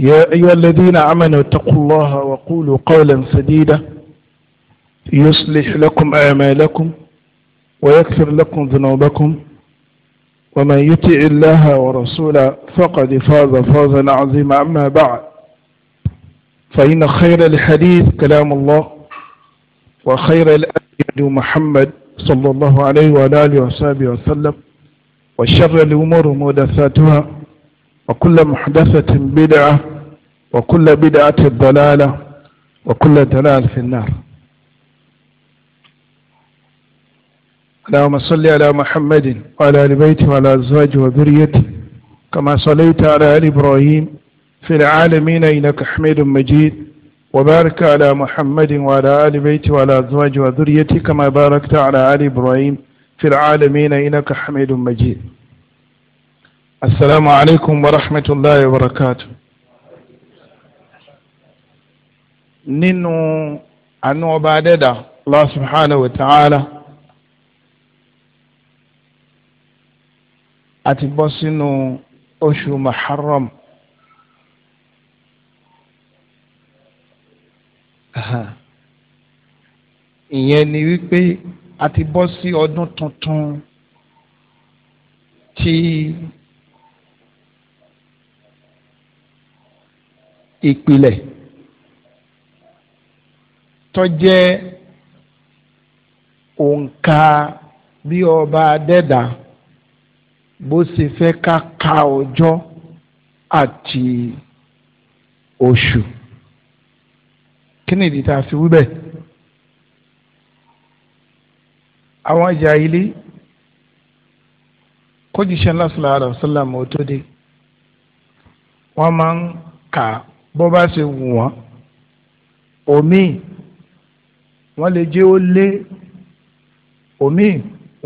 يا أيها الذين آمنوا اتقوا الله وقولوا قولا سديدا يصلح لكم أعمالكم ويكفر لكم ذنوبكم ومن يطع الله ورسوله فقد فاز فوزا عظيما أما بعد فإن خير الحديث كلام الله وخير الأديان محمد صلى الله عليه وعلى آله وصحبه وسلم وشر الأمور مدثاتها وكل محدثة بدعة وكل بدعة ضلالة وكل دلال في النار اللهم صل على محمد وعلى آل بيته وعلى أزواجه وذريته كما صليت على آل إبراهيم في العالمين إنك حميد مجيد وبارك على محمد وعلى آل بيته وعلى أزواجه وذريته كما باركت على آل إبراهيم في العالمين إنك حميد مجيد السلام عليكم ورحمة الله وبركاته nínú àánú ọba adẹ́dà Allah subhanahu wa ta'ala àti bọ́ sínú oṣù Muharram. ìyẹn ni wípé a ti bọ́ ọdún tuntun tí ìpìlẹ̀ tó jẹ́ òǹkà bí ọba adẹ́dà bó ṣe fẹ́ ká ka ọjọ́ àti oṣù kí ni ìdí tá a fi wí bẹ́ẹ̀ àwọn jàhílì kójíṣẹ́ lásìlá àrà sálàmù tó dé wọ́n máa ń kà bó bá ṣe wù wọ́n omi wọ́n lè jẹ́ ó lé omi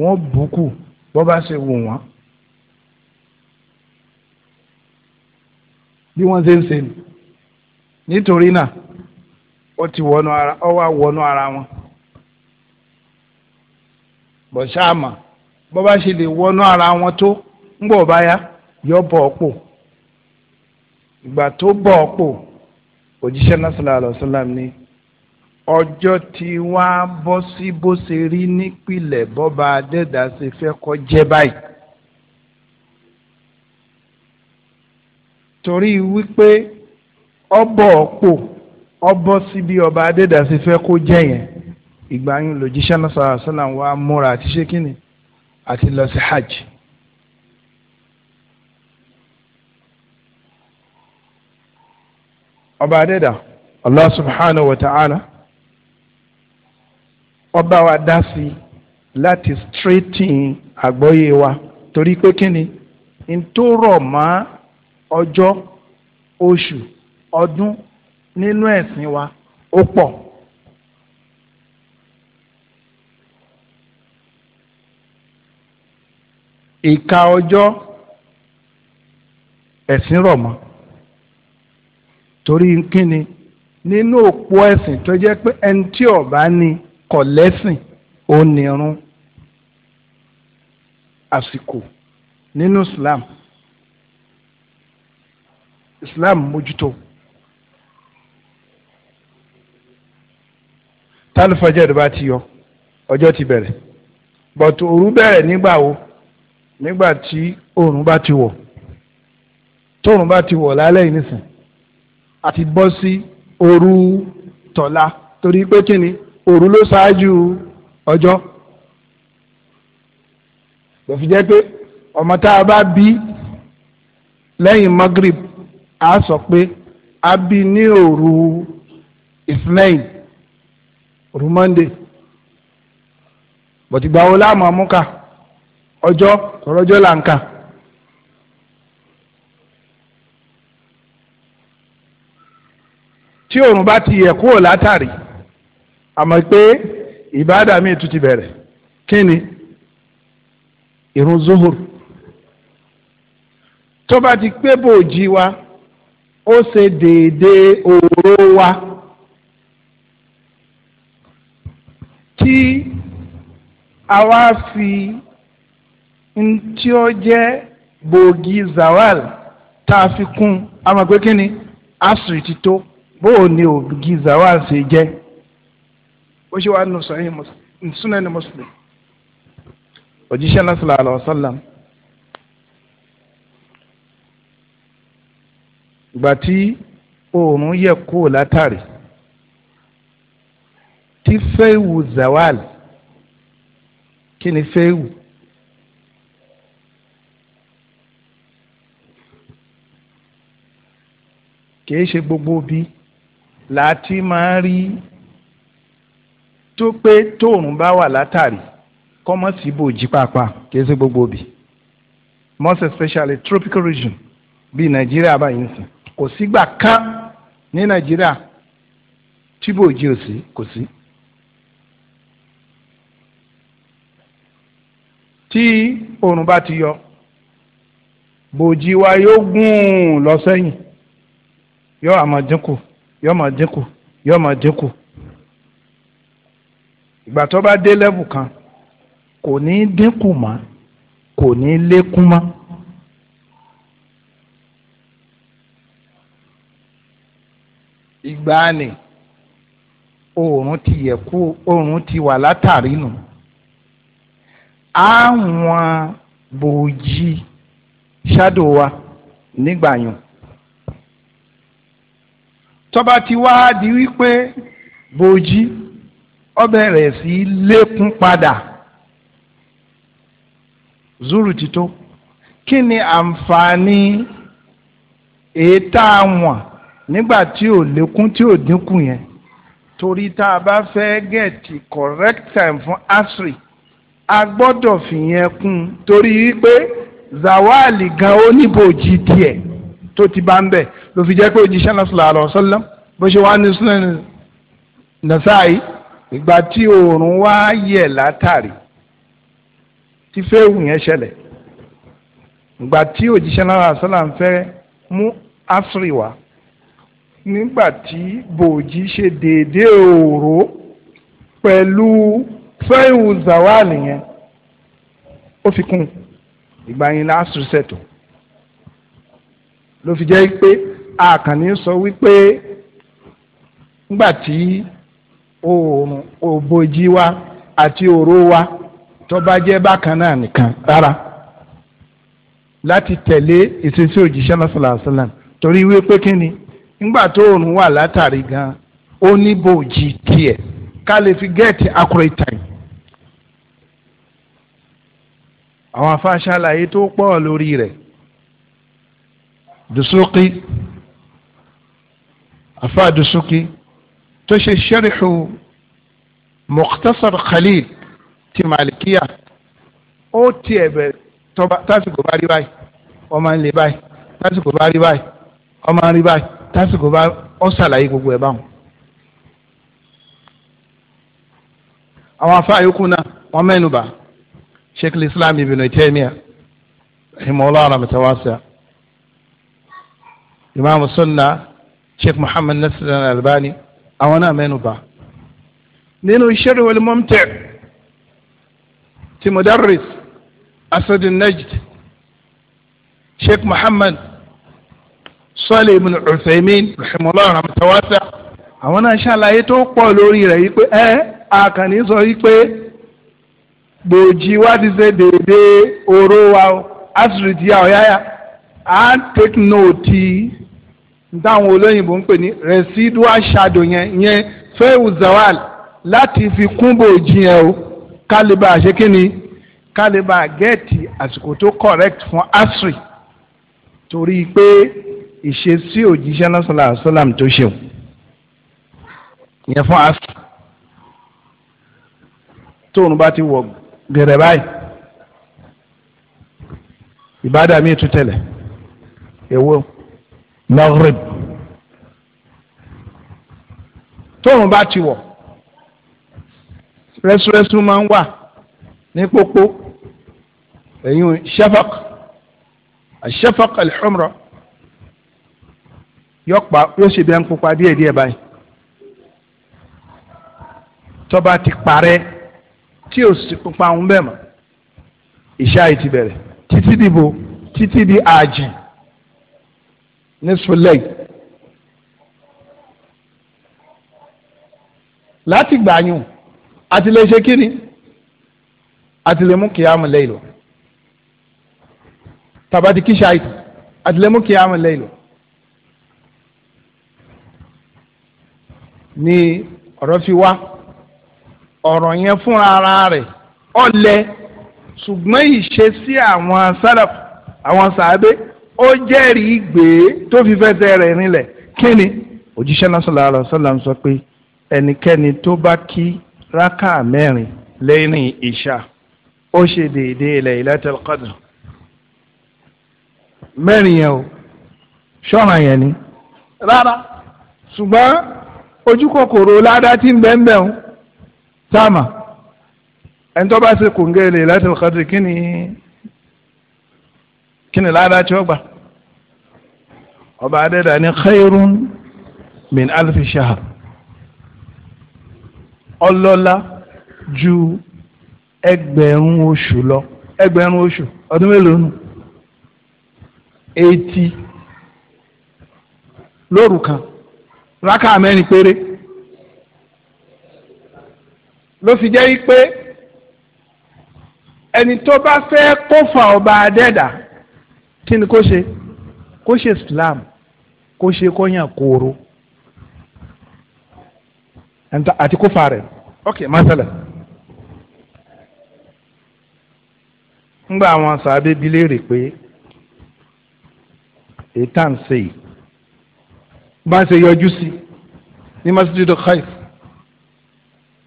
wọ́n bùkù bọ́ bá ṣe wù wọ́n. bí wọ́n ṣe ń ṣe nítorí náà ó ti wọnú ara ó wá wọnú ara wọn. bọ̀ ṣáàmà bọ́ bá ṣe lè wọnú ara wọn tó ń bọ̀ báyà yọ bọ̀ ọ́pò ìgbà tó bọ̀ ọ́pò òjíṣẹ́ náà sallallahu ni. ọjọ́ tí wá bọ́ sí bó ṣe rí nípìnlẹ̀ bọ́ba adẹ́dà ṣe fẹ́ kó jẹ́ báyìí. torí wípé ọbọ̀ ọ̀pọ̀ ọbọ̀ síbi ọba adẹ́dà ṣe fẹ́ kó jẹ́ yẹn ìgbà sọ́là wa múra àti ṣé hajj. ọba adẹ́dà Allah subhanahu wa ta'ala. ọba wa dá sí láti straighten àgbọ́yé wa torí pé kí ni n tó rọ̀ mọ́ ọjọ́ oṣù ọdún nínú ẹ̀sìn wa ó pọ̀. ìka ọjọ́ ẹ̀sìn rọ̀ mọ́ torí kí ni nínú òpó ẹ̀sìn tó jẹ́ pé ẹni tí ọ bá ní. kọ̀ lẹ́sìn onírun àsìkò nínú Islam Islam mójútó tálífọ́jẹ́ ìdúbà ti yọ ọjọ́ ti bẹ̀rẹ̀ bọ̀tù òru bẹ̀rẹ̀ nígbà wo nígbà tí òòrùn bá ti wọ̀ tóòrùn bá ti wọ̀ lálẹ́ yìí nísìn àti bọ́ sí òru tọ̀la torí pé kí ni òru ló ṣáájú ọjọ́ ló fi jẹ́ pé ọmọ tá a bá bí lẹ́yìn magrib a sọ pé a bí ní òru ismail òru monday bọ̀tìgbà wo láàmú amúkà ọjọ́ tọrọjọ́ là ń kà. tí òòrùn bá ti yẹ̀ kúrò látàrí àmọ́ pé ìbáàdà mi tún ti bẹ̀rẹ̀ kí ni ìrun zuhur tó bá ti pé bòójì wa ó ṣe déédéé òòró wa tí a wá fi ntí ó jẹ́ bòógì zawal tá a fi kún àmọ́ pé kí ni asùn ti tó bóò ni òògì zawal ṣe jẹ́ bó ṣe wà nù sọyìn sunan muslim òjíṣẹ́ náà sallallahu alaihi wasallam ìgbà tí oòrùn yẹ kó látàrí tí fẹ́ẹ̀wù zawal kí ni fẹ́ẹ̀wù kìí ṣe gbogbo bí láti máa rí tó pé tóòrùn bá wà látàrí kọ́mọ́ sí ibòjì pàápàá kìí ṣe gbogbo òbí most especially tropical region bíi nàìjíríà báyìí sìn kò sígbà kan ní nàìjíríà tí bòjì ò sí kò sí. tí oòrùn bá ti yọ bòjì wa yóò gùn lọ sẹ́yìn yóò àmọ̀ dínkù yóò mọ̀ dínkù ìgbà tó bá dé lẹ́bù kan kò ní dínkù mọ́ kò ní lékún mọ́. ìgbà ni oòrùn ti yẹ kú oòrùn ti wà látàrí nù àwọn bòójì ṣáàdò wa nígbà yàn tọ́ba ti wá di wípé bòójì ó bẹ̀rẹ̀ sí lékún padà zuru ti tó kí ni àǹfààní èétà wọn nígbà tí ò lékún tí ò dínkù yẹn torí tá a bá fẹ́ gẹ̀ẹ́tì correct time fún asri a gbọ́dọ̀ fìyẹn kún torí wípé zawali gan oníbòjì tiẹ̀ tó ti bá ń bẹ̀ ló fi jẹ́ pé òjíṣẹ́ náà sallallahu alaihi wasallam bó ṣe wá ní sunan Nasa'i ìgbà tí oòrùn wá yẹ̀ látàrí tí fẹ́ẹ̀wù yẹn ṣẹlẹ̀ ìgbà tí òjíṣẹ́ náírà sọ́là ń fẹ́ mú asiri wá nígbà tí bòójì ṣe déédéé òòró pẹ̀lú fẹ́ẹ̀wù zawali yẹn ó fi kún ìgbà yẹn lásìrì ṣètò ló fi jẹ́ pé àkànní sọ wípé nígbà tí oòrùn òbòjì wa àti òró wa tó bá jẹ́ bákan náà nìkan rárá láti tẹ̀lé ìṣesí òjíṣẹ́ náà sọ̀rọ̀ àṣàlàn torí wípé kí ni nígbà tó òòrùn wà látàrí gan ó ní bòjì tiẹ̀ ká lè fi gẹ́ẹ̀tì accurate time. àwọn afáṣàlàyé tó pọ̀ lórí rẹ̀ dùsùkì afá dùsùkì. tó ṣe ṣẹ́rìṣù Mukhtasar Khalil ti malikiya ó ti ẹ̀bẹ̀ tásìkò bá rí báyìí ọmọ ń lè báyìí tásìkò bá rí báyìí ọmọ ń rí báyìí tásìkò bá ọ ṣàlàyé gbogbo ẹ̀ báwọn. àwọn afáàyè kù náà wọ́n mẹ́nu bà Sheikh Islam Ibn Taymiyyah rahimahullah rahmatawasa imaamu sunna Sheikh Muhammad Nasir al-Albani àwọn náà mẹ́nu bà nínú Sharh al-Mumti' ti Mudarris Asadun Najd Sheikh Muhammad Salih ibn Uthaymin rahimahullah rahmatan wasi'a àwọn náà ṣàlàyé tó pọ̀ lórí rẹ̀ yìí pé ẹ́ àkànní sọ yìí pé gbòòjì wa ti ṣe déédéé oró wa asiri ti yà yáyà á take note táwọn olóyìnbó ń pè ní residual shadow yẹn yẹn fẹ́ẹ̀wù zawal láti fi kúnbò jiyàn o kálíbà àṣekínni kálíbà gẹ́ẹ̀tì àsìkò tó correct fún asri torí pé ìṣesí òjíṣẹ́ náà sọ̀lá àṣọlám tó ṣeun yẹn fún asri tóun bá ti wọ̀ gẹ̀rẹ̀ báyìí ìbádàá mi tún tẹ̀lé èwo. E maghrib tóun bá ti wọ̀ rẹ́súrẹ́sú máa ń wà ní pópó èyí shafaq shafaq al-humra yọpa yóò ṣe bí ẹ ń pupa díẹ̀díẹ̀ báyìí tọ́ba ti parẹ́ tí ò sì pupa ń bẹ̀ mọ́ ìṣá yìí ti bẹ̀rẹ̀ títí dìbò títí di ààjìn ní sulei láti gbàyàn àti lè ṣe kíni àti lè mú kíámù lẹ́yìn lọ tàbá ti kíṣe àti lè mú kíámù lẹ́yìn lọ. ni ọ̀rọ̀ fi wá ọ̀rọ̀ yẹn fúnra ara rẹ̀ ọ̀lẹ ṣùgbọ́n ìṣesí àwọn sálàf àwọn sàábé ó jẹ́rìí gbé tó fi fẹsẹ̀ rẹ̀ rinlẹ̀ kí ni òjíṣẹ́ náà sallallahu alaihi wasallam sọ pé ẹnikẹ́ni tó bá kí rákà mẹ́rin lẹ́yìn ìṣà ó ṣe déédéé Lailatul Qadr mẹ́rin yẹn o ṣọ́ra yẹn ni rárá ṣùgbọ́n ojú kòkòrò ládàá tí ń bẹ́ẹ̀ bẹ́ẹ̀ o táàmà ẹni tó bá ṣe kòǹgẹ́ Lailatul Qadr kí ni kí ni ládàá tí ó gbà ọba adẹ́dà ni khairun min alfi shahar ọlọ́lá ju ẹgbẹ̀rún oṣù lọ ẹgbẹ̀rún oṣù ọdún mélòó nù eighty lóru kan rákà mẹ́rin péré ló fi jẹ́ pé ẹni tó bá fẹ́ kófà ọba adẹ́dà kí ni kó ṣe kó ṣe Islam kó ṣe kó yàn kóró àti kó fa ok masala ngba awon sàbẹ bi léèrè pé ètà ń ṣe yìí bá ṣe yọjú sí ní masjidul khaif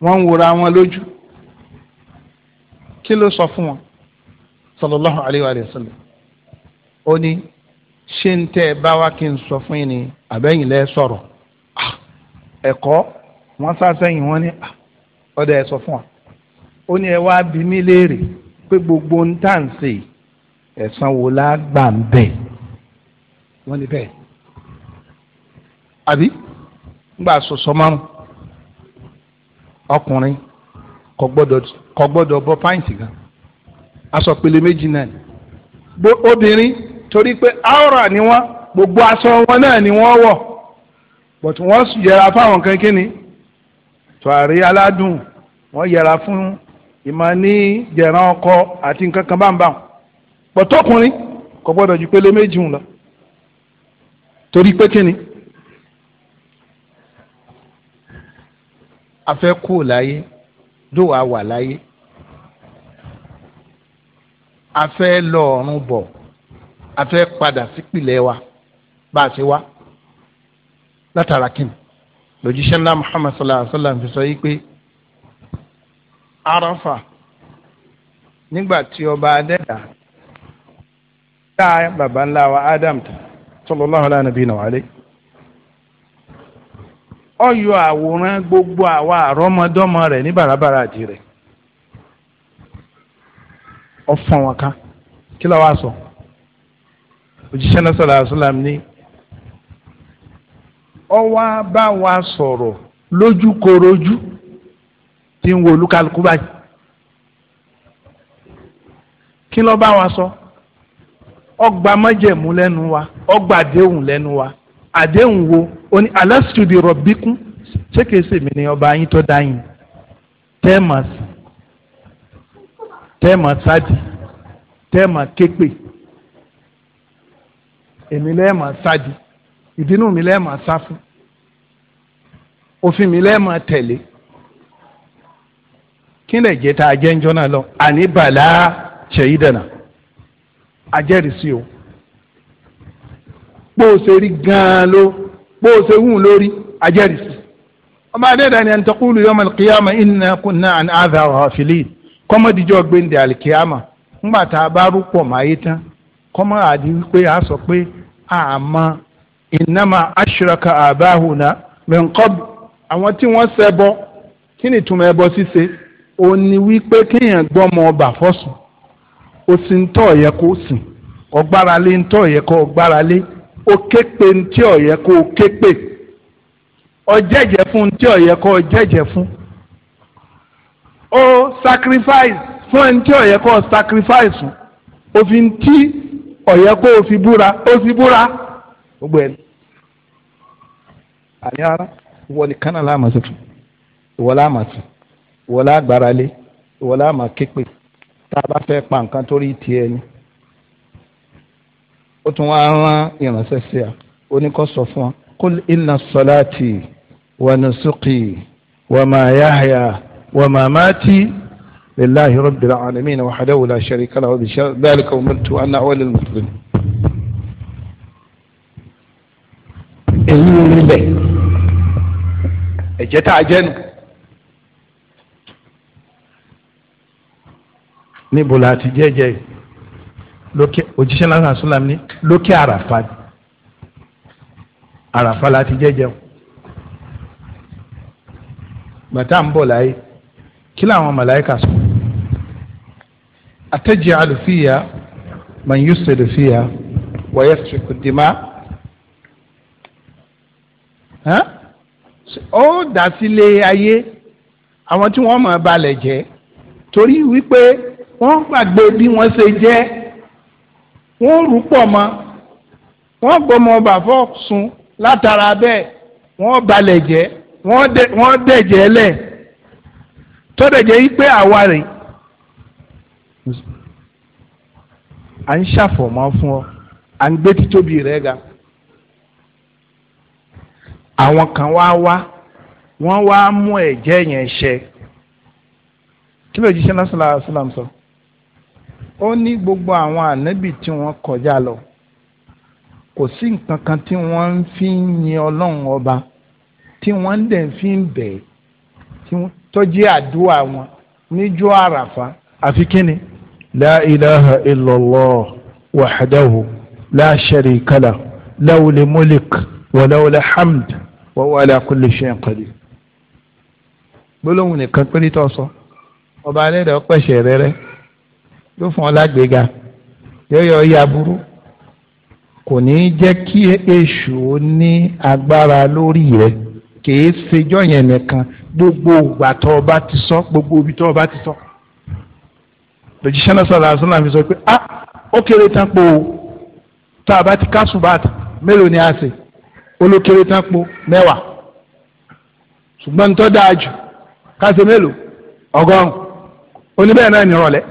wọ́n ń wòra wọn lójú kí ló sọ fún wọn sallallahu alayhi wa sallam ó ṣé ń tẹ́ ẹ bá wá kí n sọ fún yín ni àbẹ́yìn lẹ́ sọ̀rọ̀ ah, ẹ̀kọ́ wọ́n sásẹ́yìn wọ́n ní ah, ọ̀dà ẹ̀ sọ fún wa ó ní ẹ wá bí mí léèrè pé gbogbo ń tà ń sè ẹ̀sán wo la gbà ń bẹ̀ wọ́n ní bẹ́ẹ̀ àbí ńgbà sọ̀sọ́ márùn ọkùnrin kò gbọ́dọ̀ kò gbọ́dọ̀ bọ́ fáìntì gan aṣọ pele méjì náà obìnrin torí pé aura ni wọ́n gbogbo aṣọ wọn náà ni wọ́n wọ̀ but wọ́n yẹra fáwọn kankan ni tùwárí aládùn wọ́n yẹra fún ìmọ̀ ní jẹ̀rán ọkọ àti nǹkan kan báńbá but ọkùnrin kò gbọ́dọ̀ ju pélé méjì ń lọ torí pé kí ni. afẹ́ kú láyé dó wa wà láyé afẹ́ lọ ọ̀run bọ̀. a fẹ́ padà sípìlẹ̀ wa bá a ṣe wá látara kí ni lójúṣẹ́ ńlá muhammad sallallahu alayhi wa sallam fi sọ yìí pé arafa nígbà tí ọba adẹ́dà dá baba ńlá wa adam tán sallallahu alayhi nabiyina wa alayhi ó yọ àwòrán gbogbo àwa àrọ́mọdọ́mọ rẹ ní bàràbàrà àdìrẹ rẹ fọ́n wọn ká kí ló wá sọ. So? òjíṣẹ́ náà sọ̀rọ̀ àṣọlám ní ọwọ́ bá wa sọ̀rọ̀ lójúkorojú tí ń wo olúkálukú báyìí kí ló bá wa sọ ọgbà májẹ̀mú lẹ́nu wa ọgbà àdéhùn lẹ́nu wa àdéhùn wo ó ní alásùdì rọ̀bíkún ṣé kìí ni ọba yín tó dá yín tẹ́ẹ̀mà tẹ́ẹ̀mà sádì tẹ́ẹ̀mà képè. èmi lẹ́ẹ̀mà sádi ìbínú mi lẹ́ẹ̀mà sá fún òfin mi lẹ́ẹ̀mà tẹ̀lé kí lè jẹ́ tá a jẹ́ ń jọ́nà lọ àní bàlá dànà o kpóòsè rí gan-an ló kpóòsè wù lórí ajẹ́rìísí ọba adéda ni antakulu yom alikiyama inna kunna an adha ghafilin kọ́mọ́dìjọ́ gbẹ̀ndẹ̀ alikiyama ńgbà tá a bá rúpọ̀ máa yé tán kọ́mọ́ àdí wípé a sọ pé àmọ́ ìnáma aṣọ́raka àbáhùnà mẹ́ńkọ́b àwọn tí wọ́n ṣẹbọ kí ni ìtumọ̀ ẹbọ ṣíṣe ó ní wípé kéèyàn gbọ́mọ ọba fọ́sùn ó sì ń tọ́ ọ̀yẹ́ kó sìn ọgbára ń tọ́ ọ̀yẹ́ kó ọgbára lé ó képe ń tí ọ̀yẹ́ kó képe ọjẹ́jẹ́ fún tí ọ̀yẹ́ kó ọjẹ́jẹ́ fún ó sacrifice fún ẹni tí ọ̀yẹ́ kó sacrifice òfin tí ọ̀yẹ́ kó o fi búra o sì búra gbogbo ẹ̀ àní ara ìwọ nìkan náà láàmà sí fún ìwọ láàmà sí ìwọ láàgbára lé ìwọ láàmà képe tá a bá fẹ́ pa nǹkan torí tiẹ̀ ni ó tún wá rán ìrànṣẹ́ sí a oníkọ́ sọ fún wa kul inna salati wa nusuki wa ma yahya wa mamati. لله رب العالمين وحده لا شريك له بذلك أمرت أن أول المسلمين èyí nílẹ̀ ẹ̀jẹ̀ tá a jẹ́ nu níbo la ti jẹ́jẹ́ lókè òjíṣẹ́ náà sàṣúlám ní lókè àràfà àràfà la ti jẹ́jẹ́ o bàtà ń bọ̀ láyé kí làwọn màláìka sọ ataj'alu fiha man yufsidu fiha wa yasfiku dima ó dásílé ayé àwọn tí wọ́n máa balẹ̀ jẹ́ torí wípé wọ́n gbàgbé bí wọ́n ṣe jẹ́ wọ́n rú pọ̀ mọ́ wọ́n gbọmọ bàfọ́ sun látara bẹ́ẹ̀ wọ́n balẹ̀ jẹ́ wọ́n dẹ̀jẹ̀ lẹ̀ tọ́dọ̀ jẹ́ wípé àwa rè à ń ṣàfọ̀mọ́ fún ọ à ń gbé títóbi rẹ ga àwọn kan wá wá wọ́n wá mú ẹ̀jẹ̀ yẹn ṣe kí ló jíṣẹ́ náà sọ́lá sọ́lám sọ ó ní gbogbo àwọn ànábì tí wọ́n kọjá lọ kò sí nǹkan kan tí wọ́n ń yin ọlọ́run ọba tí wọ́n dẹ̀ fi ń bẹ̀ tí wọ́n tó jẹ́ àdúrà wọn níjọ́ àràfà àfi kíni. la ilaha illallah wahdahu la sharika lahu lawul mulik wa lawul hamd wa huwa ala kulli shay'in qadir. gbólóhùn nìkan péré tó sọ ọba alẹ́ rẹ̀ pẹ̀sẹ̀ rẹ́rẹ́ yóò fún ọ lágbèéga yóò yọ burú kò ní jẹ́ kí èṣù ní agbára lórí rẹ̀ kèé sejọ́ yẹn nìkan gbogbo ìgbà tó o bá ti sọ gbogbo ibi tó o bá ti sọ. lójúṣẹ́ náà sọ̀rọ̀ àṣọ náà fi sọ pé ah ó kéré tán po tá a bá ti ká sùbàtà mélòó ni a ṣe olókéré tán po mẹ́wàá ṣùgbọ́n tó dáa jù ká ṣe mélòó ọgọ́rùn-ún oníbẹ̀rẹ̀ náà nírọ̀lẹ́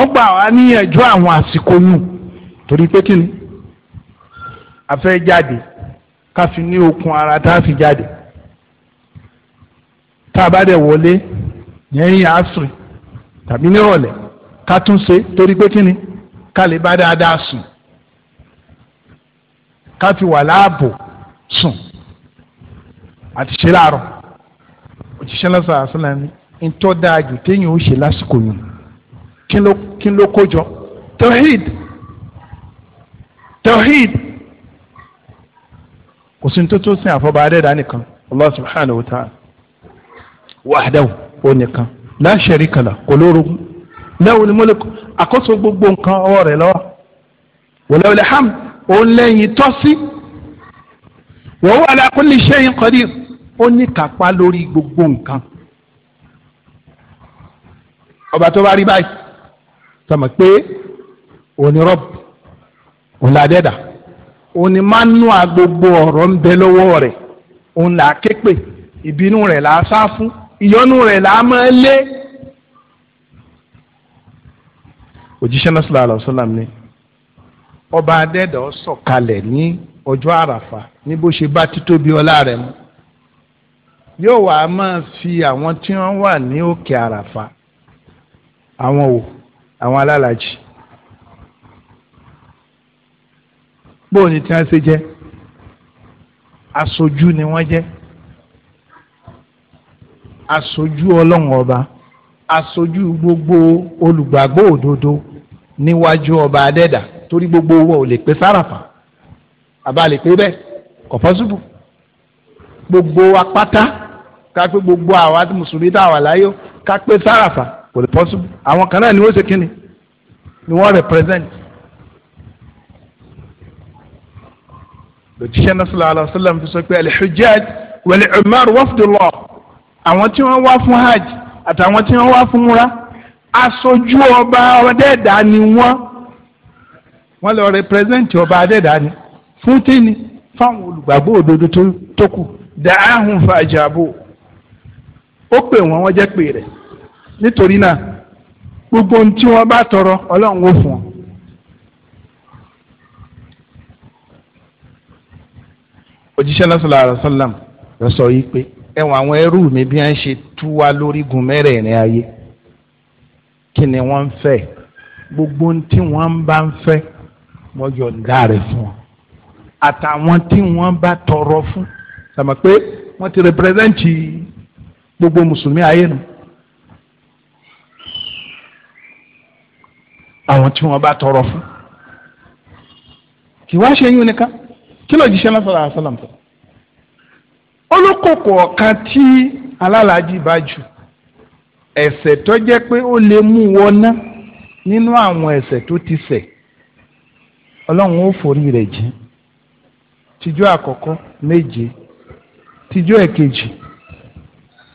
ó gbà níyànjú àwọn àsìkò nù torí pé kí ni a fẹ́ jáde ká fi ní okun ara tá a fi jáde tá a bá dẹ̀ wọlé lẹ́yìn àásùn tàbí nírọ̀lẹ́ ká tún ṣe torí pé kíni ká lè bá dáadáa sùn ká fi wà láàbò sùn àti ṣe láàárọ̀ òṣìṣẹ́ lọ́sàn àṣìlá ni ntọ́ dáa jù téèyàn ó ṣe lásìkò yìí kí ló kó jọ tawhid tawhid kò sí tó tó sin àfọ̀bá adẹ́dá nìkan allah subhanahu wa ta'ala wahdahu ó nìkan la sharika lahu kò lórogún lawul mulk àkóso gbogbo nǹkan ọwọ́ rẹ̀ lọ́wọ́ wa lahul hamd òun lẹ́yìn tọ́sí wa huwa ala kulli shay'in qadir ó ní kápá lórí gbogbo nǹkan ọba tó bá rí báyìí tọmọ pé òun rọ́bù òun là òun ni manua gbogbo ọ̀rọ̀ ń bẹ lọ́wọ́ rẹ̀ òun là á ké pè ìbínú rẹ̀ là á sá fún ìyọnu rẹ̀ là á máa lé. òjíṣẹ́ náà sallallahu alaihi ni ọba adẹ́dàá sọ̀kalẹ̀ ní ọjọ́ àràfà ní bó ṣe bá títóbi ọlá rẹ̀ mu yóò wá máa fi àwọn tí wọ́n wà ní òkè àràfà àwọn wò àwọn alálàjì bóun ni tí wọ́n ṣe jẹ́ aṣojú ni wọ́n jẹ́ aṣojú ọlọ́run ọba aṣojú gbogbo olùgbàgbọ́ òdodo níwájú ọba adẹ́dà torí gbogbo owó ò lè pé sárafa àbá lè pé bẹ́ẹ̀ kò gbogbo wa pátá gbogbo àwa mùsùlùmí tá a wà láyò ká pé sárafa kò lè pọ́sibú àwọn kan náà ni wọ́n ṣe kí ni ni wọ́n represent. lòtíṣẹ́ náà sallallahu alaihi wasallam fi sọ pé al-hujjaj wal-ummar wafdullah àwọn tí wọ́n wá fún hajj àtàwọn tí wọ́n wá fún múra aṣojú ọba adẹ́ẹ̀dá ni wọ́n wọ́n lọ rẹpẹrẹsẹ̀ntì ọba adẹ́ẹ̀dá ni fún tíni fáwọn olùgbàgbọ́ òdodo tó kù da'ahum fa'ajabu ó pè wọ́n wọ́n jẹ́ pè rẹ̀ nítorí náà gbogbo ohun tí wọ́n bá tọrọ ọlọ́run ó fún wọn òjíṣẹ́ lọ́sọ̀lá àròsọ́làm lọ sọ yìí pé ẹwọ̀n àwọn ẹrú mi bí wọ́n ṣe tú wa lórígun mẹ́rẹ̀ẹ̀rin ayé kí ni wọ́n ń fẹ́ gbogbo tí wọ́n bá ń fẹ́ wọ́n yọ̀ǹda rẹ̀ fún wọn àtàwọn tí wọ́n bá tọrọ fún sàmà pé wọ́n ti rẹpẹrẹsẹ̀ǹtì gbogbo mùsùlùmí ayé nu àwọn tí wọ́n bá tọrọ fún kì wá ṣe yún nìkan kí ló jíṣẹ́ náà sọ̀rọ̀ àṣọ làǹtọ̀ olókòkò ọ̀kan tí alálàájì bá jù ẹ̀ṣẹ̀ tó jẹ́ pé ó lè mú wọná nínú àwọn ẹ̀ṣẹ̀ tó ti ṣẹ̀ ọlọ́run ó forí rẹ̀ jìn tíjọ́ àkọ́kọ́ méje tíjọ́ ẹ̀kejì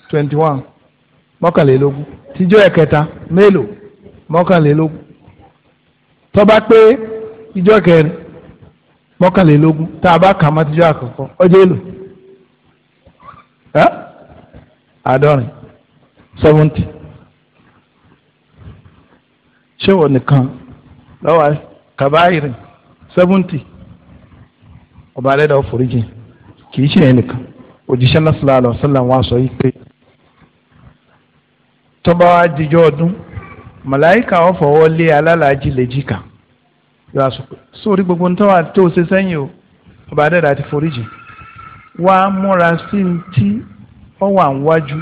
twenty one mọ́kànlélógún tíjọ́ ẹ̀kẹta mélòó mọ́kànlélógún tó bá pé ìjọ́ kẹrin mọ́kànlélógún tá a bá kà á mọ́tíjọ́ àkọ́kọ́ ọjọ́ èlò àádọ́rin seventy ṣé wọ́n nìkan lọ́wọ́ kàbáyìrì seventy ọba alẹ́dàá foríjì kì í ṣe yẹn nìkan òjíṣẹ́ náà sallallahu alaihi wasallam wa sọ yìí pé tọ́ba wa dijọ́ ọdún màláìka ọ̀fọ̀wọ́ alálàájì lè jìkà yóò aṣọ pé sórí gbogbo ń tọ́wà tó ṣe sẹ́yìn o ọba adẹ́dà ti foríjì wá múra sí i tí ọ wà wájú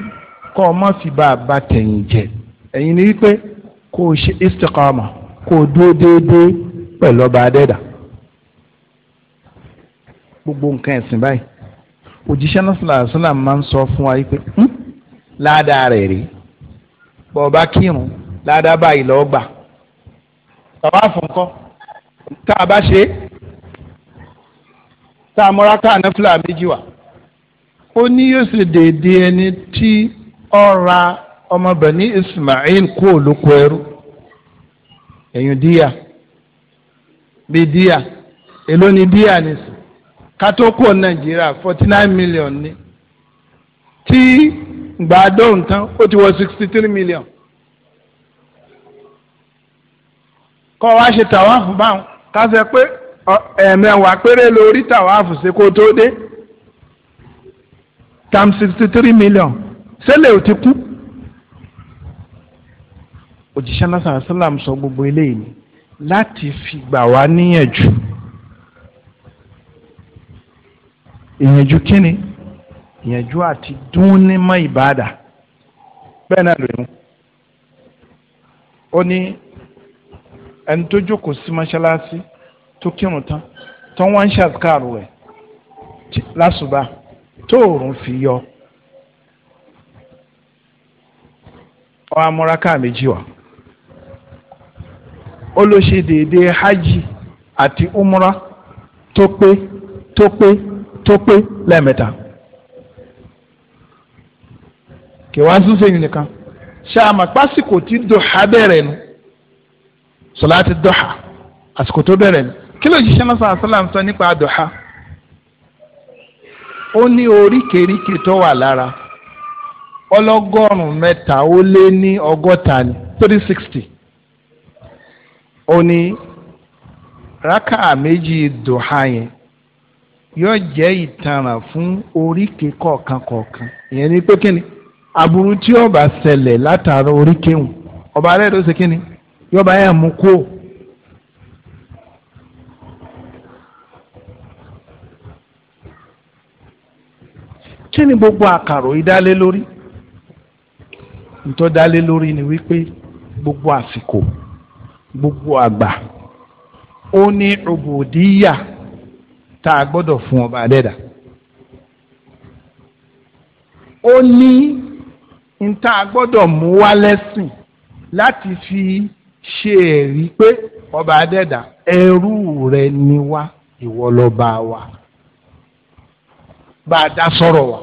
kọ́ ọ má fi bá a bá tẹ̀yìn jẹ ẹ̀yìn ni wípé kó o ṣe istiqama kó o dúró déédéé pẹ̀lú ọba adẹ́dà gbogbo nǹkan ẹ̀sìn báyìí òjíṣẹ́ náà sọ̀rọ̀ àṣọlá máa ń sọ fún wa wípé ládàá rẹ̀ rèé bọ̀ ọba kírun ládàá báyìí lọ́ọ́ gbà bàbá àfọ̀nkọ́. tá a bá ṣe tá a múra ká náfìlà méjì wá ó ní yóò ṣe déédéé ẹni tí ọ̀ra ọmọbìnrin Ismail kú olóko ẹrú ẹ̀yìn díyà bíi díyà èló ni díyà nìsín kátó kúrò Nàìjíríà forty nine million ni tí gbàdóhùn tán ó ti wọ sixty three million kọ́ wa ṣe tàwa fún báwọn ká sọ pé ẹ̀ẹ̀mẹ̀wàá péré lórí tàwáàfù sí kó tó dé tam sixty three million ṣẹlẹ̀ ò ti kú. òjíṣẹ́ náà sàlám sọ gbogbo eléyìí láti fi gbà wá níyànjú. ìyànjú kíni ìyànjú àti dún ní mọ́ ìbáàdà bẹ́ẹ̀ náà lóyún. ó ní ẹni tó jókòó sí mọ́ṣáláṣí tó kírun tán tó wọ́n ń ṣàkàrò ẹ̀ lásùbà tó òòrùn fi yọ ọ amúraká méjì wá ó ló ṣe déédéé hajj àti umra tó pé tó pé tó pé lẹ́ẹ̀mẹ́ta kí wọ́n á tún ṣe nìkan ṣáà mà pásìkò tí dùn abẹ́rẹ́ nu sọláàtì dọ́hà àsìkò tó bẹ̀rẹ̀ ni kí ló ṣiṣẹ́ náà sàásàlám sọ nípa dọ́hà ó ní oríkèéríkèé tó wà lára ọlọ́gọ́rùn-ún mẹ́ta ó lé ní ọgọ́ta ni three sixty ó ní rákà méjì dọ́hà yẹn yóò jẹ́ ìtanràn fún oríkèé kọ̀ọ̀kan kọ̀ọ̀kan ìyẹn ni pé kí ni aburú tí ó ṣẹlẹ̀ látara oríkèé hùn ọba rẹ̀ ló ṣe kí ni yọba yẹn mú kó. kí ni gbogbo àkàrò yìí dálé lórí ntọ́ dálé lórí ni wípé gbogbo àsìkò gbogbo àgbà ó ní òbòdíyà tá a gbọ́dọ̀ fún ọba adẹ́dà ó ní n tá a gbọ́dọ̀ mú wá lẹ́sìn láti fi ṣe ẹ̀rí pé ọba adẹ́dà ẹrú rẹ ni wá ìwọ lọ́ba wa bá a dá sọ̀rọ̀ wa.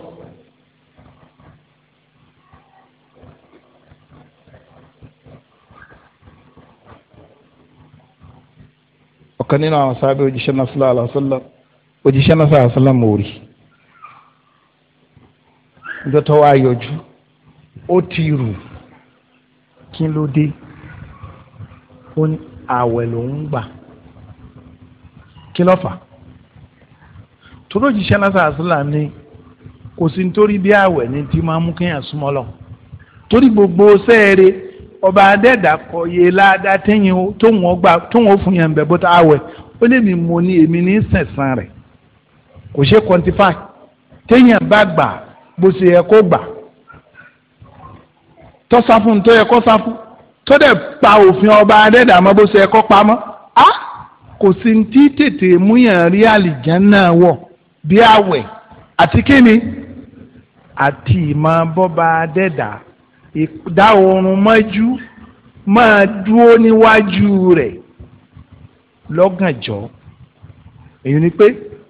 ọ̀kan nínú àwọn sábẹ́ òjíṣẹ́ náà òjíṣẹ́ ó ní àwẹ̀ lòún gbà kí ló fà tóró jíṣẹ́ lásán àṣìlá ni kò sí nítorí bí àwẹ̀ ni tí máa mú kéèyàn súnmọ́ lọ torí gbogbo sẹ́ẹ̀rẹ̀ ọba adẹ́dà kọ ládàá téyìn tóun ọgbà tóun ó fún yẹn bẹ̀ bó ta àwẹ̀ ó lè mi mo ni èmi ní sẹ̀sán rẹ̀ kò ṣe quantify téèyàn bá gbà bó ṣe yẹ kó gbà tọ́sá tó yẹ kó sá tó dẹ̀ pa òfin ọba adẹ́dàmọ́ bó ṣe ẹ̀kọ́ pamọ́ á kò sí tí tètè múyàn rí àlìjánná wọ̀ bí àwẹ̀ àti kíni àti ìmọ̀ bọ́ba adẹ́dà ìdá oorun mọ́jú máa dúró níwájú rẹ̀ lọ́gànjọ́ èyí ni pé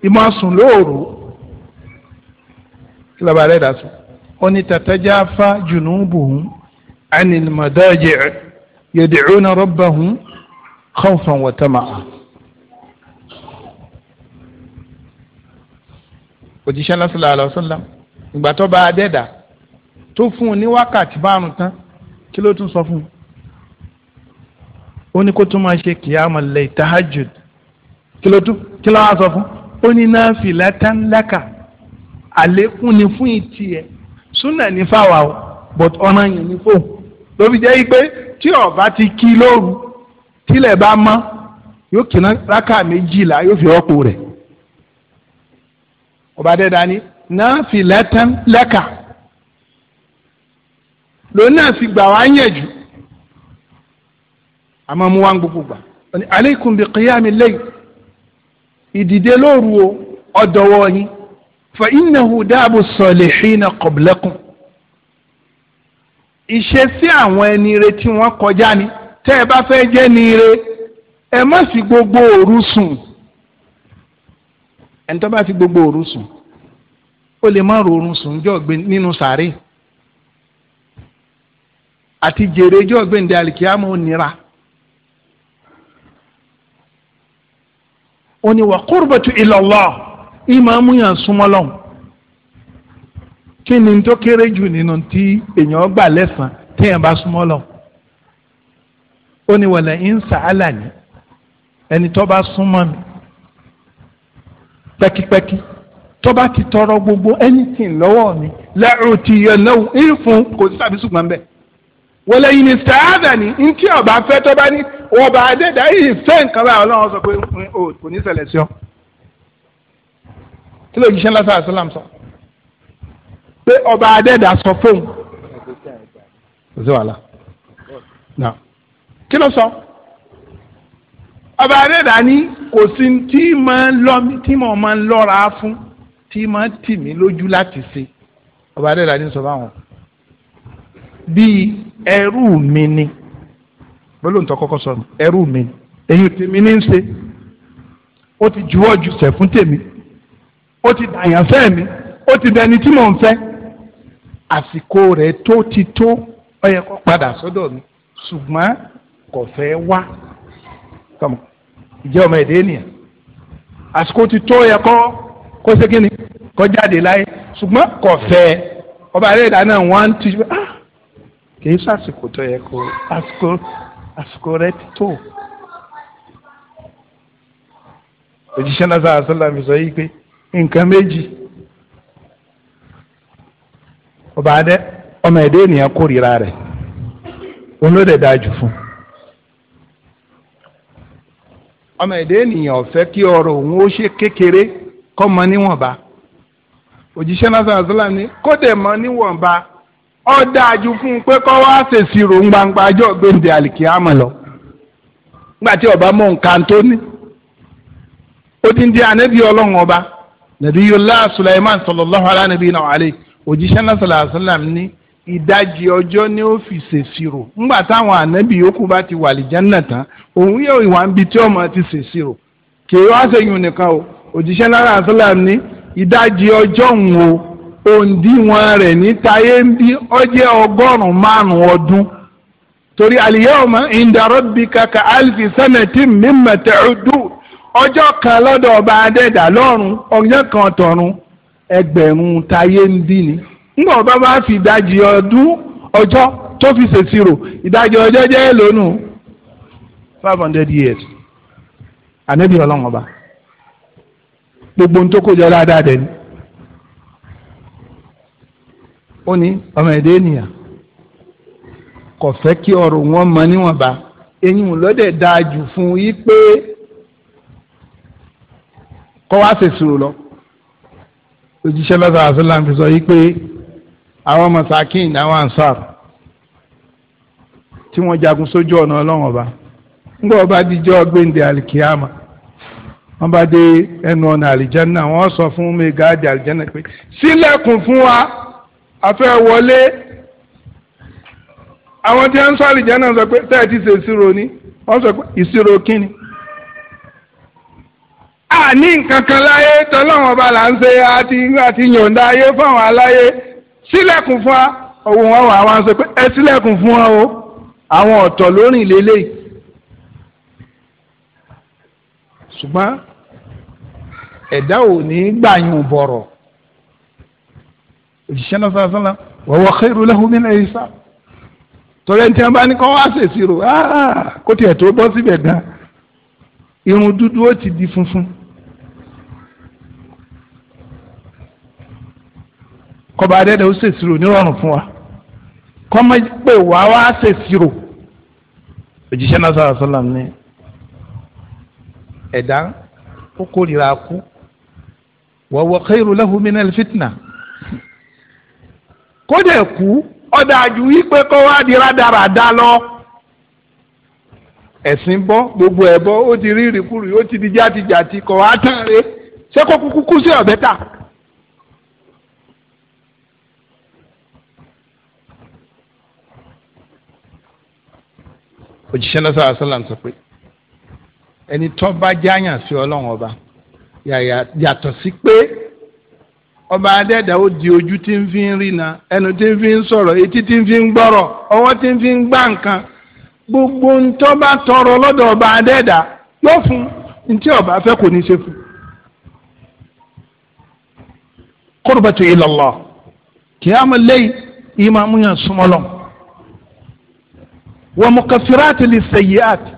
ìmọ̀ sùn lóòrò kí lọ́ba adẹ́dà sùn ó ní tàtẹ́jáfá jùnú bùhún ànilmọ̀dọ́jẹ́ rẹ̀. يدعون ربهم خوفا وتمعا. tama'a. òjíṣẹ́ lọ́sọ̀lá àlọ́sọ̀lá ìgbà tó bá adẹ́dà tó fún un ní wákàtí márùn tán kí ló tún sọ fún un. ó ní kó tún máa ṣe kìyàmọ̀ lẹ́yìn tahajjud kí ló tún kí ló wá sọ fún un. ó ní nafilatan laka àlékún ni fún ìtì ẹ̀ súnà ní fáwa o but ọ̀nà yẹn ní fóun ló jẹ́ pé tí ọba ti kí lóru tílẹ̀ bá mọ́ yóò kíná rákà méjìlá yóò fi rọ́pò rẹ̀ ọba dẹ́dá ni náà fi lẹ́tàn lẹ́kà lòun náà fi gbà wá yẹ̀jú àmọ́ mu wá ń gbogbo gbà aleikum bi qiyami lẹ́yìn ìdìde lóru o ọ̀dọ̀wọ̀ yín fa innahu daabu salihina qablakum ìṣesí àwọn ẹni ire tí wọ́n kọjá ni tẹ́ ẹ bá fẹ́ jẹ́ ni ire ẹ má sì gbogbo òru sùn ẹni tó bá fi gbogbo òru sùn ó lè má rọrùn sùn jọ gbé nínú sàárè àti jèrè jọ gbéǹde àlìkíyàmù nira. ó ní wà qurbatu ilallah ìmọ̀ amúyàn súnmọ́ lọ́hùn kí ni tó kéré jù nínú tí èèyàn gbà lẹ́sàn téèyàn bá súnmọ́ lọ. ó ní wọ̀lẹ̀ ń sàálà ní ẹni tó bá súnmọ́ mi pẹ́kípẹ́kí tó bá ti tọrọ gbogbo anything lọ́wọ́ mi lẹ́rù ti yẹ lọ́wọ́ ìfún kò sí tàbí ṣùgbọ́n bẹ́ẹ̀. wọ̀lẹ̀ yìí ni sàádà ní ntí ọba fẹ́ tó bá ní ọba àdẹ́dà yìí fẹ́ nǹkan báyìí ọlọ́run sọ pé mm, mm, oh, kò ní ṣẹlẹ̀ sí ọ. kí ló jíṣẹ́ lásán àṣọ làmùsọ̀ pé ọba adẹ́dà sọ fóun kò sí wàhálà náà kí ló sọ ọba adẹ́dà ní kò sí tí mo máa ń lọ́ra fún tí mo tì mí lójú láti ṣe ọba adẹ́dà ní sọ fáwọn bíi ẹrú mi ni bọ́lá òǹtọ́ kọ́kọ́ sọ ẹrú mi ni èyí tèmi ní í ṣe ó ti juwọ́ ju sẹ̀ fún tèmi ó ti dàyàn fẹ́ mi ó ti dẹni tí mò ń fẹ́ àsìkò rẹ̀ tó ti tó ó yẹ kó padà sọ́dọ̀ mi ṣùgbọ́n kò fẹ́ wá ìjẹ́ ọmọ ẹ̀dẹ́ ènìyàn àsìkò ti tó yẹ kó kó ṣe kí ni kó jáde láyé ṣùgbọ́n kò fẹ́ ọba àrẹ́dà náà wọ́n ti ah kì í sàsìkò tó yẹ kó àsìkò àsìkò rẹ̀ ti tó òjíṣẹ́ náà sọ àṣọ làmì sọ yìí pé nǹkan méjì ọba adé ọmọ ẹ̀dẹ́ ènìyàn kórìíra rẹ̀ òun ló fún ọmọ ẹ̀dẹ́ ènìyàn ọ̀fẹ́ kí ọrọ òun ó ṣe kékeré mọ níwọ̀nba òjíṣẹ́ náà sọ́lá ni kó mọ níwọ̀nba ó dájú fún pé wá lọ ọba mọ nǹkan tó ní odindi anabi ọlọ́run ọba nàbí yọlá Sulaiman sallallahu alá òjíṣẹ́ náà sọ̀rọ̀ àṣàlám ní ìdajì ọjọ́ ní ó fi ṣèṣirò ńgbà táwọn ànábì yòókù bá ti wà lìjánà tán òun yóò ìwà ń bi tí ọmọ ti ṣèṣirò kì í wá ṣèyún nìkan o òjíṣẹ́ náà àṣàlám ní ìdajì ọjọ́ ń wo òǹdíwọ̀n rẹ̀ ní tayé ń bí ọjẹ́ ọgọ́rùn-ún márùn-ún ọdún torí àlìyáwòmọ́ ìdàrọ́bì kàkà àlìfi sẹ́nẹ̀tì mímọ̀ tẹ̀ọ́dù ọjọ́ kan lọ́dọ̀ ọba adẹ́dà ọjọ́ kan tọ̀run ẹgbẹ̀rún táyé ń dín ni ńgbà ọba bá fi ìdajì ọdún ọjọ́ tó fi ṣèṣirò ìdajì ọjọ́ jẹ́ lónù five hundred years ànábì ọlọ́run ọba gbogbo ohun tó kó jọ dáadáa dẹ̀ ni ó ní ọmọ ẹ̀dá ènìyàn kò fẹ́ kí ọrọ̀ wọn mọ níwọ̀nba eyín lọ́dẹ̀ dáa jù fún yí pé kọ́ wá ṣèṣirò lọ òjíṣẹ́ lọ́sàn àṣìlám fi sọ yìí pé àwọn masakin àwọn ansar tí wọ́n jagun sójú ọ̀nà ọlọ́run ọba ńgbà ọba díjọ́ gbéǹde alikiyama wọ́n bá dé ẹnu ọ̀nà àlìjánná wọ́n sọ fún mẹ́gáàdì àlìjánná pé sílẹ̀kùn fún wa afẹ́ wọlé àwọn tí wọ́n ń sọ àlìjánná sọ pé tẹ́ẹ̀ ṣe ìṣirò ni wọ́n sọ pé ìṣirò kíni a ní nǹkan kan láyé tọ́lọ́wọ́n ọba là ń ṣe àti àti yọ̀ǹda ayé fáwọn aláyé sílẹ̀kùn fún wa owó wọn wà wọn sọ pé ẹ sílẹ̀kùn fún wọn o àwọn ọ̀tọ̀ lórìn lélẹ̀ ṣùgbọ́n ẹ̀dá ò ní gbàyàn bọ̀rọ̀ òṣìṣẹ́ náà sọ́nà sọ́nà wọ́wọ́ khairu lahu min al-hisab torí ẹni tí wọ́n bá ní kọ́ wá ṣèṣirò kó tiẹ̀ tó bọ́ síbẹ̀ gan irun dúdú ó ti di funfun kọba adẹ́dẹ́ ó ṣèṣirò nírọ̀rùn fún wa kọ́mọ pé wàá wá ṣèṣirò òjíṣẹ́ náà sọ̀rọ̀ sọ́lá ní ẹ̀dá ó kórìíra kú wọ̀wọ̀ khairu lahu minal fitna kódà kú ọ̀dà àjù wípé kọ́ wá di lọ ẹ̀sìn gbogbo ẹ̀ bọ́ ó ti rí ìrìkúrì ó ti di játijàti wá tán re ṣé òjíṣẹ́ náà sọ pé ẹni tó bá jáyàn sí ọba yàtọ̀ sí pé ọba adẹ́dà ó di ojú tí ń fi ń rìnà ẹnu tí ń fi ń sọ̀rọ̀ etí tí ń fi ń gbọ́rọ̀ ọwọ́ tí ń fi ń gbá nǹkan gbogbo ń tọrọ lọ́dọ̀ ọba adẹ́dà yóò fún ọba kò ní í ṣe fún un. wọ́n mú kẹsìrátì lè ṣèyí àti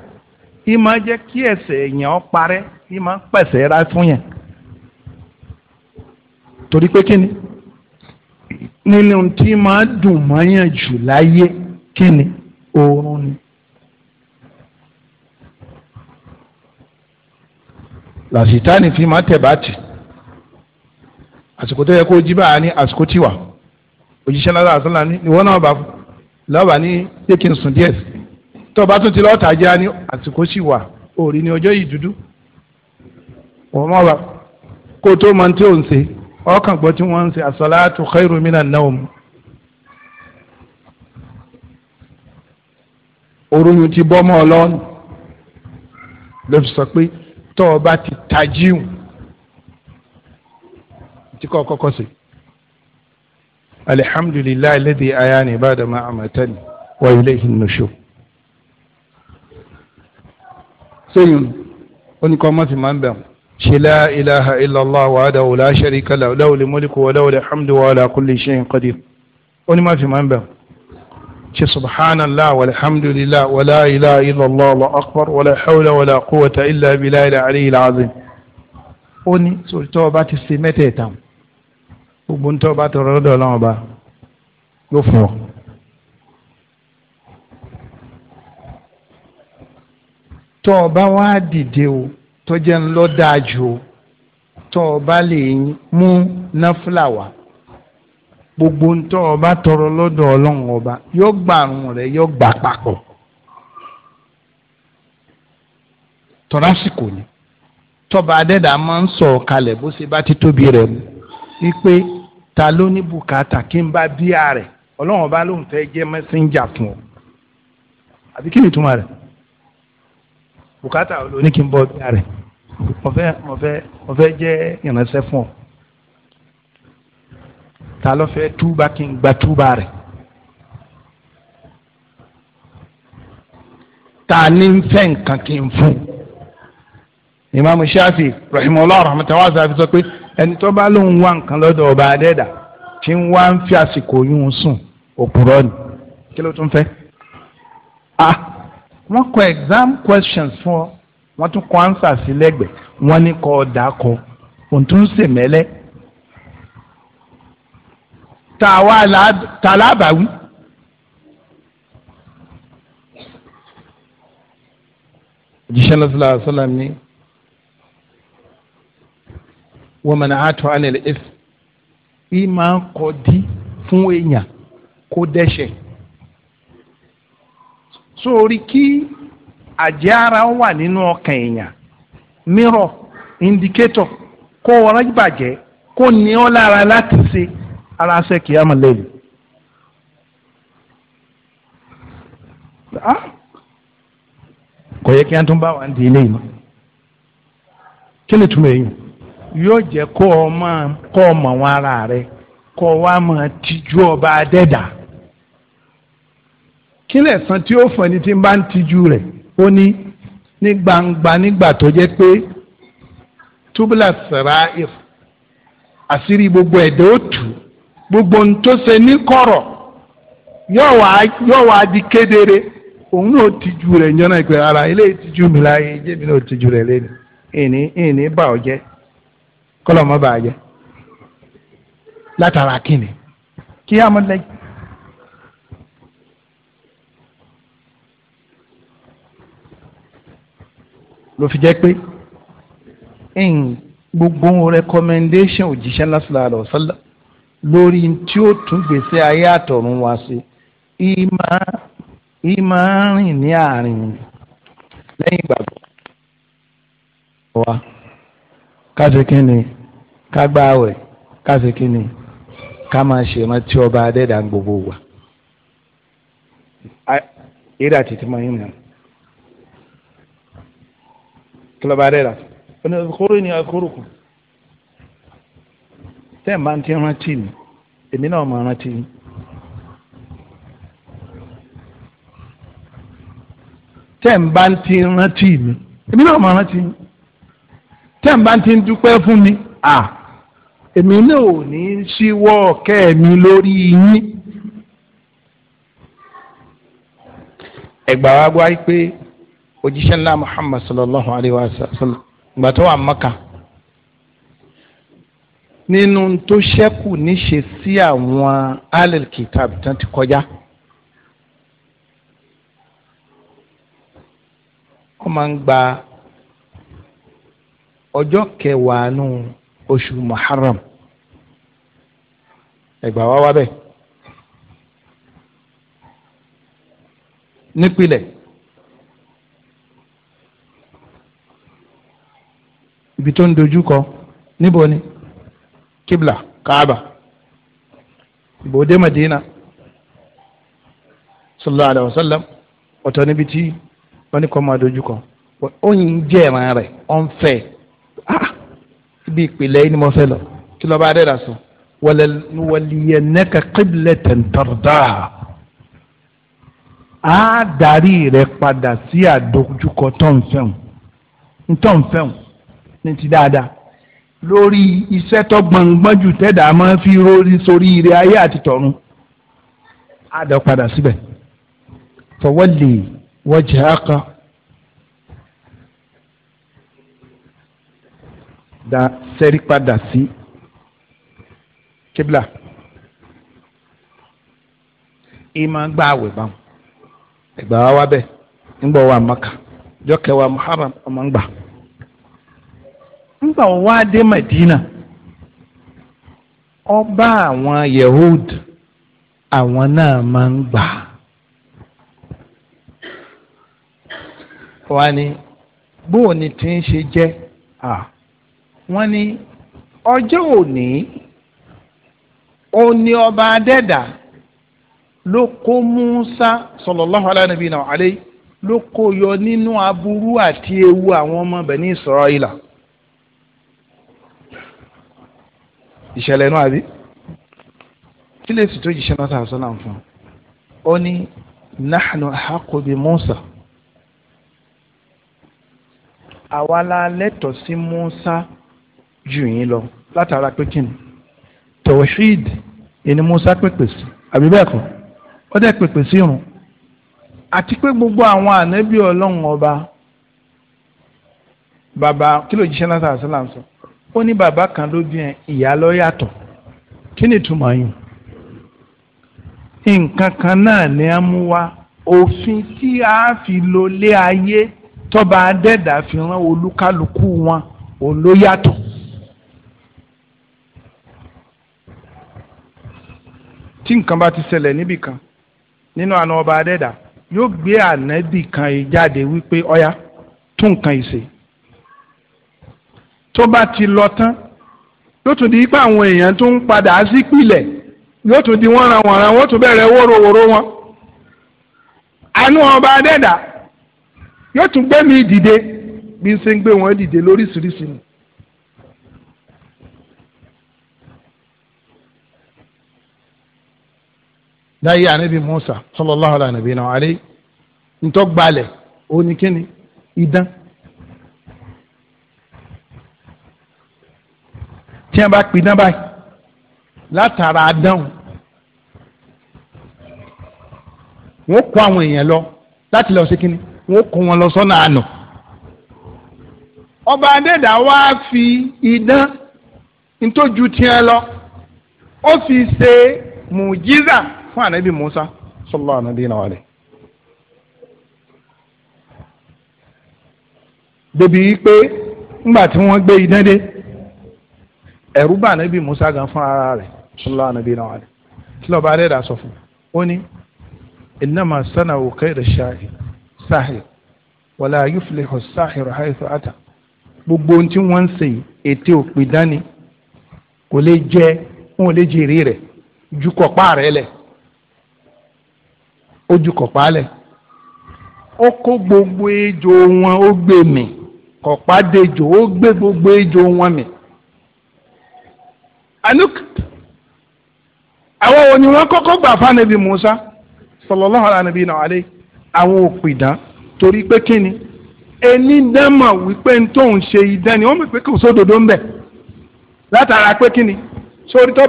ìmọ̀ jẹ́ kí ẹ̀ṣẹ̀ èèyàn parẹ́ ìmọ̀ pẹ̀sẹ̀ ra fún yẹn torí pé kí ni nínú tí máa dùn mọ́yàn jù láyé kí ni oorun ni. làṣìtáni fi máa tẹ̀ báàtì àsìkò tó yẹ kó jí báà ní àsìkò tiwa òjíṣẹ́ náà àṣọ là ní ìwọ náà bá fún lọ́ba ní pé kí n sùn díẹ̀ sí tó o bá tún ti lọ́ọ̀tà jẹ́ ní àsìkò sì wà òòrì ní ọjọ́ yìí dúdú wọ́n mọ̀ wá kó o tó mọ tí ò ń ṣe ọkàn gbọ́ tí wọ́n ń ṣe as-salatu khairu minan nawm. orun ti bọ́ mọ́ ọ lọ́nù ló fi sọ pé tọ́ ọ bá ti tajíù tí kò kọ́kọ́ sí alhamdulilayi alladhi ayani ba'da ma amatani wa ilayhi nushur. sẹ́yìn oníkọ́ má fi máa ń bẹ̀ ṣe la ilaha illallah wahdahu la sharika lahu lahul mulku wa lahul hamdu wa ala kulli shay'in qadir oní má fi máa ń bẹ̀ ṣe subhanallah walhamdulillah wa la ilaha illallah wallahu akbar wa la hawla wa la quwwata illa billahi al-ali al-azim. ó ní sòrítọ́ ọba ti ṣe mẹ́tẹ̀ẹ̀ta gbogbo ń tọ́ bá tọrọ lọ́dọ̀ ọlọ́run ọba yóò fún ọ. tọ́ ọ bá wá dìde o tó jẹ́ ńlọ dáa jù o tọ́ ọ bá lè mú náfúlà wá gbogbo ń tọ́ ọ bá tọrọ lọ́dọ̀ ọlọ́run ọba yóò gbàrún rẹ̀ yóò gbà papọ̀. tọ́lásìkò ni tọ́ba adẹ́dàá máa ń sọ̀ kalẹ̀ bó ṣe bá ti tóbi rẹ̀ mu wípé ta ló ní bùkátà kí n bá bíyà rẹ̀ ọlọ́run ọba lóun fẹ́ jẹ́ mẹ́sẹ́ńjà fún ọ àbí kí ni ìtumọ̀ rẹ̀ bùkátà ló ní kí n bọ́ bíyà rẹ̀ mo fẹ́ mo fẹ́ mo fẹ́ jẹ́ ìránṣẹ́ fún ọ ta ló fẹ́ túbà kí n gba túbà rẹ̀ ta ni n fẹ́ nǹkan kí n fún imaamu shafi rahimahullah rahmatulahi wa sàfi sọ pé ẹni tó bá lóun wá nǹkan lọ́dọ̀ ọba adẹ́dà tí ń wá ń fi àsìkò yún sùn òpùrọ́ ni kí ló tún fẹ́. ah wọ́n kọ exam questions fún ọ wọ́n tún kọ answer sí lẹ́gbẹ̀ẹ́ wọ́n ní kọ́ ọ̀dà kọ òun tún sè mẹ́lẹ́. tàwa tàlábàwí. òjíṣẹ́ náà sọ́lá sọ́lá ومنعته عن الإثم ìmà ń kọdí fún èèyàn kó dẹ́ṣẹ̀ sórí kí àjẹ́ ara wà nínú ọkàn èèyàn mirror indicator kó ọ̀rọ̀ bàjẹ́ kó ní ọ́ lára láti ṣe ara ṣe kì í àmọ́ lẹ́yìn. Ah! kò yẹ kí a tún bá wa ń di ilé yóò jẹ́ kó o máa kó o mọ̀ wọn ara rẹ kó o wá máa tijú ọba adẹ́dà kílẹ̀ san tí ó fún ẹni tí ń bá ń tijú rẹ̀ ó ní ní gbangba nígbà tó jẹ́ pé túbúlà sara if àṣírí gbogbo ẹ̀dá ó tù gbogbo ohun tó ṣe ní kọ̀rọ̀ yóò wá yóò wá di kedere òun náà tijú rẹ̀ yànnà ìpè ara eléyìí tijú mi láàyè jẹ́mi náà tijú rẹ̀ lẹ́nu ìní ìní bà ọ́ jẹ́ kọ́lọ̀ mọ́ bàá jẹ́ látara kíni kí á mọ́ lẹ́yìn. ló fi jẹ́ pé gbogbo recommendation òjíṣẹ́ lásìlá rẹ̀ ọ̀sánlá lórí tí ó tún gbèsè ayé àtọ̀run wá sí i máa rìn ní àárín lẹ́yìn ìgbàgbọ́ wa ká ṣe kí ni ká gba àwẹ̀ ká ṣe kí ni ká máa ṣe máa tí ọba adẹ́dà gbogbo wa eré àti tí mo yín nà kí lọ́ba adẹ́dà kóró ni kóró kù tẹ́ ẹ̀ máa ń tí rántí ni èmi náà máa rántí ni. tẹ́ ń bá ti rántí mi èmi náà máa rántí tẹ́ ń bá ti dúpẹ́ fún mi à èmi náà ò ní ṣíwọ́ ọ̀kẹ́ mi lórí yín. ẹgbàá wa gbọ́ pé òjíṣẹ́ ńlá Muhammad sallallahu alayhi wa sallam ìgbà tó wà Mẹ́kà nínú tó ṣẹ́kù níṣe sí àwọn alẹ́ kìtàbí tán ti kọjá. wọ́n máa ń gba ọjọ́ No oṣù muharram ẹgbà wá wá bẹ́ẹ̀ nípìnlẹ̀ ibi tó ń dojú kọ níbo ni kíbla káàbà ìbòdé madina sallallahu alayhi wa sallam ọ̀tọ̀ níbi tí wọ́n ní kọ́ máa dojú kọ ó ń jẹ́ ẹ̀ràn rẹ̀ ó ń fẹ́ ibi ìpìlẹ̀ yìí ni mo fẹ́ lọ kí lọ́ba adẹ́rà sọ wàlíyẹnẹ́kà qiblatan tardaha á darí rẹ padà sí àdójúkọ tọ́nfẹ́hùn ntọ́nfẹ́hùn ní ti dáadáa lórí iṣẹ́ tó gbọ̀ngbọ́n jù tẹ́dà máa fi rórí sórí ire ayé àti tọ̀run á dọ̀ padà síbẹ̀ fọwọ́lì wajhaka. da sẹ́rí padà sí kíbla ìmọ̀ gba àwẹ̀ báwọn ẹ̀gbà wa wá bẹ́ẹ̀ nígbà wa maka jọ́kẹ́wà muharram ọmọ ń gbà nígbà wa dé Madina ọba àwọn Yehud àwọn náà máa ń gbà wá ní bóò ni tí ń ṣe jẹ́ ah. wọ́n ní ọjọ́ òní òní ọba adẹ́dà ló kó Musa sallallahu aláàbí náà alẹ́ ló kó yọ nínú aburú àti ewu àwọn ọmọ Bani Israila ìṣẹ̀lẹ̀ náà àbí kí lè sì tó náà sàásọ́ náà fún un ó ní nahnu ahaqu Musa àwa la lẹ́tọ̀ọ́ sí Musa jù yín lọ látara pé kí ni tawhid ẹni Musa pèpè sí àbí bẹ́ẹ̀ kọ́ ó dẹ̀ pèpè sí irun àti pé gbogbo àwọn ànábì ọlọ́run ọba bàbá kí ló jíṣẹ́ náà sàásì làm sọ ó ní bàbá kan ló bí yẹn ìyá ló yàtọ̀ kí ni ìtumọ̀ yín nǹkan kan náà ni a mú wá òfin tí a fi lò lé ayé tọ́ba adẹ́dà fi rán olúkálukú wọn òun ló yàtọ̀ tí nǹkan bá ti ṣẹlẹ̀ níbì kan nínú àna ọba adẹ́dà yóò gbé ànábì kan yìí jáde wípé ọ̀ya tún nǹkan yìí ṣe tó bá ti lọ tán yóò tún di pé àwọn èèyàn tó ń padà sí pilẹ̀ yóò tún di wọ́n ran wọ̀nra wọ́n tún bẹ̀rẹ̀ wórówóró wọn àánú ọba adẹ́dà yóò tún gbé mi dìde bí n ṣe ń gbé wọn dìde lóríṣiríṣi ni láyé anabi musa sallallahu alayhi wa sallam alayhi ntọ́gbalẹ̀ oníkíni idán tí a bá pidán báyìí látara adáhùn wọn kó àwọn èèyàn lọ láti lọ sí kíni wọn kó wọn lọ sọ́nà àná ọba adéda wá fi idán ntójú tiẹ̀ lọ ó fi ṣe mùjíza. fún ànábì Musa sallallahu ànábì náà rẹ̀. débi pé ńgbà tí wọ́n gbé idán dé ẹ̀rú bá ànábì Musa gan fún ara rẹ̀ sallallahu ànábì náà rẹ̀ kí lọ́ba alẹ́ dà sọ fún un ó ní innama sana'u kayda sahir wala yuflihu sahir haythu ata gbogbo ohun tí wọ́n ń ṣe ète òpìdánì kò lè jẹ́ wọn ò lè jèrè rẹ̀ ju kọ̀pá rẹ̀ lẹ̀ ojú kọ̀pálẹ̀ ó kó gbogbo ejò wọn ó gbé mì kọ̀pádéjò ó gbé gbogbo ejò wọn mi àwọn òní wọn kọ́kọ́ Musa sallallahu alánàbí náà alẹ́ àwọn torí pé kí ni ẹni wípé ń tóun ṣe idán ni wọ́n mọ̀ pé kò sódodo ń bẹ̀ látara pé kí ni sórí tó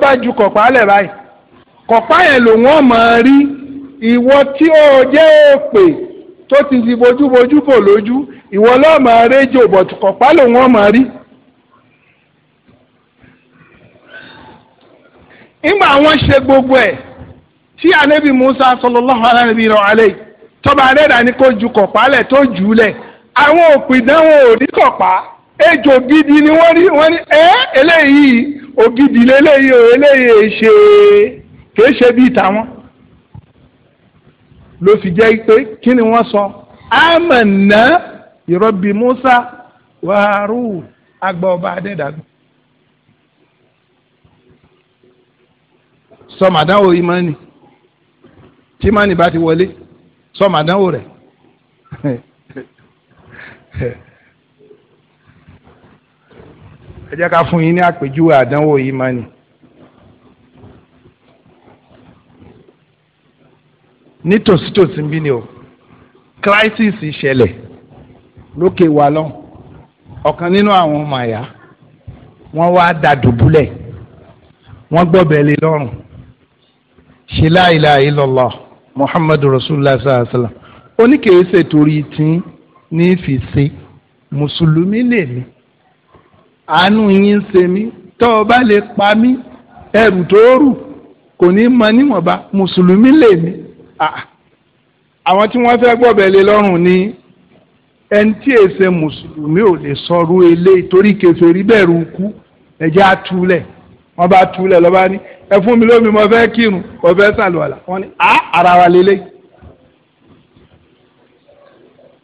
ìwọ tí ó jẹ́ èpè tó ti di bojúbojú bò lójú ìwọ lọ́ọ́ máa réjò bọ̀tùkọ̀pá lòun ọ̀ máa rí. nígbà wọn ṣe gbogbo ẹ̀ tí anabi musa sallallahu alayhi wa alayhi tọba arẹ́dà ni kò ju kọ̀pá lẹ̀ tó jù ú lẹ̀ àwọn òpìdán wọn ò rí kọ̀pá ejò gidi ni wọ́n rí wọ́n ní ẹ́ eléyìí ògidì lélẹ́yìí ò eléyìí èṣe kìí ṣe bíi tàwọn ló fi jẹ́ pé kí ni wọ́n sọ amana ìrọ̀bì Musa wàrú àgbà ọba adẹ́dàgbọ́. sọmàdánwò imani tí imani bá ti wọlé sọmàdánwò rẹ̀ ẹ jẹ́ ká fún yín ní àpèjúwe àdánwò imani. ní tòsítòsí bí ni o crisis ṣẹlẹ̀ lókè wa lọ ọ̀kan nínú àwọn ọmọ àyà wọ́n wá da dùbúlẹ̀ wọ́n gbọ́bẹ̀lẹ̀ lọ́rùn ṣe la ilaha illallah muhammadu rasulillah sallallahu alaihi wa sallam oníkèése torí tí ní fi ṣe mùsùlùmí lèmi àánú yín ṣe mí tọ́ ọ bá lè pa mí ẹrù tó rù kò ní mọ níwọ̀nba mùsùlùmí lèmi àwọn tí wọ́n fẹ́ gbọ́bẹ̀ lé lọ́rùn ni ẹni tí èsè mùsùlùmí ò lè sọrú eléyìí torí kèfèrí bẹ̀rù kú ẹ̀jẹ̀ àtúlẹ̀ wọ́n bá túlẹ̀ lọ́ba ní ẹ mi lómi mo fẹ́ kírun mo fẹ́ sàlùwàlà wọ́n ní á ara wa lélẹ̀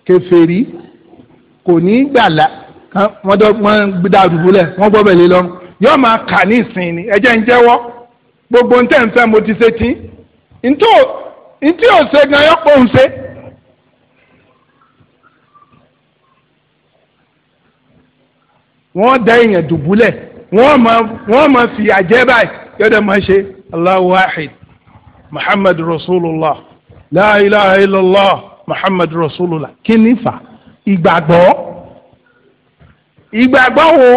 kèfèrí kò ní gbàlà wọ́n dọ́gbọ́n dàdúgbòlẹ̀ wọ́n gbọ́bẹ̀ lé lọ́rùn yóò máa kà ní ìsìn ni ẹ̀jẹ̀ ń jẹ́wọ́ gbogbo ntẹ̀ ń fẹ́ mo ti ṣe tí ntọ́ ntí ò ṣe gan yọ pọ̀ ń ṣe. wọ́n da èèyàn dùbúlẹ̀ wọ́n máa wọ́n máa fi àjẹ́ báyìí yọ̀dọ̀ máa ṣe Allahu wahid Muhammad Rasulullah la ilaha illallah Muhammad Rasulullah kí ni fà ìgbàgbọ́ ìgbàgbọ́ wo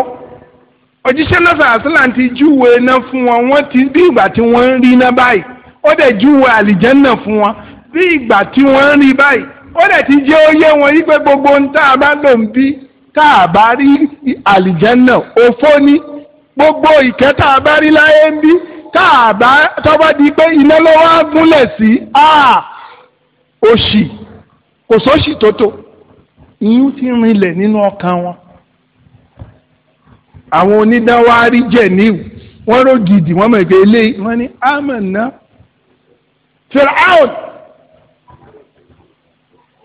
òjíṣẹ́ náà sàásìlà ti júwèé náà fún wọn wọ́n ti bí ìgbà tí wọ́n ń rí náà báyìí ó dẹ̀ júwe àlìjẹ́nà fún wọn bí ìgbà tí wọ́n ń rí báyìí ó dẹ̀ ti jẹ́ ó yé wọn yí pé gbogbo ń tá a bá lò ń bí tá a bá rí àlìjẹ́nà òfó ní gbogbo ìkẹ́ tá a bá rí láyé ń bí tá a bá tọ́ba di pé iná ló wá gúnlẹ̀ sí òṣì kò sóṣì tó ìyún ti rinlẹ̀ nínú ọkàn wọn àwọn onídàáwárí jẹ̀ níwò wọ́n rògidì wọ́n mọ̀ pé eléyìí wọ́n ní àmọ̀ náà firaun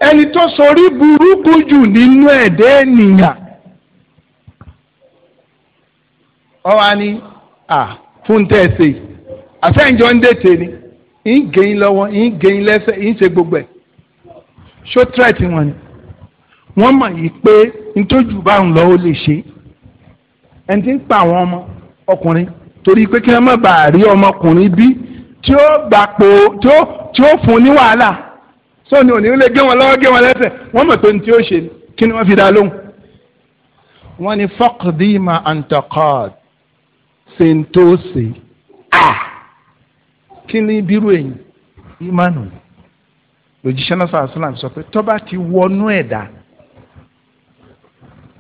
ẹni tó sorí burúkú jù nínú ẹ̀dẹ́ ènìyàn ọ wá ní à fún tẹ̀sí àfẹ́ǹjọ́ ń dètè ni ń gẹ̀yìn lọ́wọ́ ń gẹ̀yìn lẹ́sẹ̀ ń ṣe gbogbo ẹ̀ ṣó tírẹ̀tì wọn ni wọ́n mọ̀ yìí pé ntójú bá ń lọ ó lè ṣe ẹni tí ń pa àwọn ọmọ ọkùnrin torí pé kí wọ́n má bàa rí ọmọkùnrin bí tí ó gbàpò tí ó tí ó fún ní wàhálà sọ́ni òní lè gé wọn lọ́wọ́ gé wọn lẹ́sẹ̀ wọ́n mọ̀ pé ní tí ó ṣe kí ni wọ́n fi dá lóhùn. wọ́n ní fọ́kìdìmọ̀ antakọ́d ṣe ń tó ṣe à kí ni bírú èyí ìmánu lòjíṣẹ́ náà sọ̀rọ̀ sọ́nà sọ pé tọ́ba ti wọnú ẹ̀dá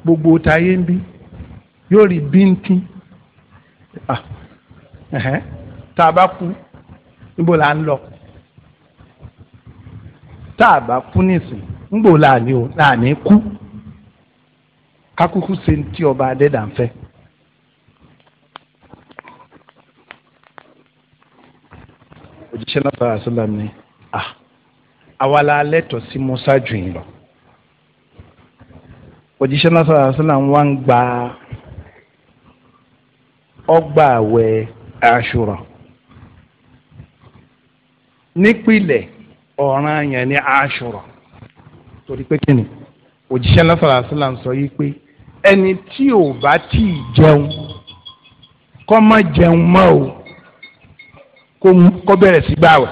gbogbo táyé ń bí yóò rí bíntín tá a bá kú níbo la ń lọ tá a bá kú nísìn níbo la ọba adédànfẹ́. òjíṣẹ́ náà sọ̀rọ̀ àṣọlá ah àwa la lẹ́tọ̀ọ́ sí musa jù yín lọ òjíṣẹ́ náà sọ̀rọ̀ ń gba ọgbà àwẹ̀ nípìlẹ̀ ọ̀ràn yẹn ní aṣọrọ̀ torí pé kíni òjíṣẹ́ lọ́sọ̀rọ̀ àṣìlá ń sọ yìí pé ẹni tí ò bá tí ì jẹun kó má jẹun mọ́ o kó bẹ̀rẹ̀ sí gbààwẹ̀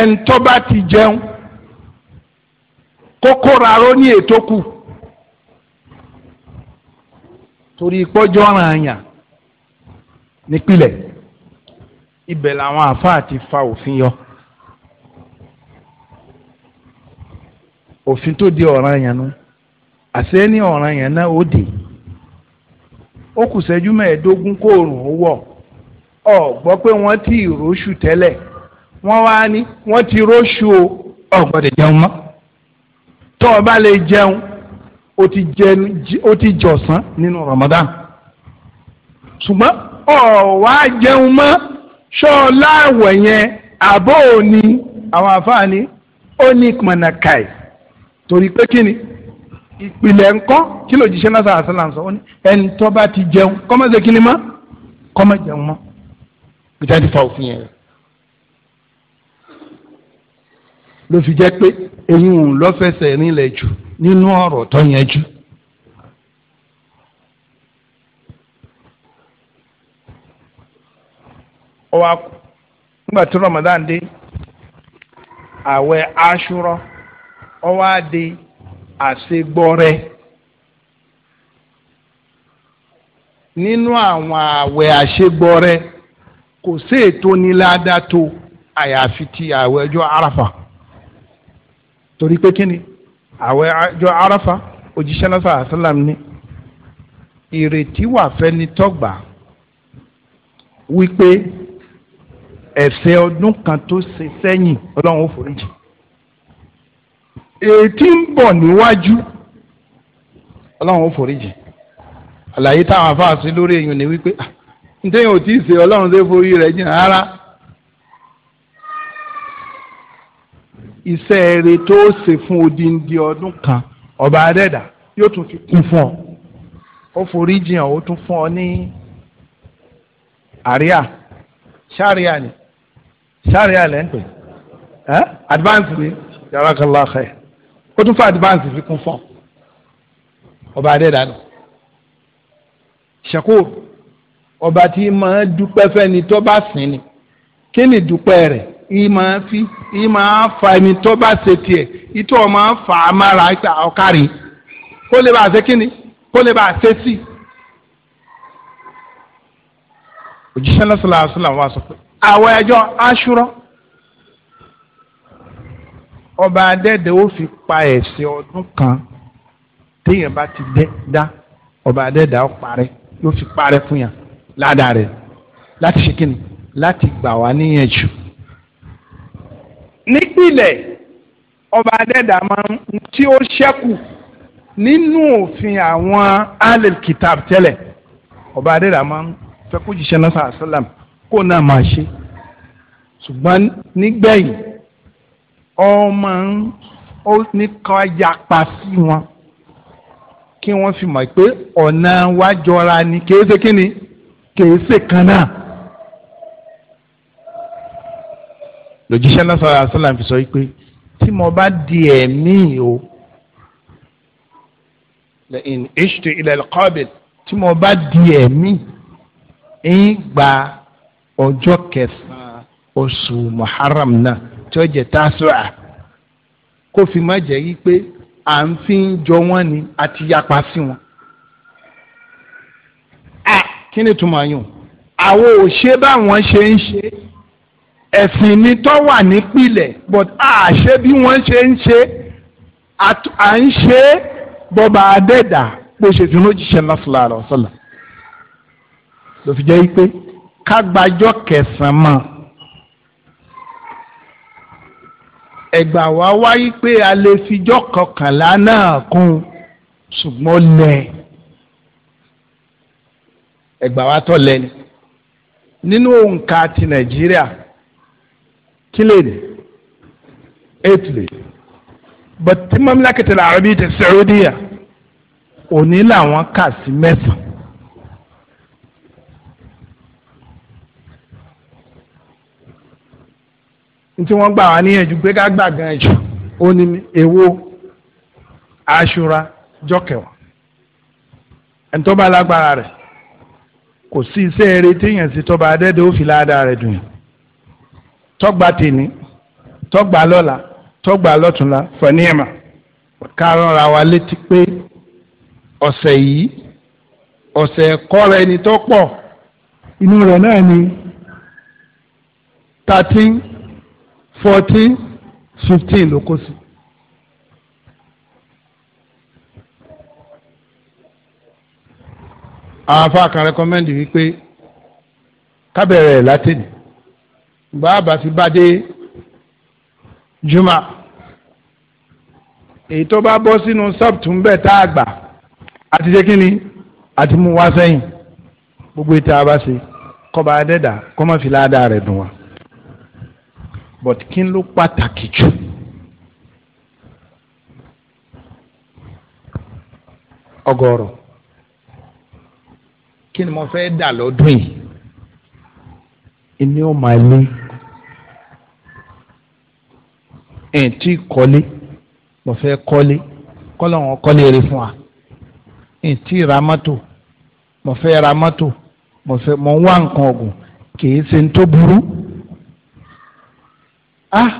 ẹni tó bá ti jẹun kókó raró ní ètò kù torí ìpọ́jọ́ ọ̀ràn yẹn nípìlẹ̀ ibẹ̀ làwọn àáfàá ti fa òfin yọ òfin tó di ọ̀ràn yẹn nu àṣẹ ní ọ̀ràn yẹn náà ó dé ó kù ṣẹ́jú mẹ́ẹ̀ẹ́dógún kóòrùn ó wọ̀ ọ gbọ́ pé wọ́n ti róṣù tẹ́lẹ̀ wọ́n wá ní wọ́n ti róṣù o ọ gbọ́dọ̀ jẹun mọ́ tó o bá lè jẹun o ti jọ̀sán nínú Ramadan ṣùgbọ́n ọ wá jẹun mọ́ ṣọ́ láwẹ̀ yẹn àbọ̀ òní àwọn àfáàní ó ní pọ̀nàkàì torí pé kí ni ìpìlẹ̀ ńkọ́ kí ló jíṣẹ́ náà sàásán là ń sọ ó ní ẹni tó bá ti jẹun kọ́mọ́sẹ̀ kí ni mọ́ kọ́mọ́ jẹun mọ́ ìjà ti fa òfin yẹn ló fi jẹ́ pé eyín òun lọ́fẹsẹ̀ rinlẹ̀ jù nínú ọ̀rọ̀ tó jù. ọwa wá kú nígbà tí Ramadan dé àwẹ̀ aṣúrọ̀ ó wá di àṣegbọ́rẹ́ nínú àwọn àwẹ̀ àṣegbọ́rẹ́ kò sí ètò níláàdá tó àyàfi ti Arafa torí pé kí ni àwẹ̀ Arafa òjíṣẹ́ náà sàlám ní ìrètí wà fẹ́ni tọ́gbà wípé. ẹ̀ṣẹ̀ ọdún kan tó ṣe sẹ́yìn Ọlọ́run ó foríjì ètí ń bọ̀ níwájú Ọlọ́run ó foríjì àlàyé táwọn afáàsí lórí èèyàn ni wípé ah, ntẹ́yìn ò tí ì ṣe Ọlọ́run tó forí rẹ̀ jìn rárá iṣẹ́ rẹ̀ tó ṣe fún odindi ọdún kan ọba adẹ́dà yóò tún fi kún fún ọ ó forí jìn ó tún fún ọ ní àríà ṣáàríà ni sáré àlẹ́ ń pè ẹ́ advance ni jazakallah khair ó tún fún advance fi kún fún ọba adédànù shakur ọba tí máa dúpẹ́ fẹ́ni tó bá sìn ni kí ni dúpẹ́ rẹ̀ yìí máa fi yìí máa fa ẹni tó bá ṣe tiẹ̀ ìtọ́ máa fa amára ọ̀kárí kó lè bá ṣe kí ni kó lè bá a ṣe sí. òjíṣẹ́ náà sallallahu alaihi sọ pé àwọn ẹjọ́ aṣúrọ́ ọba adẹ́dẹ́ ó fi pa ẹ̀sìn ọdún kan téèyàn bá ti dẹ́ dá ọba adẹ́dẹ́ ó parẹ́ yóò fi parẹ́ fún yàn ládàá rẹ̀ láti ṣe kíni láti gbà wá níyànjú. nípìnlẹ̀ ọba adẹ́dẹ́ máa ń tí ó ṣẹ́kù nínú òfin àwọn alẹ́ kìtàb tẹ́lẹ̀ ọba adẹ́dẹ́ máa ń fẹ́ kó jíṣẹ́ náà sàásálàmù kó náà máa ṣe ṣùgbọ́n nígbẹ̀yìn ọmọ ó ní ká yapa sí wọn kí wọ́n fi mọ̀ pé ọ̀nà wa jọra ni kìí ṣe kí ni kìí ṣe kan náà. lòjíṣẹ́ náà sọ̀rọ̀ àṣàlàm fi sọ pé tí mo bá di ẹ̀mí o lẹ́yìn ìṣètò ilẹ̀ kọ́bìl tí mo bá di ẹ̀mí ń gba ọjọ́ kẹsàn-án oṣù muharram náà tí ó jẹ́ tásùà kó fi má jẹ́ yí pé à ń fi ń jọ wọ́n ni àti yapa sí wọn. a kí ni túmọ̀ yùn àwọn ò ṣe báwọn ṣe ń ṣe ẹ̀sìn ni tó wà nípìlẹ̀ but a ṣe bí wọ́n ṣe ń ṣe à ń ṣe bọba adẹ́dà bó ṣe tún lójijì ṣe ńlá fúlàrọ̀ sọ̀lá ló fi jẹ́ yí pé kágbájọ́ kẹsàn-án mọ́ ẹgbà wá wáyé pé a lè fijọ́ kọkànlá náà kún ṣùgbọ́n lẹ̀ ẹgbà wá tọ́ lẹ́ni nínú òǹkà ti nàìjíríà kí lè ní eight lè bàtí mamlakati al-Arabiyya Saudiya òní làwọn kà sí mẹ́sàn-án. tí wọ́n gbà wá níyànjú pé ká gbà gan jù ó ní èwo aṣura jọkẹwà ẹni tó bá lágbára rẹ̀ kò sí iṣẹ́ eré téèyàn sí tọba adẹ́dẹ́ ó fi láàdá rẹ̀ dùn tọ́gbà tèmi tọ́gbà lọ́la tọ́gbà lọ́túnla fọ̀níyàmà ká rọra wa létí pé ọ̀sẹ̀ yìí ọ̀sẹ̀ kọ́ra ẹni tó pọ̀ inú rẹ̀ náà ni thirteen fourteen fifteen ló kó sí. àáfà kan rẹ́kọ́mẹ́ndì wípé kábẹ̀rẹ̀ látìnì bàbá ti bá dé juma èyí tó bá bọ́ sínú sọ́ọ̀tù ń bẹ̀ tá a gbà àti ṣe kí ni àti mú wá sẹ́yìn gbogbo ètò àbáṣe kọba adẹ́dà kọ́mọ́fìlà adá rẹ̀ dùn wá but kí ló pàtàkì jù. ọ̀gọ̀rọ̀ kí ni mo fẹ́ dà lọ́dún yìí ìní ó máa lé ẹ̀ tí kọ́lé mo fẹ́ kọ́lé kọ́lọ́hún kọ́lé rẹ fún wa ẹ̀ tí ra mọ́tò mo fẹ́ ra mọ́tò mo fẹ́ mo wá nǹkan ọ̀gùn kì í ṣe ń tó burú ah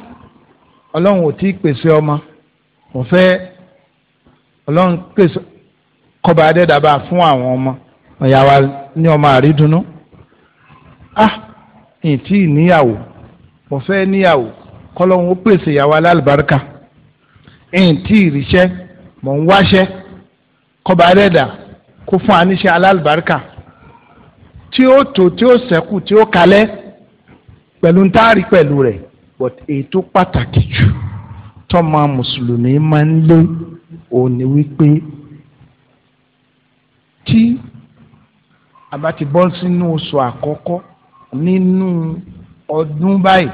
ọlọ́run ò tí ì pèsè ọmọ kò fẹ́ ọlọ́run pèsè kọba adẹ́dàbà fún àwọn ọmọ ọ̀yà ní ọmọ àrídùnnú ah n tí ì níyàwó kò fẹ́ níyàwó kọlọ́run ó pèsè ìyàwó alálùbáríkà n tí ì ríṣẹ́ mọ̀ ń wáṣẹ́ kọba adẹ́dà kó fún aníṣẹ́ alálùbáríkà tí ó tò tí ó sẹ́kù tí ó kalẹ̀ pẹ̀lú ń táàrí pẹ̀lú rẹ̀ but èyí tó pàtàkì jù tọ́mọ mùsùlùmí máa ń lé òun ni wípé tí a bá ti bọ́ sínú oṣù àkọ́kọ́ nínú ọdún báyìí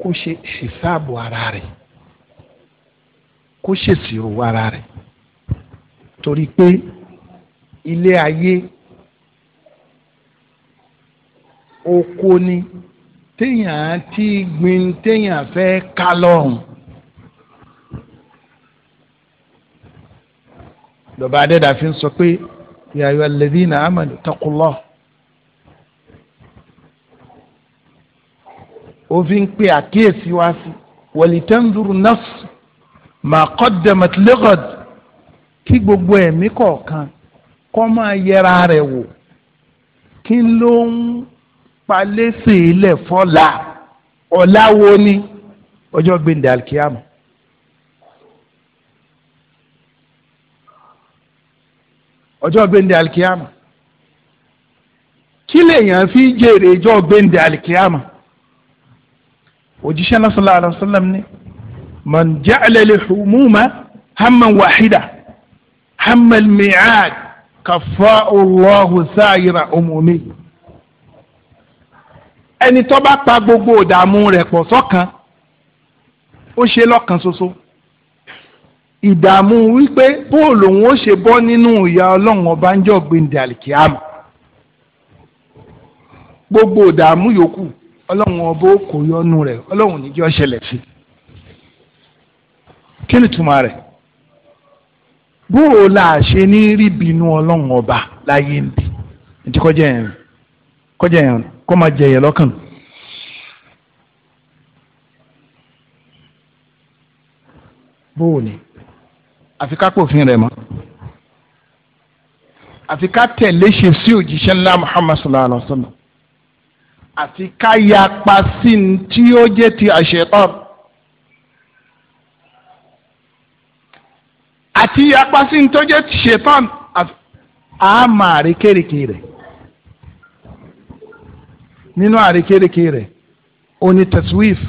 kó ṣe ṣìṣàbò ara rẹ̀ kó ṣèṣirò ara rẹ̀ torí pé ilé ayé oko ni téèyàn ti gbin téèyàn fẹ́ ká lọ́rùn. dọ̀bà adẹ́dà fi ń sọ pé ya ayyuha alladhina amanu taqullah. ó fi ń pe àkíyèsí wá sí walitanzur nafs ma qaddamat lighad kí gbogbo ẹ̀mí kọ̀ọ̀kan kọ́ máa yẹra rẹ̀ wò kí ló ń palẹ́sẹ̀ ilẹ̀ fọ́la ọ̀làwọ́ ni ọjọ́ gbẹ̀ndẹ̀ alkiyama. ọjọ́ gbẹ̀ndẹ̀ alkiyama kí lèèyàn fi jèrè ọjọ́ gbẹ̀ndẹ̀ alkiyama òjíṣẹ́ náà sallallahu alaihi wasallam ni man ja'ala li humuma hamman wahida hammal mi'ad kafa Allahu sa'ira umumi. ẹni tó pa gbogbo ìdààmú rẹ pọ̀ sọ́kan ó ṣe lọ́kan ṣoṣo ìdààmú wípé bóòlù òun ó ṣe bọ nínú ìyà ọlọ́run ọba ń jọ gbogbo ìdààmú yòókù ọlọ́run ọba ó kò yọnu ọlọ́run níjọ́ ní rí bínú ọba láyé ń bì kó máa jẹ̀yẹ̀ lọ́kàn. bóò ni àfi ká pòfin rẹ̀ mọ́ àfi ká tẹ̀lé ṣe sí òjíṣẹ́ ńlá Muhammad sallallahu alaihi wa sallam àfi ká yapa sí ní tí ó jẹ́ ti àṣetán. àti yapa sí ní tó jẹ́ ti ṣetán a máa rẹ̀ nínú àrékérekè rẹ̀ ó ní taswif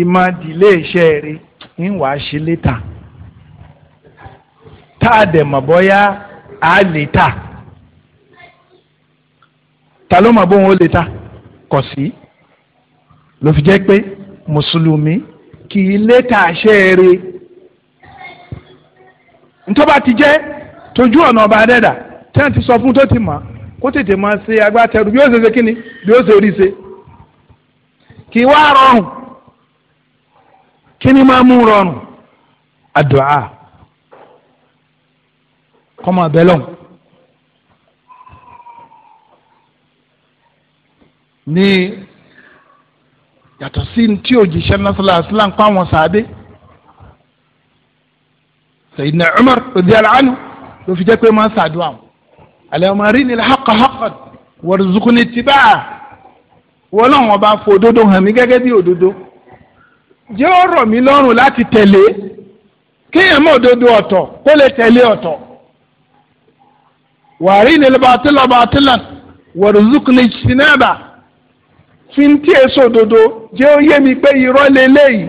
ìmọ̀ dìlé iṣẹ́ rẹ̀ ń wàá ṣe létà tá a dẹ̀ mọ̀ bọ́yá a lè tà ta ló mọ̀ bóun ó lè tà kò sí ló fi jẹ́ pé mùsùlùmí kì í létà ṣẹ́ẹ̀rẹ́ ntọ́ba ti jẹ́ tójú ọ̀nà ọba adẹ́dà tí sọ fún tó ti mọ̀ kó tètè máa ṣe agbátẹrù bí ó ṣe ṣe kíni bí ó ṣe rí ṣe kì í wá rọrùn kíni máa mú rọrùn àdúà kọ́mọ abẹ́lọ́n ní yàtọ̀ sí tí òjìṣẹ́ nasala asilan pa àwọn sàádé Sayyidina Umar radiyallahu anhu ló fi jẹ́ pé máa ń sàdúrà wọn. اللهم أرني الحق حقا وارزقني اتباعه wọ́lọ́run ọba fò òdodo hàn mí gẹ́gẹ́ bí òdodo jẹ́ ó rọ̀ mí lọ́rùn láti tẹ̀lé kéèyàn mọ̀ òdodo ọ̀tọ̀ kó lè tẹ̀lé ọ̀tọ̀ wàrí ni lọ́bàtìlà bàtìlà wọ̀rùzùkùnì sinaba fi ń tí èso òdodo jẹ́ ó yé mi pé irọ́ lélẹ́yìí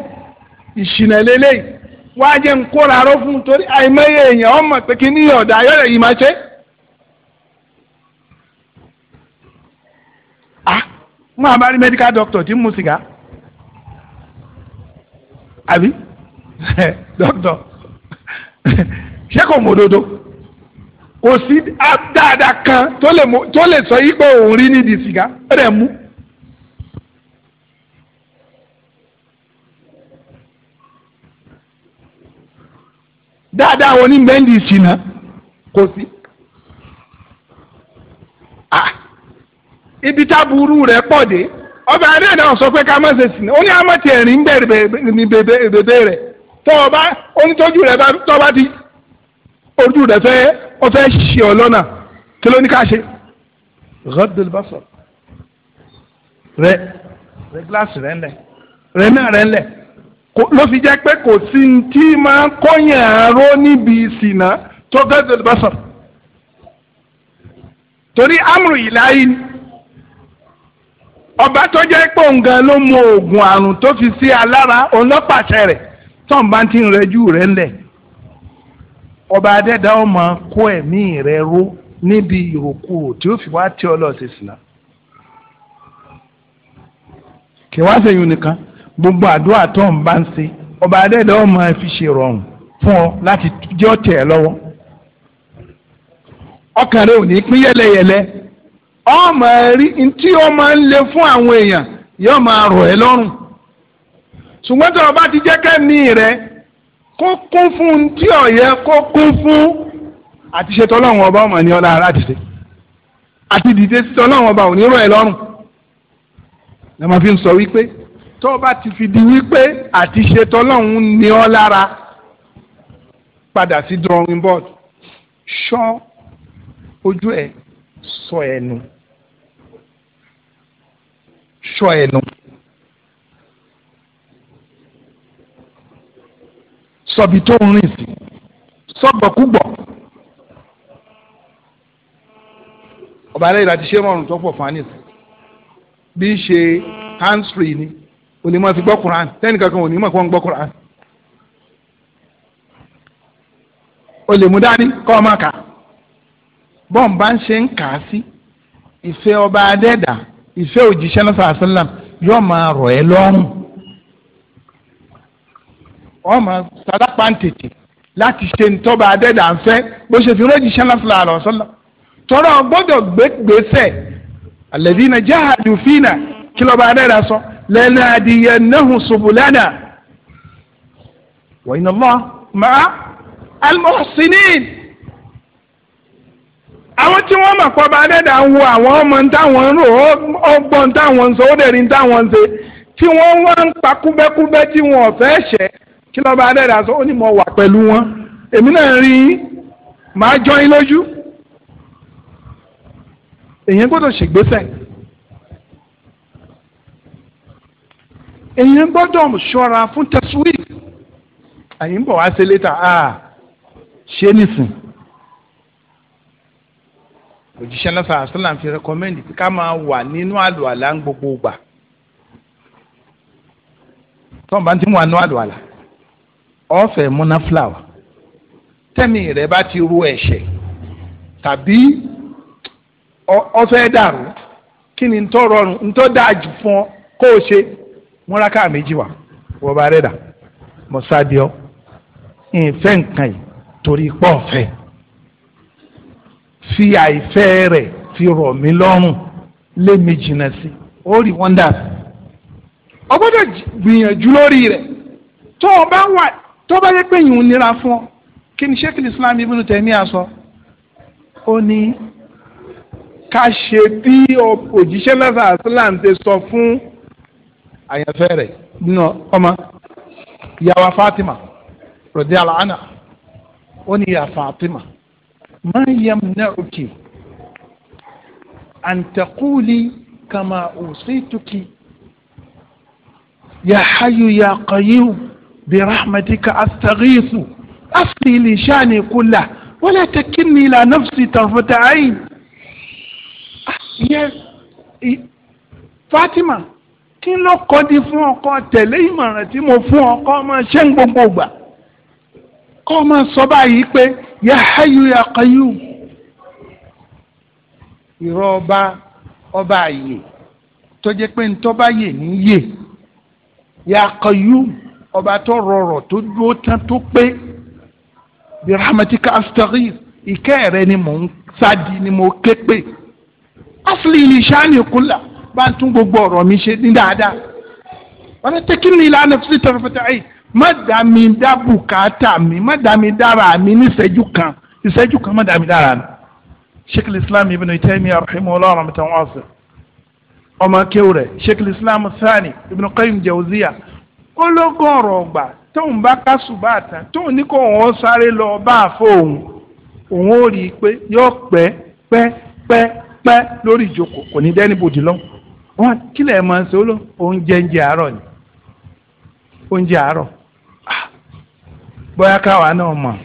ìṣìnà lélẹ́yìí wá ń kóra arọ́ fún torí àìmọye èèyàn ọmọ pé kí ní ọ̀dà ayọ́rẹ̀ yìí máa ṣe é. mo àbá medical doctor tí ń sìgá àbí doctor ṣé kò mọ òdodo kò sí dáadáa kan tó lè tó lè sọ yí pé òun rí nídìí sìgá ó dẹ̀ mú. dáadáa wo ní bẹ́ńdì ìsìnà kò sí. ah ibi táburú rẹ̀ pọ̀ dé ọba adéèdè ọ̀sọ́ pé ká má ṣe sìn ó ní àmọ́ tiẹ̀ rí ń bẹ̀rẹ̀ bèbè rẹ̀ tó ọba onítọ́jú rẹ̀ bá tó ọba ti ojú rẹ̀ fẹ́ ọ fẹ́ ṣe ọ lọ́nà kí ló ní ká ṣe. rọ́dùn bá sọ rẹ rẹ gíláàsì rẹ ńlẹ rẹ náà rẹ ńlẹ ló fi jẹ́ pé kò sí tí máa kọ́yìn àáró níbi ìsìnà tó gẹ́gẹ́ bá sọ torí amúrù ìlàyé ni. ọba tó jẹ́ pé òun gan ló mu oògùn àrùn tó fi sí alára ọlọ́pàṣẹ rẹ̀ tọ́n bá ti ń rẹjú rẹ̀ ńlẹ̀ ọba adẹ́dá ó máa kó ẹ̀mí rẹ̀ ró níbi ìhòkúrò tí ó fi wá tí ọlọ́ọ̀sẹ̀ sí náà. kì wá sẹ́yìn nìkan gbogbo àdúrà tó ń bá ń ṣe ọba adẹ́dá ó máa fi ṣe rọrùn fún ọ láti jẹ́ ọ̀tẹ̀ ẹ lọ́wọ́ ọkàn rẹ ò ní pín yẹlẹyẹlẹ ọmọ ẹ̀rí tí ó máa ń le fún àwọn èèyàn yóò máa rọ̀ ẹ́ lọ́rùn ṣùgbọ́n tí ọba ti jẹ́ kẹ́mi rẹ kó kún fún un tí ọ̀yẹ́ kó kún fún àti ṣe tọ́lọ́run ọba ọmọ ní ọlá ara dìde àti dìde sí tọ́lọ́run ọba ò ní rọ̀ lọ́rùn lẹ́mọ̀ fi ń sọ wípé tó o bá ti fi di wípé àti ṣe tọ́lọ́run ní ọ lára padà sí drawing board ṣọ́ ojú ẹ̀ sọ ẹnu. So ṣọ́ ẹnu. sọ̀bi tó ń rìn sí sọ̀gbọ̀kúgbọ̀. ọba alẹ́ ìlàtí ṣé mọ̀rùn tó pọ̀ fún anis bí ṣe hands free ni onímọ̀ fi gbọ́ Quran tẹ́nìkan kan onímọ̀ kan gbọ́ Quran. o lè mú dání kọ́ ọ máa kà bọ́ǹbà ń ṣe ń kà á sí ìfẹ́ ọba adẹ́dàá iṣẹ́ òjíṣẹ́ náà sàásìlám yóò máa rọ̀ ẹ́ lọ́rùn wọ́n máa sálápá ń tètè láti ṣe ntọ́ba adẹ́dà ń fẹ́ bó ṣe fi rọ́jíṣẹ́ náà sọ̀rọ̀ àrọ̀ sọ́lá tọ́rọ gbọ́dọ̀ gbégbèsè alladhina jahadu fina kí lọ́ba adẹ́dà sọ lanadiyannahum subulana wa inna Allah ma'a al àwọn tí wọ́n mọ̀ pọ̀ bá dẹ́dà ń wo àwọn ọmọ táwọn ń rò ọgbọ́n táwọn ń sọ ó dẹ̀rí táwọn ń ṣe tí wọ́n wá ń pa kúbẹ́kúbẹ́ tí wọn fẹ́ ṣẹ̀ kí lọ́ba dẹ́dà sọ ó ní mo wà pẹ̀lú wọn èmi náà rí màá jọ yín lójú èyàn gbọ́dọ̀ ṣègbésẹ̀ èyàn gbọ́dọ̀ ṣọ́ra fún tẹ̀síwì àyìnbọ̀ wá sí létà ṣé nìsín òjíṣẹ́ náà sàásìlà fi rẹkọmẹ́ndì pé ká máa wà nínú àlùwàlà ń gbogbo gbà tọ́wọ́n bá ti mú àánú àlùwàlà ọ̀fẹ́ múná tẹ́mi rẹ̀ bá ti ru ẹ̀ṣẹ̀ tàbí ọ̀fẹ́ dàrú kí ni ntọ́ rọrùn ntọ́ dáa jù fún ọ kó o ṣe múraká méjì wá wọ́n bá rẹ̀ dà mọ́sádìọ́ ìfẹ́ nǹkan yìí torí pọ́ọ̀fẹ́ fi àìfẹ́ rẹ̀ fi rọ̀ mí lọ́rùn lé mi jìnnà sí ó rí wọ́ndà sí. o gbìyànjú lórí rẹ̀ tó o bá wà tó o bá yẹ pé ìhun nira fún ọ kí ni sheikh islam ibn Taymiyyah sọ ó ní ká ṣe bí òjíṣẹ́ lọ́sà islam ti sọ fún àyànfẹ́ rẹ̀ nínú ọmọ ìyàwó Fatima rọ̀dí àlàánà ó ní ìyá Fatima. ما يمنعك أن تقولي كما أوصيتك يا حي يا قيوم برحمتك أستغيث أصلي لشاني كله ولا تكلني إلى نفسي طرفة عين يا Fatima kí ló kọ́ di fún ọkọ tẹ̀lé ìmọ̀ràn tí mo fún ọkọ ọmọ ṣẹ́ ń gbogbo gbà kọ́ ọmọ sọ báyìí pé yà háyù yà qayyum ìrọ̀ ọba ọba àyè tó jẹ́ pé ntọ́ba yè ní yè yà qayyum ọba tó rọrọ̀ tó dúró tán tó pé bí rahmatika astaghith ìkẹ́ rẹ ni mò ń sádi ni mo ké pè asli ni sani kula bá tún gbogbo ọ̀rọ̀ mi ṣe ní dáadáa wọ́n ti tẹ́kí ni ìlànà fi tẹ̀rẹ̀fẹ̀tẹ̀ ayé. má dá mi dá bùkátà mi má dá mi dára mi ní kan ìṣẹ́jú kan má dá mi dára mi. sheikh islam ibn taymiyyah rahimahullah rahmatan wasi'a ọmọ kéwù rẹ̀ sheikh islam sani ibn qayyim jawziya ológọ́rọ̀ ọgbà tóun bá kásùbà tán tóun ní kó òun sáré lọ bá a fọ òun òun ó rí i pé yóò pẹ́ pẹ́ pẹ́ pẹ́ lórí ìjókòó kò ní dẹ́ni bòdì lọ wọn kílẹ̀ máa ni bóyá káwa náà mọ̀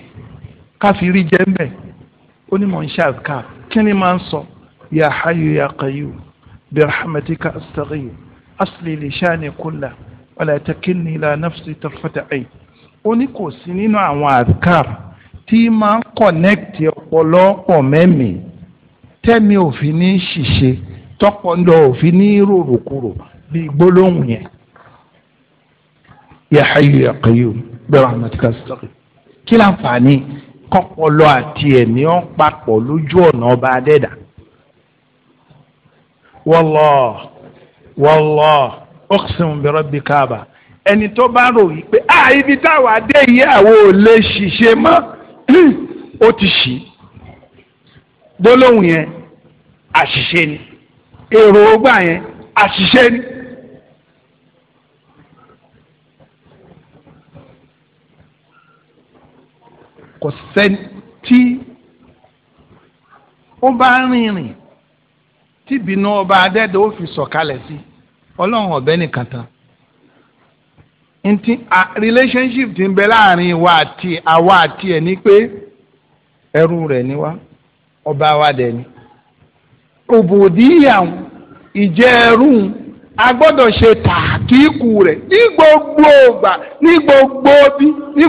káfi rí jẹ́ mbẹ́ ó ní mò ń ṣe àzùká kí ni máa ń sọ ya hayyu ya qayyum bi rahmatika astaghith asli li shani kulla wala takilni ila nafsi tarfata ayn ó ní kò sí nínú àwọn àzùká tí máa ń kọ̀nẹ́kìtì ọ̀pọ̀lọpọ̀ mẹ́mì tẹ́mi òfin ní ṣìṣe tọkọ̀ndọ̀ òfin ní rorokoro bíi gbólóhùn yẹn ya hayyu ya qayyum bẹ̀rù àmọ̀tíkà sọ̀rọ̀ kí láǹfààní kọ́pọ̀lọ́ àti ẹ̀mí ọ̀ papọ̀ lójú ọ̀nà ọba adẹ́dà wọ́lọ́ wọ́lọ́ ọ̀ksìmù bẹ̀rọ̀ bí káàbà ẹni tó bá rò yìí pé a ibi táwa dé yìí àwọn ò lè ṣiṣẹ́ mọ́ ó ti ṣì gbólóhùn yẹn àṣìṣe ni èròǹgbà yẹn àṣìṣe ni. kò sẹ́ni tí ó bá rìnrìn tí ìbínú ọba adẹ́dẹ́ ó fi sọ̀kalẹ̀ sí ọlọ́run ọ̀bẹ nìkan tán a relationship ti ń bẹ láàrin wa àti àwa àti ẹ̀ ni pé ẹrú rẹ̀ ni wá ọba wa dẹ̀ ni òbòdìyàn ìjẹ́ ẹrú a gbọ́dọ̀ ṣe tààkìkù rẹ̀ ní gbogbo ọgbà ní gbogbo bí ní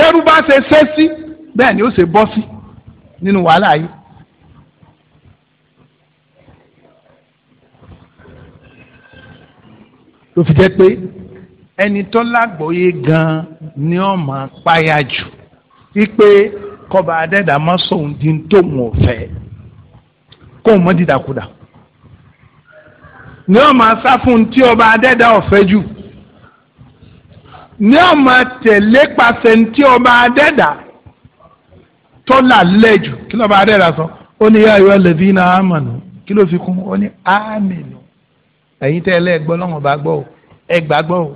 tẹ́rú bá ṣe ṣe sí bẹ́ẹ̀ ni ó ṣe bọ́ sí nínú wàhálà yìí. ló fi jẹ́ pé ẹni tó lágbóyè gan-an ni ó máa páyà jù wípé kọba adẹ́dà má sóhun di tóun ò fẹ́ kóun mọ́ dídàkudà ni ó máa sá fún un tí ọba adẹ́dà ò jù ní ọmọ tẹ̀lé pàṣẹ tí ọba adẹ́dà tó là lẹ́jù kí lọ́ba adẹ́dà sọ ó ní yá ayọ́ lẹ́bí iná àmọ̀nù kí ló fi kún ó ní àmìnù ẹ̀yin tẹ́ ẹlẹ́gbọ́ lọ́wọ́n bá gbọ́ o ẹ gbàgbọ́ o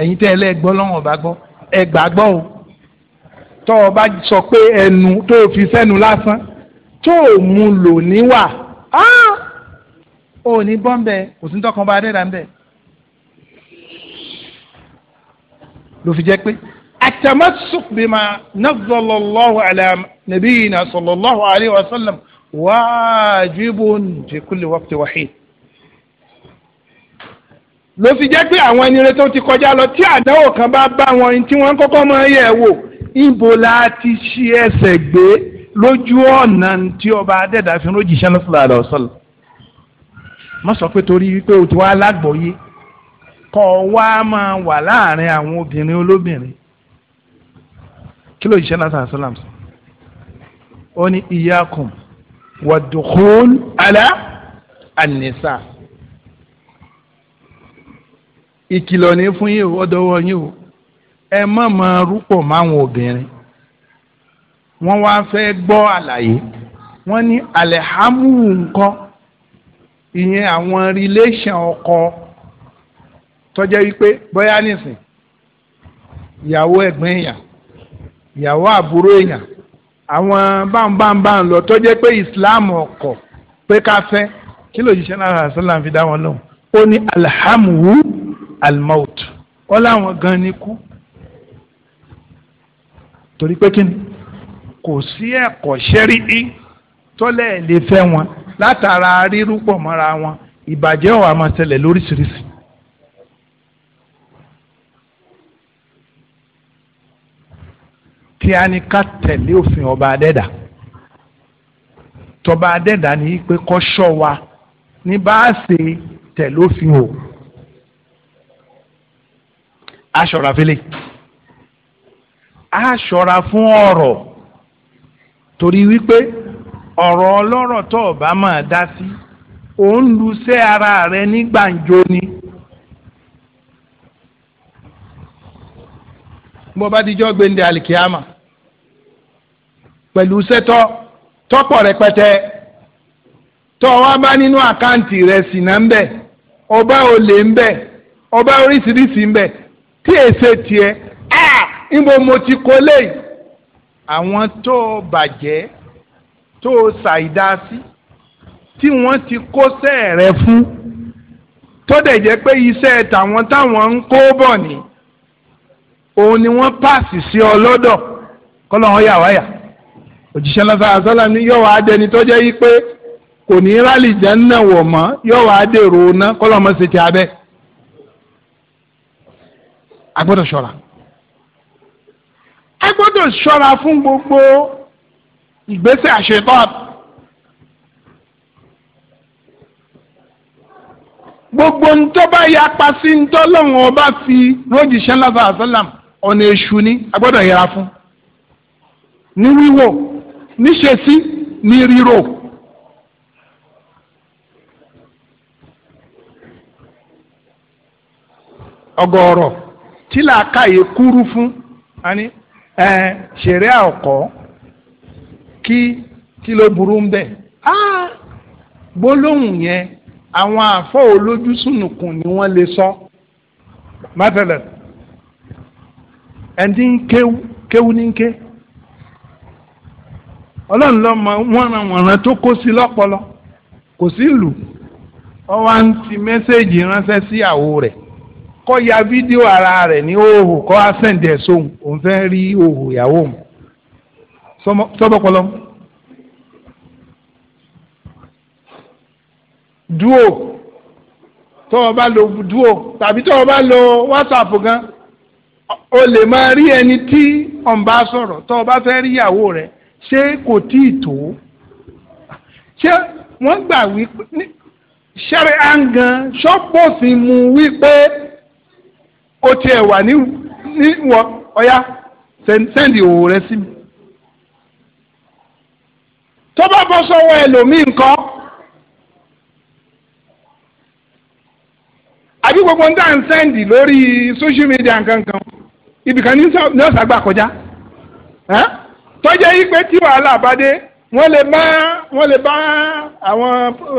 ẹ̀yin tẹ́ ẹlẹ́gbọ́ lọ́wọ́n bá gbọ́ ẹ gbàgbọ́ o tọ́ ọ bá sọ pé ẹnu tó o fi sẹ́nu lásán tó o mú lò níwà ó ní bọ́ńbẹ́ òsíntọ́kan adẹ́dà ń bẹ́ẹ̀. ló fi jẹ́ pé atamasuk bima nazalallahu ala nabiyina sallallahu alayhi wa sallam wajibun fi kulli waqti wahid ló fi jẹ́ pé àwọn ẹni rẹ tó ti kọjá lọ tí àdánwò kan bá bá wọn tí wọ́n kọ́kọ́ máa yẹ̀ wò ibo la ti ṣe ẹsẹ̀ gbé lójú ọ̀nà tí ọba adẹ́dàfin ló jìṣẹ́ lọ́sọ̀lá àdàwọ̀sọ̀lá má sọ pé torí wípé o ti wá lágbọ̀ọ́yé kọ́ wá máa wà láàrin àwọn obìnrin olóbìnrin kí ló yíṣẹ́ lásán sálàm sọ ó ní iyakum wàdùkún alá ànísà ìkìlọ̀ ní fún yín ó dọwọ́ yín o ẹ má máa rúpọ̀ máwọn obìnrin wọ́n wá fẹ́ gbọ́ àlàyé wọ́n ní alẹ́hámù nǹkan ìyẹn àwọn relation ọkọ tọ́jẹ́ wípé bóyá nìsín ìyàwó ẹ̀gbọ́n èèyàn ìyàwó àbúrò èèyàn àwọn báńbáńbáń lọ tọ́jẹ́ pé islam ọkọ̀ pé ká fẹ́ kí lòjíṣẹ́ náà sọ́là fi dá wọn lóhùn ó ní alhamdu almaut ó láwọn gan ni kú torí pé kí ni kò sí ẹ̀kọ́ ṣẹ́rí tọ́lẹ̀ lè fẹ́ wọn látara rírúpọ̀ mọ́ra wọn ìbàjẹ́ ó wá ṣẹlẹ̀ lóríṣiríṣi tí a ní ká tẹ̀lé òfin ọba adẹ́dà tọba adẹ́dà ní pé kọ́ ṣọ́ wa ní bá a ṣe tẹ̀lé òfin o a ṣọ́ra fẹ́lẹ́ a ṣọ́ra fún ọ̀rọ̀ torí wípé ọ̀rọ̀ ọlọ́rọ̀ tó o máa dá sí òun lu sẹ́ ara rẹ ní gbàǹjo ni. bó bá dijọ́ gbẹ̀ndẹ̀ àlìkíyàmà pẹ̀lú sẹ́tọ́ tọ́pọ̀ rẹpẹtẹ tọ wa bá nínú àkáǹtì rẹ sì náà ń ọba olè ń ọba oríṣiríṣi ń bẹ̀ tí èsè tiẹ̀ á níbo mo ti kó léyìí àwọn tó bàjẹ́ tó ṣàìdá tí wọ́n ti kó sẹ́ẹ̀rẹ́ fún tó dẹ̀ jẹ́ pé iṣẹ́ tàwọn táwọn ń kó bọ̀ ni. òun ni wọ́n paasi sí ọ lọ́dọ̀ kọ́lọ́hún yà wáyà òjíṣẹ́ náà ni sọ́lá ní yọ̀ wá pé kò ní rálì jẹ́ ń wọ̀ mọ́ yọ̀ wá ná kọ́lọ́hún fún gbogbo ìgbésẹ̀ àṣetọ́ gbogbo ntọ́ba yapa sí ntọ́lọ́hún ọba fi ọ̀nà èṣù ni a gbọ́dọ̀ yẹra fún ní wíwò níṣesí ní rírò. ọ̀gọ̀rọ̀ tí làákàyè kúrú fún ani ẹ ṣeré àkọ kí kí ló burú ń bẹ gbólóhùn yẹn àwọn àfọ olójúsùnùkùn ni wọ́n lè sọ mátẹlẹ ẹni kéwú kéwú ní ké ọlọ́run wọ́nranwọ̀nran tó kó sí lọ́pọlọ kò sí ọ ọwọ́ ń ti mẹ́sẹ̀gì ránṣẹ́ sí àwo rẹ̀ kọ́ ya fídíò ara rẹ̀ ní òhò kọ́ á sẹ̀ǹdẹ̀ sóhun òun fẹ́ rí òhò ìyàwó mu sọ́bọ̀pọ̀lọ́. dúò tọ́ lo dúò tàbí tọ́ lo whatsapp gan o lè máa rí ẹni tí ọ̀n bá sọ̀rọ̀ tó o bá fẹ́ rí ìyàwó rẹ̀ ṣé kò tí ì tó ṣé wọ́n gbà wípé ṣẹ́rẹ́ àǹgàn ṣọ́pọ̀sì mu wípé o tiẹ̀ wà ní wọ ọ̀yá sẹ́ndì òwò rẹ sí mi tó bá bọ́ sọ́wọ́ ẹlòmíì ńkọ́ àbí gbogbo ń dá ń sẹ́ndì lórí social media nǹkan kan ibìkan ní nọ́ọ̀sì àgbà kọjá tọ́jẹ́ yí pé tí wàhálà bá dé wọ́n lè bá wọ́n lè bá àwọn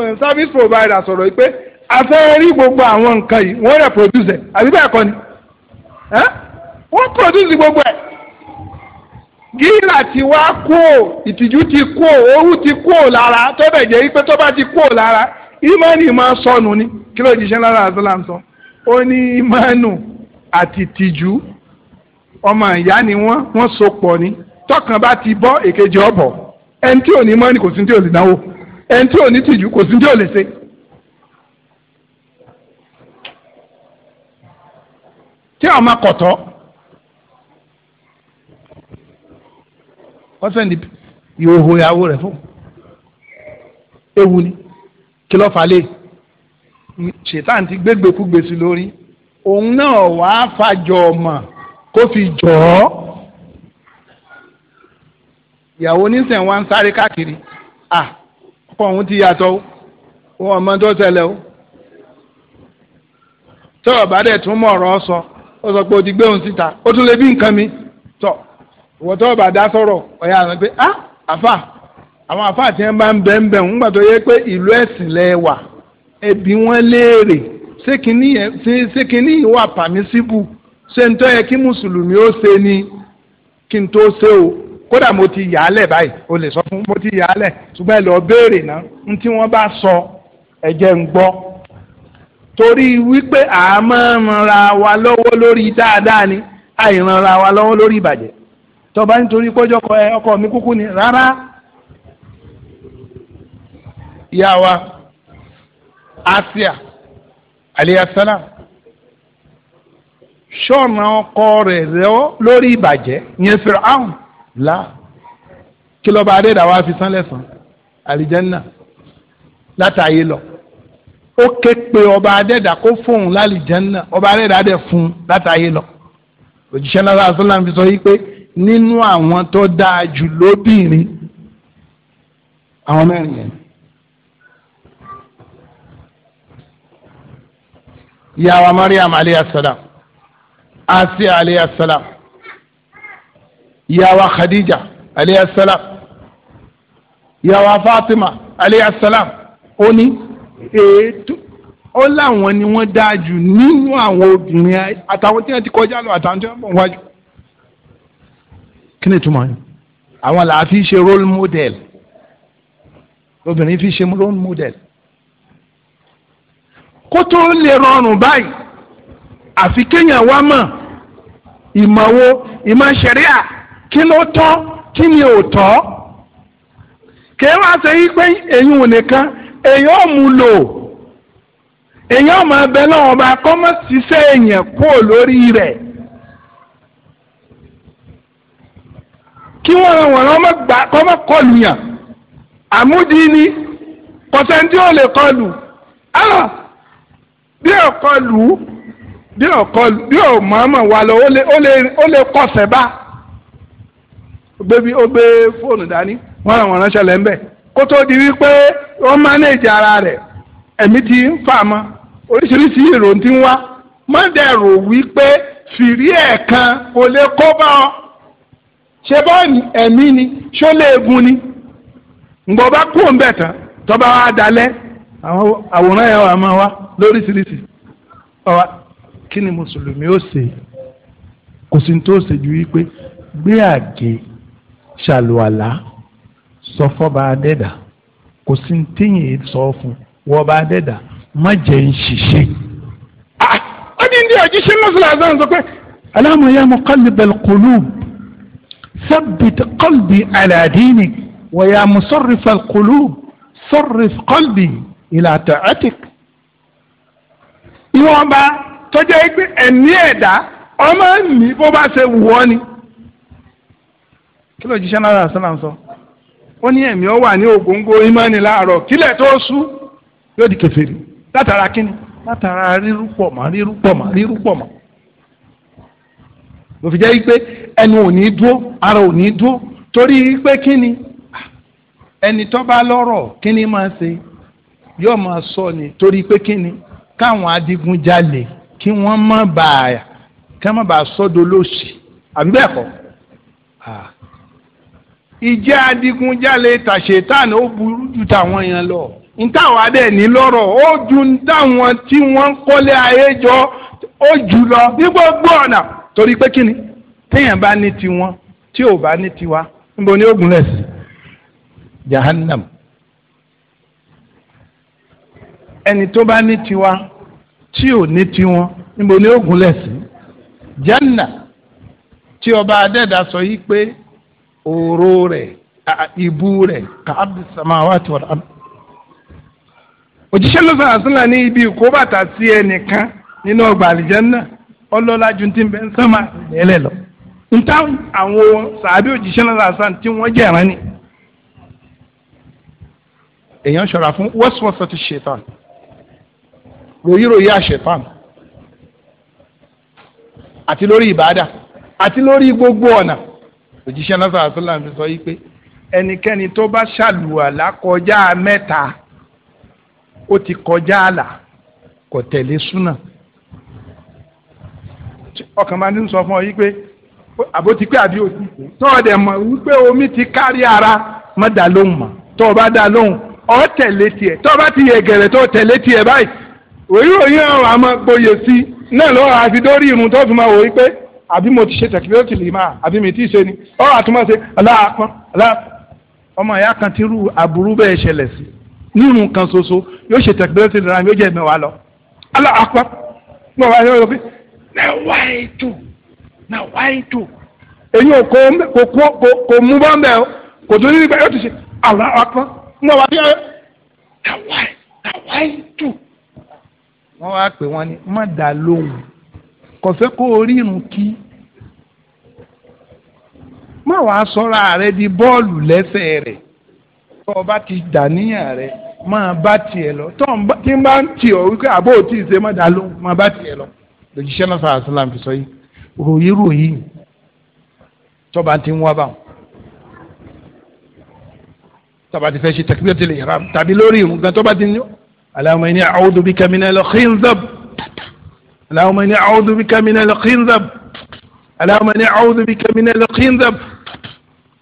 eh, service provider sọ̀rọ̀ yìí pé a fẹ́ rí gbogbo àwọn nǹkan yìí wọ́n rẹ̀ produce ẹ̀ àbí bẹ́ẹ̀ kọ́ ni wọ́n produce gbogbo ẹ̀ gíra ti wá kú ò ìtìjú ti kú ò owó ti kú ò lára tó bẹ̀ jẹ́ pé tó bá ti kú ò lára ìmọ̀ọ́nì máa sọnù ni kí ló jíṣẹ́ lára àti láǹsọ̀ ó ní ìmọ̀ọ́nù àti ìtìjú ọmọ ìyá ni wọ́n wọ́n so pọ̀ ni tọkàn bá ti bọ́ èkejì ọ̀bọ̀ ẹni tí ò ní mọ́ ni kò sí ní tí ò lè náwó ẹni tí ò ní tìjú kò sí ní tí ò lè ṣe. tí àwọn máa kọ̀tọ́ wọ́n sẹ́ni ìhòòhò ìyàwó rẹ̀ fún ewu ni kí ló fà lé ṣètàn ti lórí òun náà wàá fàjọ ọmọ kó fi jọ̀ ọ́ ìyàwó onísìn wa ń sáré káàkiri ọkọ òun ti yàtọ̀ o wọn ọmọ tó tẹlẹ o tọrọ bá dẹ̀ tún mọ ọ̀rọ̀ sọ ó sọ pé o ti gbé òun síta ó tún lè bí nǹkan mi tọ ìwọ tọrọ bá dá sọ̀rọ̀ ọyà rẹ pé á àfà àwọn àfà tí wọn bá ń bẹ ń bẹ ń gbà tó yẹ pé ìlú ẹ̀sìn lẹ wà ẹbí wọn léèrè ṣé kìíní ṣé kìíní wà pàmísíbù se ń tọ́ yẹ kí mùsùlùmí ó ṣe ni kí n tó ṣe o kódà mo ti yà á báyìí o lè sọ fún mo ti yà á lẹ̀ ṣùgbọ́n ẹ lọ béèrè náà n tí wọ́n bá sọ ẹ jẹ́ ń gbọ́ torí wípé àmọ́ ranra wa lọ́wọ́ lórí dáadáa ni àìranra wa lọ́wọ́ lórí ìbàjẹ́ tọba nítorí kọjọ ẹ ọkọ mi kúkú ni rárá ìyá wa Asia aleyhi sọ̀nà ọkọ rẹ̀ lórí ìbàjẹ́ yẹn fẹ́rẹ̀ áhùn là kí ló bá adéda wa fi sánlẹ̀ sàn àlìjẹ́nà látàyè lọ ó ké pe ọba adéda kó fóun lálìjẹ́nà ọba adéda dẹ̀ fún látàyè lọ òjíṣẹ́ náà sọ́nà fi sọ yí pé nínú àwọn tó dáa jù lóbìnrin àwọn mẹ́rin yẹn. ìyá wa Mariam aleyhi salaam. Asiya aleyhisselam ìyàwó Khadija aleyhisselam ìyàwó Fatima aleyhisselam ó ní ètò ó láwọn ni wọ́n dáa jù nínú àwọn obìnrin àtàwọn tí wọ́n ti kọjá lọ àtàwọn tí wọ́n bọ̀ wájú. kí ni ìtumọ̀ yẹn àwọn làá fi ṣe role model obìnrin fi ṣe role model kó tó lè rọrùn báyìí àfi kéèyàn wá mọ̀ ìmọ̀ wo ìmọ̀ ṣẹ̀ríà kí ló tọ́ kí ni ò tọ́ kèé wá ṣe yí pé èyí ò nìkan èyí ò mú lò èyí ò máa bẹ náà ọba kọ́mọ́ ṣiṣẹ́ èèyàn kú lórí rẹ̀ kí wọ́n wọ̀n lọ́mọ gbà kọ́mọ́ kọlù yàn àmúdi ni kọ̀sẹ́ntì ò lè kọlù bí ò kọlù. bí ọ̀kọlù bí wà lọ ó lè ó lè ó lè kọsẹ̀ bá gbé bí ó gbé fóònù dání wọ́n ràn ránṣẹ́ lẹ́ ń bẹ̀ kó tó di wípé wọ́n mánéèjì ara rẹ̀ ẹ̀mí ti ń fà mọ́ oríṣiríṣi ìròyìn ti ń wá wípé fìrí kò ọ ṣe bọ́ọ̀nì ni ṣó lè ni bá kú òun bẹ̀ tán tọ́ba wa dalẹ̀ àwòrán yẹn wà máa kí ni mùsùlùmí ó ṣe kò sí tó ṣe ju wípé gbé àgé ṣàlùwàlá sọ fọba adẹ́dà kò sí tíyìn sọ fún wọba adẹ́dà má jẹ́ ń ṣiṣẹ́. ó ní ndí òjíṣẹ́ mọ́sálà àzọ́n sọ pé aláàmú ya muqallibal qulub thabbit qalbi ala dinik wa ya musarrifal qulub sarrif qalbi ila ta'atik. ìwọ̀nba. tó jẹ́ pé ẹ̀mí ẹ̀dá ọmọ mi bó bá ṣe wù ọ́ ni kí ló jíṣẹ́ náírà sọ́nà sọ ó ní ẹ̀mí ọ wà ní ògóńgó ìmọ̀ni láàárọ̀ kílẹ̀ tó sú yóò di kèfèrí látara kíni látara rírú pọ̀ mọ́ rírú pọ̀ mọ́ rírú pọ̀ mọ́ fi jẹ́ pé ẹnu ò ní dúó ara ò ní dúó torí pé kíni ẹni tó bá lọ́rọ̀ kíni máa ṣe yóò máa sọ ni torí pé kíni káwọn adigunjalè kí wọ́n má bàa kí wọ́n má bàa sọ́dọ̀ lóṣì àbí bẹ́ẹ̀ kọ́ ìjẹ́ adigunjalè tàṣetán ó burú ju tàwọn yẹn lọ ntàwọn adé ní lọ́rọ̀ ó ju ntàwọn tí wọ́n ń kọ́lé ayé jọ ó jù lọ ní gbogbo ọ̀nà torí pé kíni téèyàn bá ní tiwọn tí ò bá ní tiwa níbo ni ó gúnlẹ̀ jahannam ẹni tó bá ní tiwa tí ò ní tiwọn níbo ni oògùn lẹ̀sìn jẹ́nà tí ọba adẹ́dà sọ yìí pé òòró rẹ̀ ìbú rẹ̀ káàbì sàmáwá tí wọ́n òjíṣẹ́ lọ́sàn àsúnlá ní ibi ìkóbàtà sí ẹnìkan nínú ọgbà àlìjẹ́nà ọlọ́lá ju ti ń bẹ ń sánmà lẹ́lẹ̀ lọ. níta àwọn sàábì òjíṣẹ́ lọ́sàn àsán tí wọ́n jẹ̀rán ni èèyàn ṣọ́ra fún wọ́sowọ́sọ ti ṣètàn ròyìnròyìn àṣetán àti lórí ìbáàdà àti lórí gbogbo ọ̀nà òjíṣẹ́ náà sọ̀rọ̀ sọ́lá fi sọ yìí pé ẹnikẹ́ni tó bá ṣàlùwàlá kọjá mẹ́ta ó ti kọjá àlà kò tẹ̀lé súnà ọkàn máa ń sọ fún ọ yìí pé àbó ti pé àbí òtí tó o dẹ̀ mọ̀ wípé omi ti kárí ara má dá lóhùn mọ́ tó o bá dá lóhùn ọ tẹ̀lé tiẹ̀ tó o bá ti yẹ gẹ̀rẹ̀ tó o tẹ̀lé tiẹ̀ báyìí òyìn òyìn àwọn àmọ́ gboyè sí náà lọ́wọ́ àfi dórí irun tó fi máa wò wípé àbí mo ti ṣe tẹkílẹ́tì lè máa àbí mi ti ṣe ni ọ̀rọ̀ àtúmọ̀ ṣe ọmọ ìyá kan ti rú aburú bẹ́ẹ̀ ṣẹlẹ̀ sí kan ṣoṣo yóò ṣe tẹkílẹ́tì lè máa yóò jẹ́ mẹ́wàá lọ aláàpọ̀ mo wá yọ pé na wáyé na wáyé èyí ò kò kò mú o kò tó yóò ti ṣe mo wá yọ na na wáyé wọ́n wá pè wọ́n ní má dà lóhùn kò fẹ́ kó orí kí má wàá sọ́ra rẹ di bọ́ọ̀lù lẹ́sẹ̀ rẹ̀ tó o bá ti dàníyàn rẹ máa bá tiẹ̀ lọ tó tí n bá ń tì ọ́ wípé àbó ò tí ì ṣe má dà lóhùn máa bá tiẹ̀ lọ lójúṣẹ́ náà sàrà sílám fi sọ yìí ròyìn ròyìn tọ́ba ti ń wá báwọn tọ́ba ti fẹ́ ṣe takbiratul ihram tàbí lórí ìrùn gan ti ń yọ. اللهم إني أعوذ بك من الخنزب اللهم إني أعوذ بك من الخنزب اللهم إني أعوذ بك من الخنزب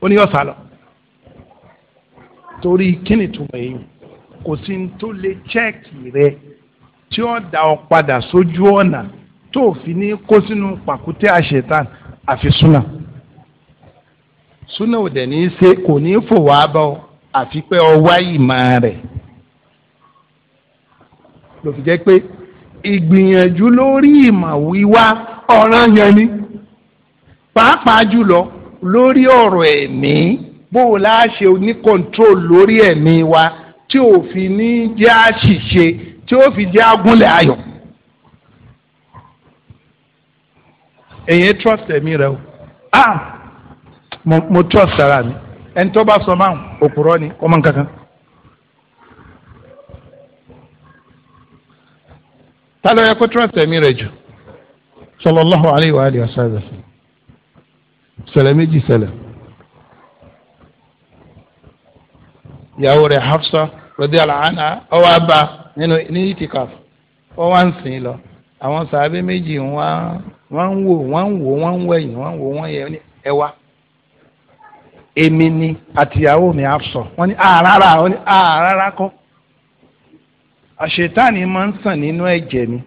oní yọ sálọ torí kíni túmọ̀ èyí kò sí ní tó lè chẹ́ẹ̀kì rẹ tí ó dá ọ padà sójú ọ̀nà tó fi ní kó sínú pàkúté àṣetán àfi súnà súnà ò dẹ̀ ní í ṣe kò ní í fò wá bá ọ àfi pé ọ wá ìmọ̀ rẹ̀ ló fi jẹ́ pé ìgbìyànjú lórí ìmọ̀ wíwá ọ̀ràn yẹn ni pàápàá jùlọ lórí ọ̀rọ̀ ẹ̀mí bó o láà ṣe ní control lórí ẹ̀mí wa tí ò fi ní jẹ́ àṣìṣe tí ó fi jẹ́ agúnlẹ̀ ayọ̀. èyí trust ẹ̀mí rẹ o ah mo, mo trust ara mi ẹni tó bá sọ máa òpùrọ́ ni ọmọ nǹkan kan. ta ló yẹ kó trust ẹ̀mí rẹ̀ jù sallallahu alayhi wa alihi wa sallam ṣẹlẹ̀ méjì ṣẹlẹ̀ ìyàwó rẹ̀ Hafsa radiyallahu nínú ní itikaf wá ń sìn lọ àwọn sàábé méjì wọn ń wò wọ́n ń wò wọ́n ń wẹ̀yìn wọn ń wò yẹ mi Hafsa wọn ni àṣetáni máa ń sàn nínú ẹ̀jẹ̀ ni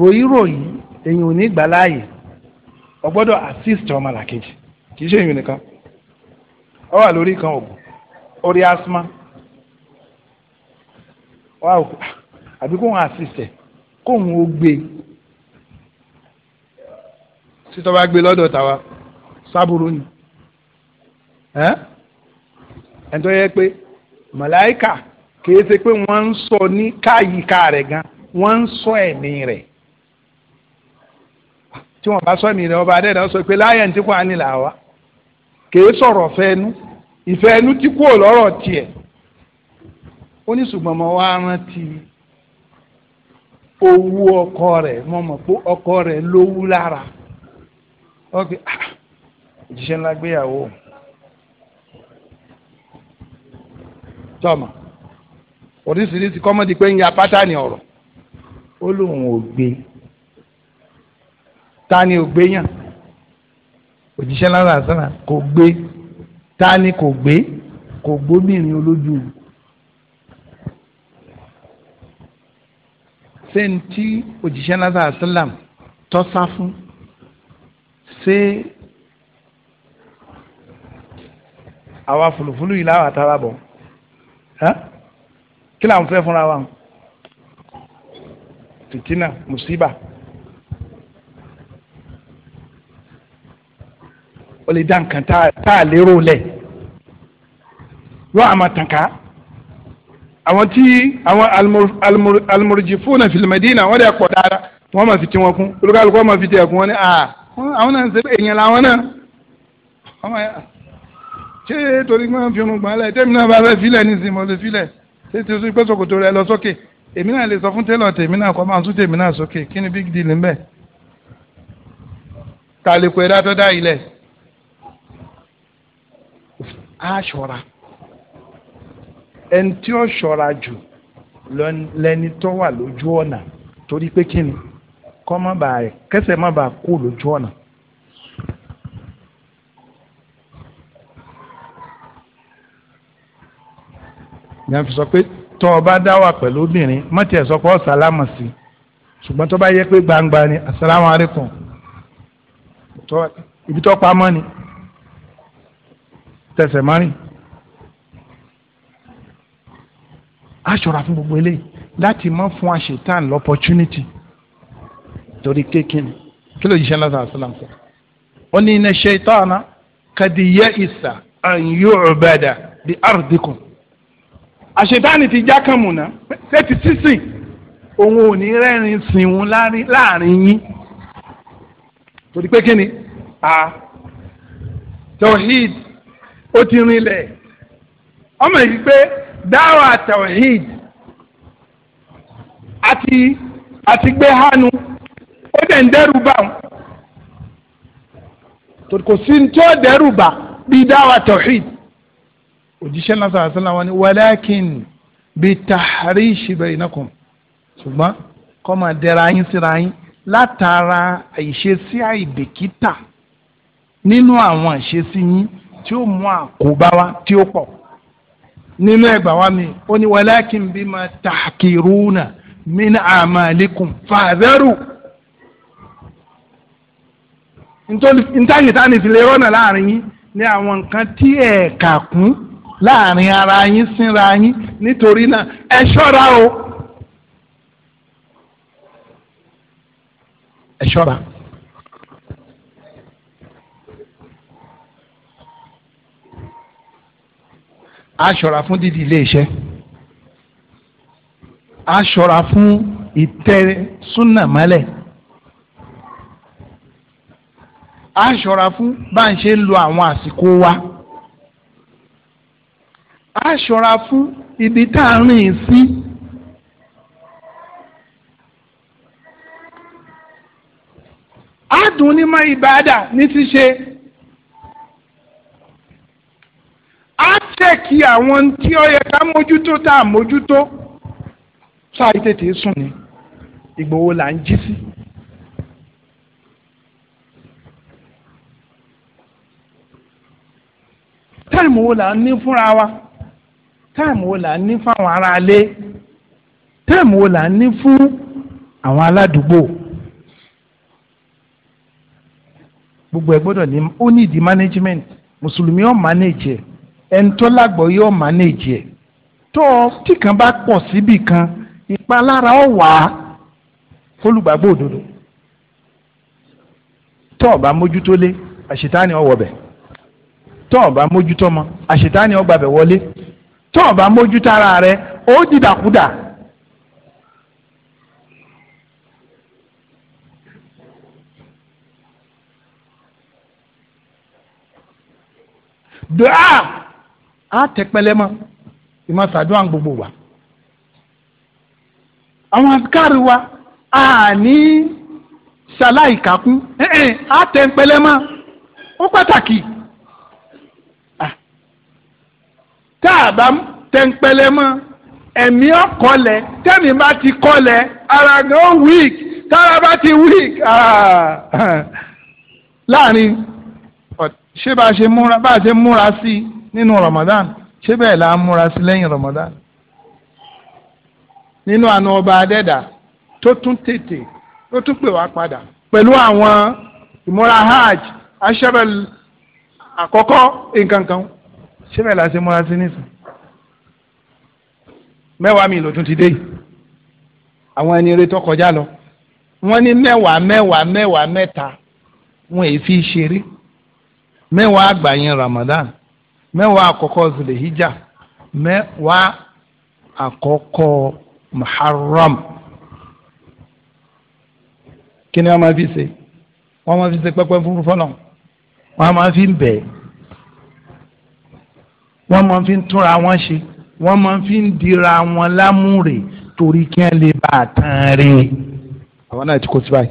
ròyìnròyìn èyàn ò ní gbà láàyè ó assist ọmọlàkejì kì í ṣe èyàn nìkan ó wà lórí kan ògùn orí asma wà ó àbí kóun assist ẹ kóun ó gbé títọ́ bá gbé lọ́dọ̀ tàwa sábúrú ni ẹ̀ ẹ̀ ń tọ́ yẹ pé màláìkà kìí ṣe pé wọ́n ń sọ ní káyìíká rẹ̀ gan wọ́n ń sọ ẹ̀mí rẹ̀ tí wọ́n bá sọ ẹ̀mí rẹ̀ ọba adẹ́dàá sọ pé láyé ní tí kò á nílà wa kìí sọ̀rọ̀ fẹ́nu ìfẹ́ ẹnu tí kúrò lọ́rọ̀ tiẹ̀ ó ní ṣùgbọ́n mo wá rántí owó ọkọ rẹ̀ mo mọ̀ pé ọkọ rẹ̀ lówú lára ok ah, òjíṣẹ́ ńlá gbéyàwó tọ́mọ̀ oríṣiríṣi kọ́mọ́dé pé ń ya ni ọ̀rọ̀ ó lóun ò gbé ta ni ò gbé yàn òjíṣẹ́ lára sára kò gbé ta ni kò gbé kò gbóbìnrin olójú ṣé n tí òjíṣẹ́ lára sálàm tọ́sá fún ṣé àwa fùlùfùlù yìí láwàá tára bọ̀. Huh? kí là ń fẹ́ fúnra wa tìtínà mùsíbà ó lè dá nǹkan tá a lérò lẹ̀ yóò àmà tàn ká àwọn tí àwọn almurjifuna fil madina wọ́n dẹ̀ pọ̀ dáadáa wọ́n máa fi tí wọn kún olùkàlùkù wọ́n máa fi tẹ̀ kún wọn ni àwọn náà ń ṣe èèyàn làwọn náà ṣé torí wọ́n fi irun gbọ́n lẹ̀ tẹ́mi náà bá fẹ́ filẹ̀ ní ìsìn lè filẹ̀ ṣé ti sún gbẹ́sọ̀kòtò rẹ lọ sókè èmi náà lè sọ fún tẹ́lọ̀ tèmi náà kọ́ máa tún tèmi náà sókè kí ni big deal ń bẹ̀ ta lè pè dátọ́ dá ilẹ̀ á ẹni tí ó ṣọ́ra jù lẹni tó wà lójú ọ̀nà torí pé kí ni kọ́ má bàa kẹsẹ̀ má bàa kú lójú ọ̀nà ni a fi sọ pé tọ́ ọ bá dá wà pẹ̀lú obìnrin má tiẹ̀ sọ pé ọ sàlámù sí ṣùgbọ́n tó bá yẹ pé gbangba ni asalaamu alaykum ibi tó pamọ́ ni tẹsẹ̀ márìn a ṣọ́ra fún gbogbo eléyìí láti má fún aṣetán lọ́pọ̀tunity torí kékeré kí ló yíṣẹ́ lọ́sàn àṣàlám sọ. ó ní iná ṣe ìtọ́ àná kàdí yẹ ìsà àyùbàdà bí àrùdíkùn àṣetáni ti já kàn múná ṣé ti sísìn òun ò ní rẹ́rìn sìnwó láàrin yín torí pé kí ni a tawhid ó ti rinlẹ̀ ọmọ yìí pé dáwà tawhid àti àti gbé hánu ó dẹ̀ ń dẹ́rù bá wọn torí kò sí ní dẹ́rù bá bí dáwà tawhid òjíṣẹ́ náà sọ̀rọ̀ sọ́nà wọn ni wàlákin bíi tàhárí ìṣìbẹ̀ ìnákùn ṣùgbọ́n kọ́ máa dẹra yín síra yín látara àìṣesí àìbìkítà nínú àwọn àṣesí yín tí ó mú àkóbá wá tí ó pọ̀ nínú ẹgbàá wa mi ó ní wàlákin bíi máa tàkìrúnà min amalikum fàdẹ́rù ntánìtánì ti lè rọ́nà láàrin yín ní àwọn nǹkan tí ẹ̀ẹ̀kà kún. láàrin ara yín sínra yín nítorí náà ẹ ṣọ́ra o ẹ ṣọ́ra. a ṣọ́ra fún didi ile iṣẹ. a ṣọ́ra fún ìtẹ́ súnà a ṣọ́ra fún bá ń ṣe ń lo àwọn àsìkò wa. a ṣọ́ra fún ibi tá a rìn sí. a dùn ní máa ìbáàdà ní ṣíṣe. a tẹ̀kí àwọn tí ó yẹ ká mójútó tá a mójútó sáà tètè sùn ni ìgbòho là ń jí sí. táìmù wo là ń ní fúnra wa. táìmù wo là ń ní fáwọn aráalé táìmù wo là ń ní fún àwọn aládùúgbò gbogbo ẹ gbọ́dọ̀ ní ó ní ìdí management mùsùlùmí ó manage ẹ ẹni tó lágbọ yóò manage ẹ tó tí kan bá pọ̀ síbì kan ìpalára ó wà á fólùgbàgbọ́ òdodo tó o bá mójútó lé àṣetáni ọwọ́ bẹ̀ tó o bá mójútó mọ àṣetáni ọgbà bẹ̀ wọlé tó o bá mójútó ara rẹ ó dìdàkudà. dùá á tẹpẹlẹ mọ ìmọ̀ sàdúrà gbogbo wa àwọn akáàrí wa a ní ṣaláìkàkún á tẹpẹlẹ mọ ó pàtàkì. tá a bá tẹ̀ǹpẹ̀lẹ̀ mọ́ ẹ̀mí ọ̀kọ́lẹ̀ tẹ̀mí bá ti kọ́lẹ̀ ara gan weak tára bá ti weak ah. láàrin ṣé bá a bá a ṣe múra sí nínú Ramadan ṣé bẹ́ẹ̀ la múra sí lẹ́yìn Ramadan nínú àna ọba adẹ́dà tó tún tètè tó tún pè wá padà pẹ̀lú àwọn ìmúra hajj aṣẹ́bẹ̀ àkọ́kọ́ nǹkan kan ṣé bẹ́ẹ̀ la ṣe múra sí nísìn mẹ́wàá mi ló tún ti dé yìí àwọn ẹni eré tó kọjá lọ wọ́n ní mẹ́wàá mẹ́wàá mẹ́wàá mẹ́ta wọn èyí ṣeré mẹ́wàá àgbàyìn Ramadan mẹ́wàá àkọ́kọ́ zulehijja mẹ́wàá àkọ́kọ́ Muharram kí ni wọ́n máa fi ṣe wọ́n máa fi ṣe pẹ́pẹ́ fúnfún fọ́nà wọ́n máa fi bẹ̀ẹ́ wọ́n máa fi ń túnra wọn ṣe wọ́n máa fi ń dira wọn lámúre torí kí wọ́n lè bá a tán re. àwọn náà ti kó sí báyìí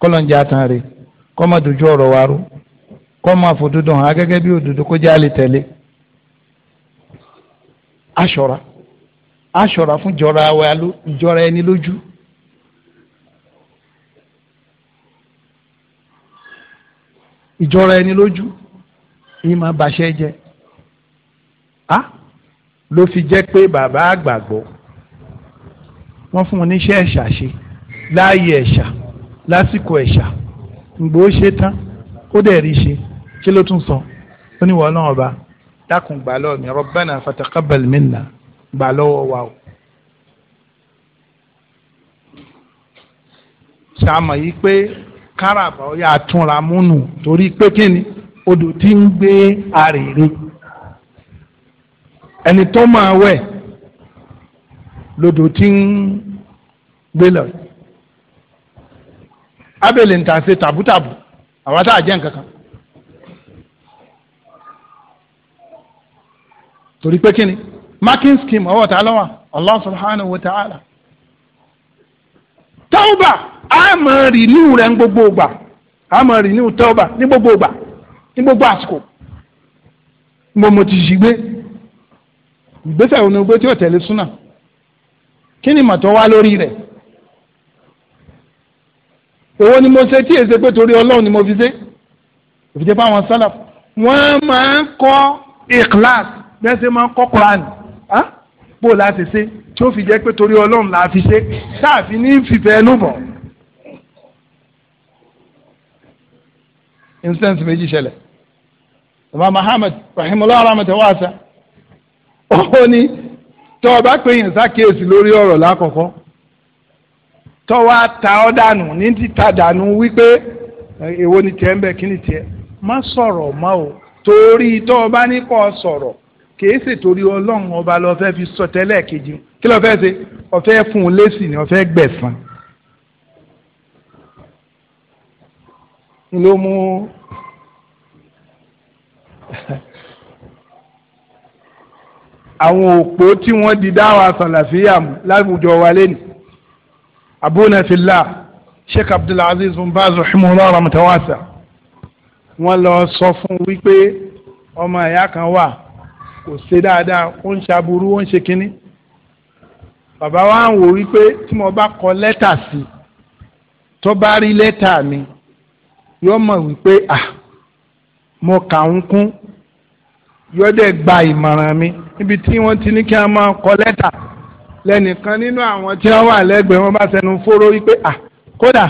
kọ́lọ́ ń jẹ́ àtàn re kọ́ máa dojú ọ̀rọ̀ wa rú kọ́ máa fòdodo hàn gẹ́gẹ́ bí òdodo kó jẹ́ àlè tẹ̀lé. aṣọra aṣọra fún jọra wa jọra ẹni lójú. ìjọra ẹni lójú ìmọ̀ bàṣẹ jẹ́ ah, ló fi jẹ́ pé bàbá àgbàgbọ́ wọ́n fún un níṣẹ́ ẹ̀ṣà ṣe láàyè ẹ̀ṣà lásìkò ẹ̀ṣà ǹgbò ó ṣe tán ó dẹ̀ rí ṣe ṣé ló tún sọ ó ní wọ́n náà ọba dákun gbà lọ́wọ́ mi Rabbana fataqabbal minna gbà lọ́wọ́ wa o. sàmọ̀ yìí pé káràbà ó yà túnra múnú torí pé kíni odò tí ń gbé àrèrè. ẹni tó máa wẹ̀ lodò tí ń gbé lọ tabu ń ta ṣe tàbútàbù àwa tá a jẹ́ nǹkan kan. torí pé kíni marking scheme ọwọ́ ta lọ́wọ́ Allah subhanahu wa ta'ala tọ́ọ̀bà a máa rí níwù rẹ̀ ní gbogbo ìgbà a máa rí tauba tọ́ọ̀bà ní gbogbo ìgbà ní gbogbo àsìkò mo mo ti ṣì gbé ìgbésẹ̀ òun ni gbé tí ó tẹ̀lé súnà kí ni màtọ́ wá lórí rẹ̀ èwo ni mo ṣe tí èsè pé torí ọlọ́run ni mo fi ṣe òfìjẹ́ bá wọn sálà wọ́n máa ń kọ́ ìkíláàs bẹ́ẹ̀ ṣe máa ń kọ́ Quran bó láti ṣe tí ó fi jẹ́ pé torí ọlọ́run la fi ṣe táàfi ní fìfẹ́ ẹnu bọ̀. instance méjì ṣẹlẹ̀ bàbá Muhammad rahimahullah rahmatulahi wa sa. ó ní tọ́ ọ bá pè yín sákèésì lórí ọ̀rọ̀ lákọ̀ọ́kọ́ tọ́ ta ọ́ dànù ní títa dànù wípé èwo ni tiẹ̀ ń bẹ kí ni tiẹ̀ má sọ̀rọ̀ mọ́ o torí tọ́ọ̀bá ọ bá ní kọ́ sọ̀rọ̀ kìí ṣe torí ọlọ́run ọba lọ fẹ́ fi sọ tẹ́lẹ̀ kejì kí lọ́ọ́ fẹ́ ṣe ọ̀fẹ́ fún un lésì ni ọ̀fẹ́ gbẹ̀sán. ló mú àwọn òpó tí wọ́n di dáwà sàlàfíà láwùjọ wa lẹ́nu abúna fillah sheikh abdulaziz bin baz rahimahullah rahmatawasa wọ́n lọ sọ fún wípé ọmọ ẹ̀yà kan wà kò ṣe dáadáa ó ń ṣaburú ó ń ṣe kínní bàbá wa ń wò wípé tí mo bá kọ lẹ́tà sí tó bá rí lẹ́tà mi yóò mọ̀ wípé ah mo kà ń kún yóò gba ìmọ̀ràn mi níbi tí wọ́n ti ní kí a máa kọ lẹ́tà lẹ́nìkan nínú àwọn tí wọ́n wà lẹ́gbẹ̀ẹ́ wọn bá sẹnu fóró wípé à kódà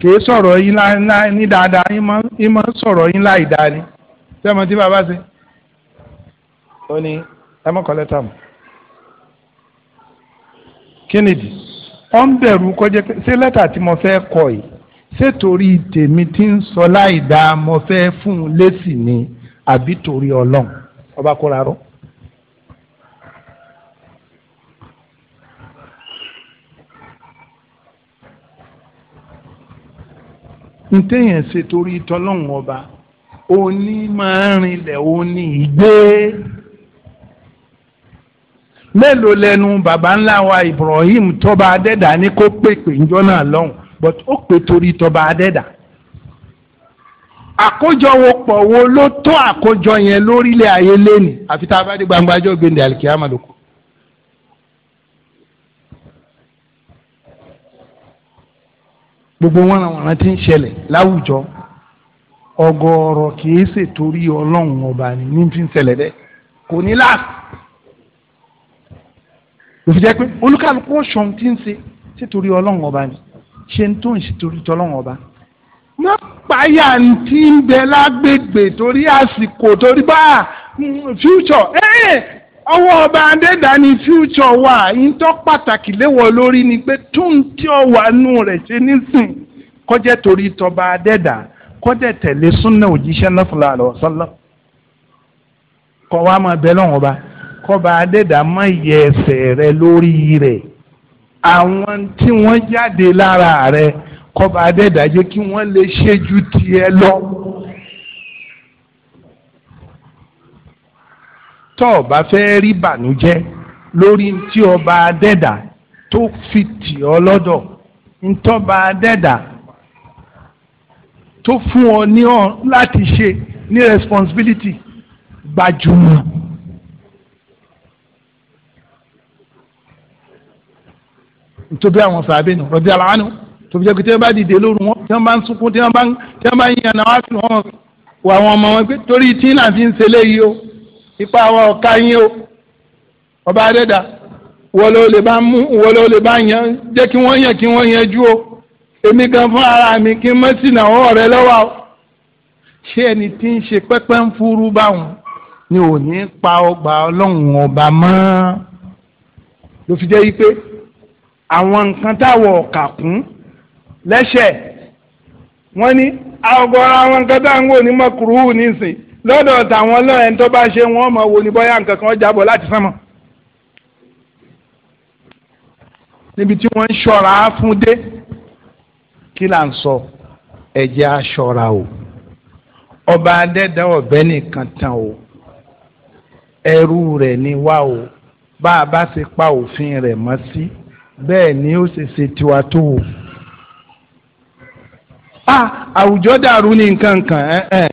kìí sọ̀rọ̀ yín ńlá ní dáadáa yín máa ń sọ̀rọ̀ yín láì dáa ni sẹ́mo tí bàbá ṣe ó ní ẹ mọ̀ kọ lẹ́tà mọ́ kennedy ó ń bẹ̀rù kọjá pé ṣé lẹ́tà tí mo fẹ́ kọ yìí ṣé torí tèmi tí ń sọ láì dáa mo fẹ́ fún un lésì ni àbí torí ọlọ́run ọba kóra ró. ntẹ́yìn ṣe torí tọ́lọ́hún ọba òní máa ń rinlẹ̀ òní ìgbé mélòó lẹ́nu baba ńlá wa Ibrahim tọ́ba adẹ́dà ní kó pèpè ńjọ́ náà lọ́hùn but ó pè torí tọ́ba adẹ́dà àkójọwòpọ̀ wo ló tó àkójọ yẹn lórílẹ̀ ayé lẹ́nu àfi tá a bá dé gbangba ọjọ́ gbẹ̀ndẹ̀ àlìkíyàmà lóko. gbogbo wọn àwọn àwọn tí ń ṣẹlẹ̀ láwùjọ ọ̀gọ̀ọ̀rọ̀ kìí ṣètòrí Ọlọ́run ọba ni ní fi ń ṣẹlẹ̀ dẹ kò ní láàbù òfin pé olúkàlùkù ọ̀ṣun ti ń ṣe ṣètòrí Ọlọ́run ọba ni ṣe ń tó ń ṣètòrí tỌlọ́run ọba ni má páyà tí ń bẹ lágbègbè torí àsìkò torí bá mm, future eh, ọwọ́ ọba adẹ́dá ni future wà ìtọ́ pàtàkì léwọ̀ lórí ni pé tóun tí ó wà nù rẹ̀ ṣe nísìn kọjá torí tọba adẹ́dá kọjá tẹ̀lé súnà òjíṣẹ́ náà fúnra rẹ̀ ọ̀sánlọ́ kọ́ wa máa bẹ lọ́wọ́ ọba kọba adẹ́dá má yẹ ẹsẹ̀ rẹ lórí rẹ̀ àwọn tí wọ́n jáde lára rẹ̀ kọba adẹ́dàjẹ́ kí wọ́n lè ṣe ju tiẹ̀ lọ. tọ́ ọ bá fẹ́ rí bànújẹ́ lórí tí ọba adẹ́dà tó fi tì ọ lọ́dọ̀ ntọ́ba adẹ́dà tó fún ọ ní ọ láti ṣe ní responsibility gbajúmọ̀. nítorí àwọn sàbẹ̀ nù rọ̀bí aláwọ̀ tòbí jẹ́ pé tí wọ́n bá dìde lóru wọn tí wọ́n bá ń sunkún tí wọ́n bá ń tí wọ́n bá ń yan àwọn àfihàn wọn wà wọn ọmọ wọn pé torí tí náà fi ń ṣe léyìí o ipa àwọn ọ̀ka yín o ọba adẹ́dà wọ́n ló lè bá mú wọ́n ló lè bá yan jẹ́ kí wọ́n yàn kí wọ́n yanjú o èmi gan fún ara mi kí n mọ́ sí náà wọ́n lọ́wọ́ o ṣé ẹni tí ń ṣe pẹ́pẹ́ ń furu báwọn ni ò ní pa ọgbà ọlọ́run ọba àwọn nǹkan táwọn ọ̀kà kún lẹ́sẹ̀ wọ́n ní àgọ́ra àwọn nǹkan tá à ń wò ní mọ̀kúrú nísìn lọ́dọ̀ tàwọn ọlọ́run tó bá ṣe wọ́n mọ̀ wò ní bóyá nǹkan kan jábọ̀ láti sánmọ̀. níbi tí wọ́n ń ṣọ́ra fún dé kí là ń sọ ẹ̀jẹ̀ aṣọ́ra o ọba adẹ́dàá ọ̀bẹ nìkan tán o ẹrú rẹ̀ ni wá o bá a bá ti pa òfin rẹ̀ mọ́ sí bẹ́ẹ̀ ni ó ṣe ṣe tiwa tó o. ah àwùjọ dàrú ní nǹkan kan ẹ ẹ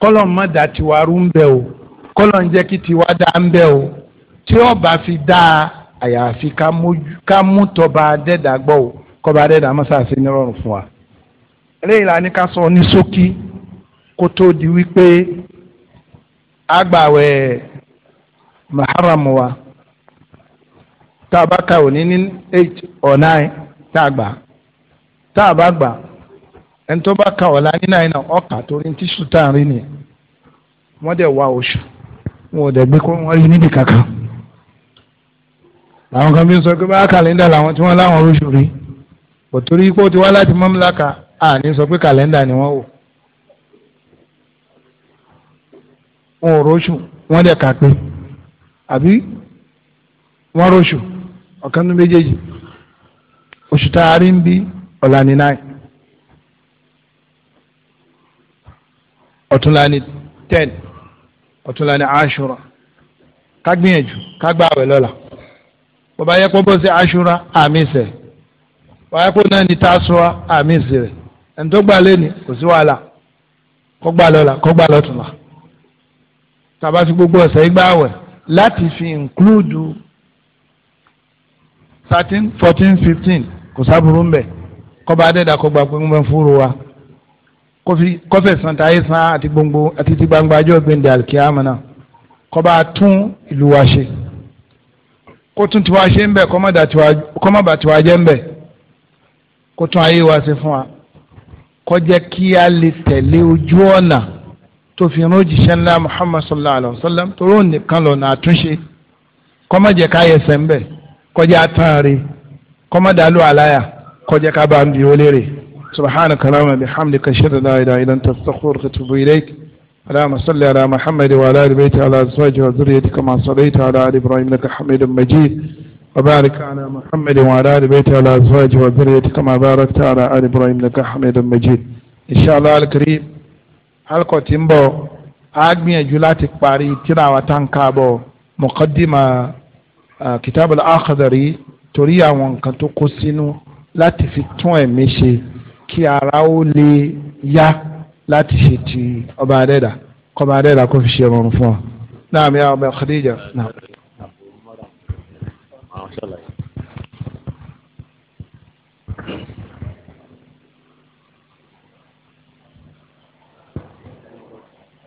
kọlọ má da tiwa rú ń bẹ o kọ́lọ̀ ń jẹ́ kí tiwa dá ń o tí fi da àyàfi ká mú tọba dẹ́dà gbọ́ o kọba dẹ́dà masa nírọ̀rùn fún wa. eléyìí la ní ká sọ ní ṣókí kó tó di wípé agbàwẹ̀ wa tá a bá ka ní eight or nine tá a gbà tá ẹni tó bá ka ọ̀la nínú àyìnà ọkà torí ní tíṣù wọ́n dẹ̀ wá oṣù wọn ò dẹ̀ gbé kó wọ́n rí níbi kankan làwọn kan bí sọ pé bá kàlẹ́ndà làwọn tí wọ́n láwọn oṣù rí kò torí pé ti wá láti à ni wọ́n wò wọn ò róṣù wọ́n dẹ̀ kà pé àbí wọ́n róṣù ọ̀kan ọ̀túnla ni ten ọ̀túnla ni aṣura ká gbìyànjú ká gba àwẹ̀ lọ́la bó bá yẹ kó bó ṣe aṣura àmì sẹ̀ bó bá yẹ kó náà ni tásùwà àmì sẹ̀ rẹ̀ ẹni tó gbà lé ní kò sí wàhálà kó gbà lọ́la kó gbà lọ́túnla tàbá fi gbogbo ọ̀sẹ̀ yìí láti fi include thirteen fourteen fifteen kò sábúrú ń bẹ̀ kọ́ba adẹ́dà kó gba pé ń bẹ́ fúru wa kọfẹ santa ayé san àti gbogbo àti ti gbangba ajọ gbẹndẹ alikiyama náà kọba tún ìlú wa ṣe kó tún tiwa ṣe ń bẹ kọmọba tiwa jẹ ń bẹ kó tún ayé wa ṣe fún wa kó jẹ́ kí a ojú ọ̀nà tó fi rán òjíṣẹ́ ńlá muhammad sallallahu alayhi wa sallam tó rán nìkan lọ́nà àtúnṣe kọmọjẹ káyẹsẹ̀ ń bẹ kó jẹ́ atán rí kọmọdàlú àláyà kó jẹ́ ká bá ń bi ó lérè. سبحانك اللهم بحمدك اشهد لا اله الا انت استغفرك واتوب اليك اللهم صل على محمد وعلى ال بيته وعلى ازواجه وذريته كما صليت على ال ابراهيم انك حميد مجيد وبارك على محمد وعلى ال بيته وعلى ازواجه وذريته كما باركت على ال ابراهيم انك حميد مجيد ان شاء الله الكريم حلقه تنبو اغنياجو láti parí tírà wa tan kabo muqaddima kitab al-akhdari torí àwọn kan tó kó sínú kí ara ó lè yá láti ṣe ti ọba adẹ́dà kọba adẹ́dà kó fi ṣe ọrùn fún ọ. náà mi àwọn ọmọ Khadija náà.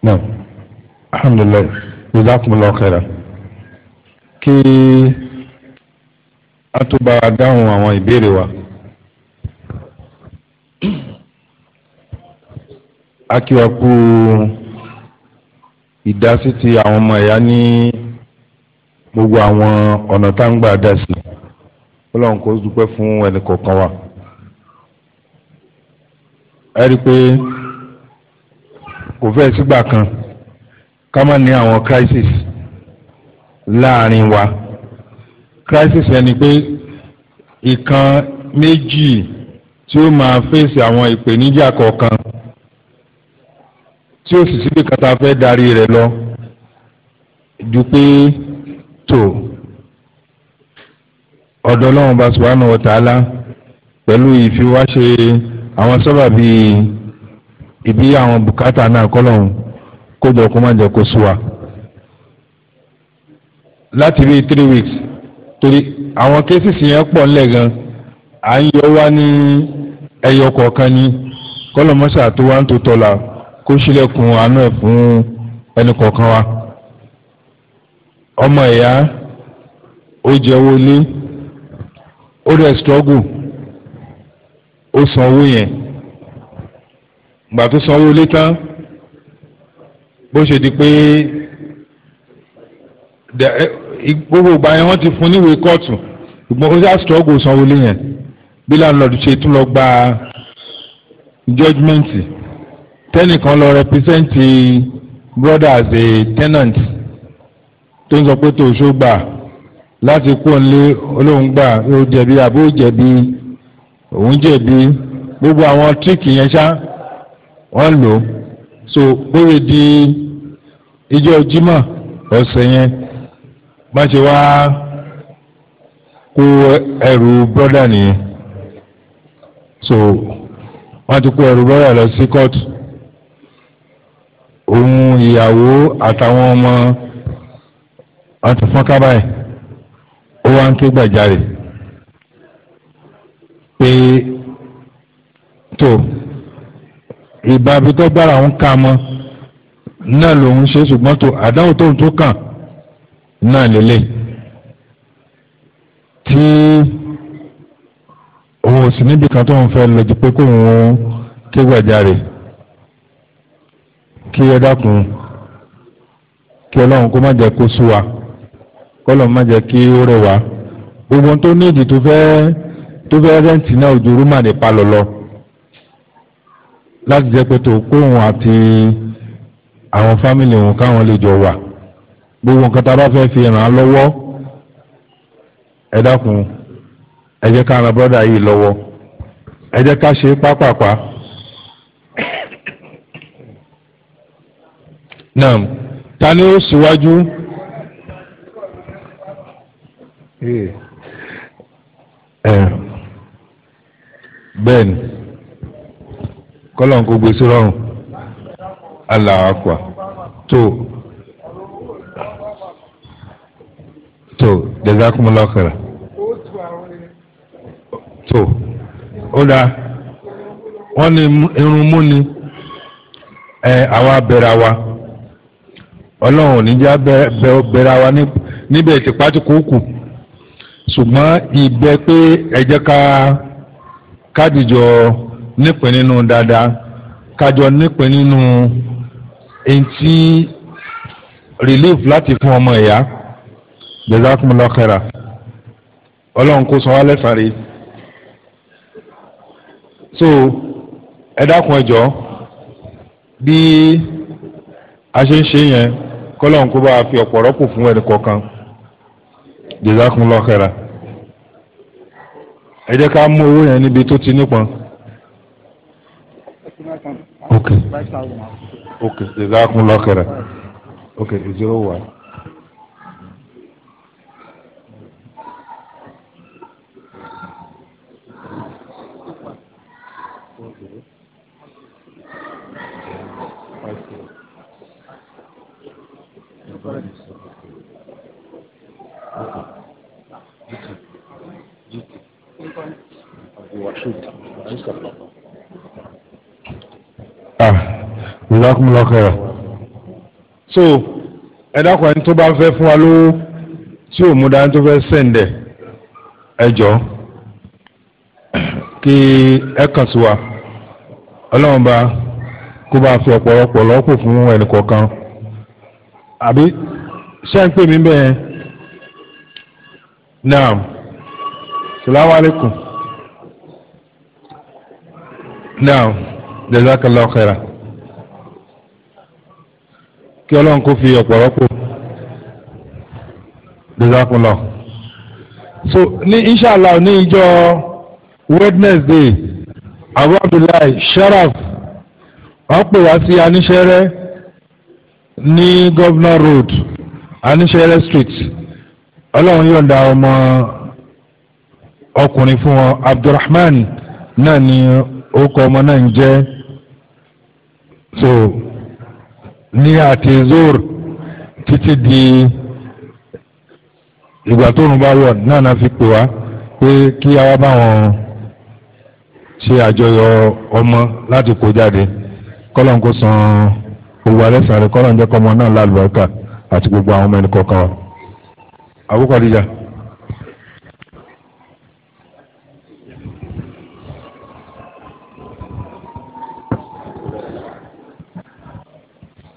naam alhamdulilayi jazakumullahu khairan kí a tó bá dáhùn àwọn ìbéèrè akíwákú ìdásí ti àwọn ọmọ ẹ̀yà ní gbogbo àwọn ọ̀nà tá ń gbà dá sí ọlọ́run kò dúpẹ́ fún ẹnì kọ̀ọ̀kan wa ẹ rí i pé kò fẹ́ sígbà kan ká má ní àwọn crisis láàrin wa crisis ẹni pé ìkan méjì tí ó máa fèsì àwọn ìpèníjà kọ̀ọ̀kan tí ó sì síbi kata fẹ́ darí rẹ̀ lọ ju pé tó ọ̀dọ̀ ọlọ́run bá subhanahu wa ta'ala pẹ̀lú ìfiwáṣe àwọn sábàbí ìbí àwọn bùkátà náà kọ́lọ́run kójọ kó má jẹ́ kó sú láti bíi three weeks torí àwọn kéésìsì yẹn pọ̀ ńlẹ̀ gan à ń yọ wá ní ẹyọ kọ̀ọ̀kan ni kọ́lọ́mọ́sà tó wá ń tó tọ́la kó sílẹ̀kùn àánú ẹ̀ fún ẹnì kọ̀ọ̀kan wa. ọmọ ìyá ó jẹ́ owó ó rẹ̀ struggle ó san owó yẹn ìgbà tó san owó lé tán bó ṣe di pé gbogbo ìgbà yẹn wọ́n ti fún níwèé kóòtù ìgbọ́n ó ṣáà struggle san lé yẹn bí landlord ṣe tún lọ gba judgement tẹ́nìkan lọ represent brother as a tenant tó ń sọ pé tòṣó gbà láti kó nílé olóhùn gbà ó jẹ̀bi àbí ó jẹ̀bi òun jẹ̀bi gbogbo àwọn tíríkì yẹn ṣá wọ́n lò ó so bóyá di ijọ́ Jímọ̀ ọ̀sẹ̀ yẹn bá ṣe wá kó ẹrù brọ́dà nìyẹn so wọ́n ti kó ẹrù bọ́yà lọ sí kóòtù òun ìyàwó àtàwọn ọmọ wọn ti fọ́n kábàáyé ó wá ń ké gbàjarè pé tó ìbábi tó gbára òun ká mọ́ náà lòun ṣe ṣùgbọ́n tó àdáhùn tóun tó kàn náà lélẹ̀ tí òun ò sì níbi kan tó ń fẹ́ lọ ju pé kó òun ké gbàjarè kí ẹ dákun kí ọlọ́run kó má jẹ́ kó sú wa kọ́lọ̀ má jẹ́ kí ó rẹ̀ wá gbogbo tó ní ìdí tó fẹ́ tó fẹ́ rẹ́ǹtì náà ojú rúmà ní palọ̀ lọ láti jẹ́ pé tó kóhun àti àwọn fámìlì òun káwọn lè jọ wà gbogbo nǹkan tá a bá fẹ́ fi ràn án lọ́wọ́ ẹ dákun ẹ jẹ́ ká ran brọ́dà yìí lọ́wọ́ ẹ jẹ́ ká ṣe pápápá. naam ta ni ó síwájú. Eh. Ehm. bẹ́ẹ̀ni kọ́lọ́n kò gbèsè rọrùn aláàkwa tó tó jazakumullahu khairan tó ó dáa wọ́n ní irun mú ni ẹ àwa bẹ̀rẹ̀ wa ọlọ́run ò ní já bẹ̀rẹ̀ wa níbẹ̀ tìpá tí kò kù ṣùgbọ́n ìbẹ pé ẹ jẹ́ ká kádìjọ nípìn nínú dáadáa kájọ nípìn nínú eŋti relief láti fún ọmọ ìyá jazakumullahu khaira ọlọ́run kó san wá lẹ́sàn-án so ẹ dákun ẹ jọ̀ọ́ bí a ṣe ń ṣe yẹn kọ́lọ́n kó bá a fi ọ̀pọ̀ rọ́pò fún ẹnì kọ̀ọ̀kan jazakumullahu khaira ẹ jẹ́ ká mú owó yẹn níbi tó ti nípọn. ok ok jazakumullahu khaira ok zero one. ìlọ́kùnlọ́ ah, kẹrọ so ẹ̀dàkùn ẹni tó bá fẹ́ fún wa lówó tí ò mú dání tó fẹ́ sẹ̀ǹdẹ̀ ẹjọ́ kí ẹ kàn sí wa ọlọ́run bá kó bá fi ọ̀pọ̀lọpọ̀ lọ́pọ̀ fún ẹnì kọ̀ọ̀kan àbí ṣé ń pè mí bẹ́ẹ̀ naam salamu alaykum naam jazakallahu khairan kí ọlọ́run kó fi ọ̀pọ̀lọpọ̀ jazakallah so ní inshallah ní ìjọ wednesday abu abdullahi sharaf wọ́n pè wá sí aníṣẹ́rẹ́ ní governor road anisere street ọlọ́run yọ̀ǹda ọmọ ọkùnrin fún wọn abdulrahman náà ni orúkọ ọmọ náà ń jẹ́ so ní àti zor títí di ìgbà tóun bá wọ̀ náà náà fi pè wá pé kí àwa bá wọn ṣe àjọyọ̀ ọmọ láti kó jáde kọ́lọ́n kó san án gbogbo alẹ́ sàrẹ̀ kọ́ lọ́njẹ́ kọ́ ọmọ náà lálùbáríkà àti gbogbo àwọn ọmọ ẹni kọ̀ọ̀kan wa. àbúkọ̀ díjà.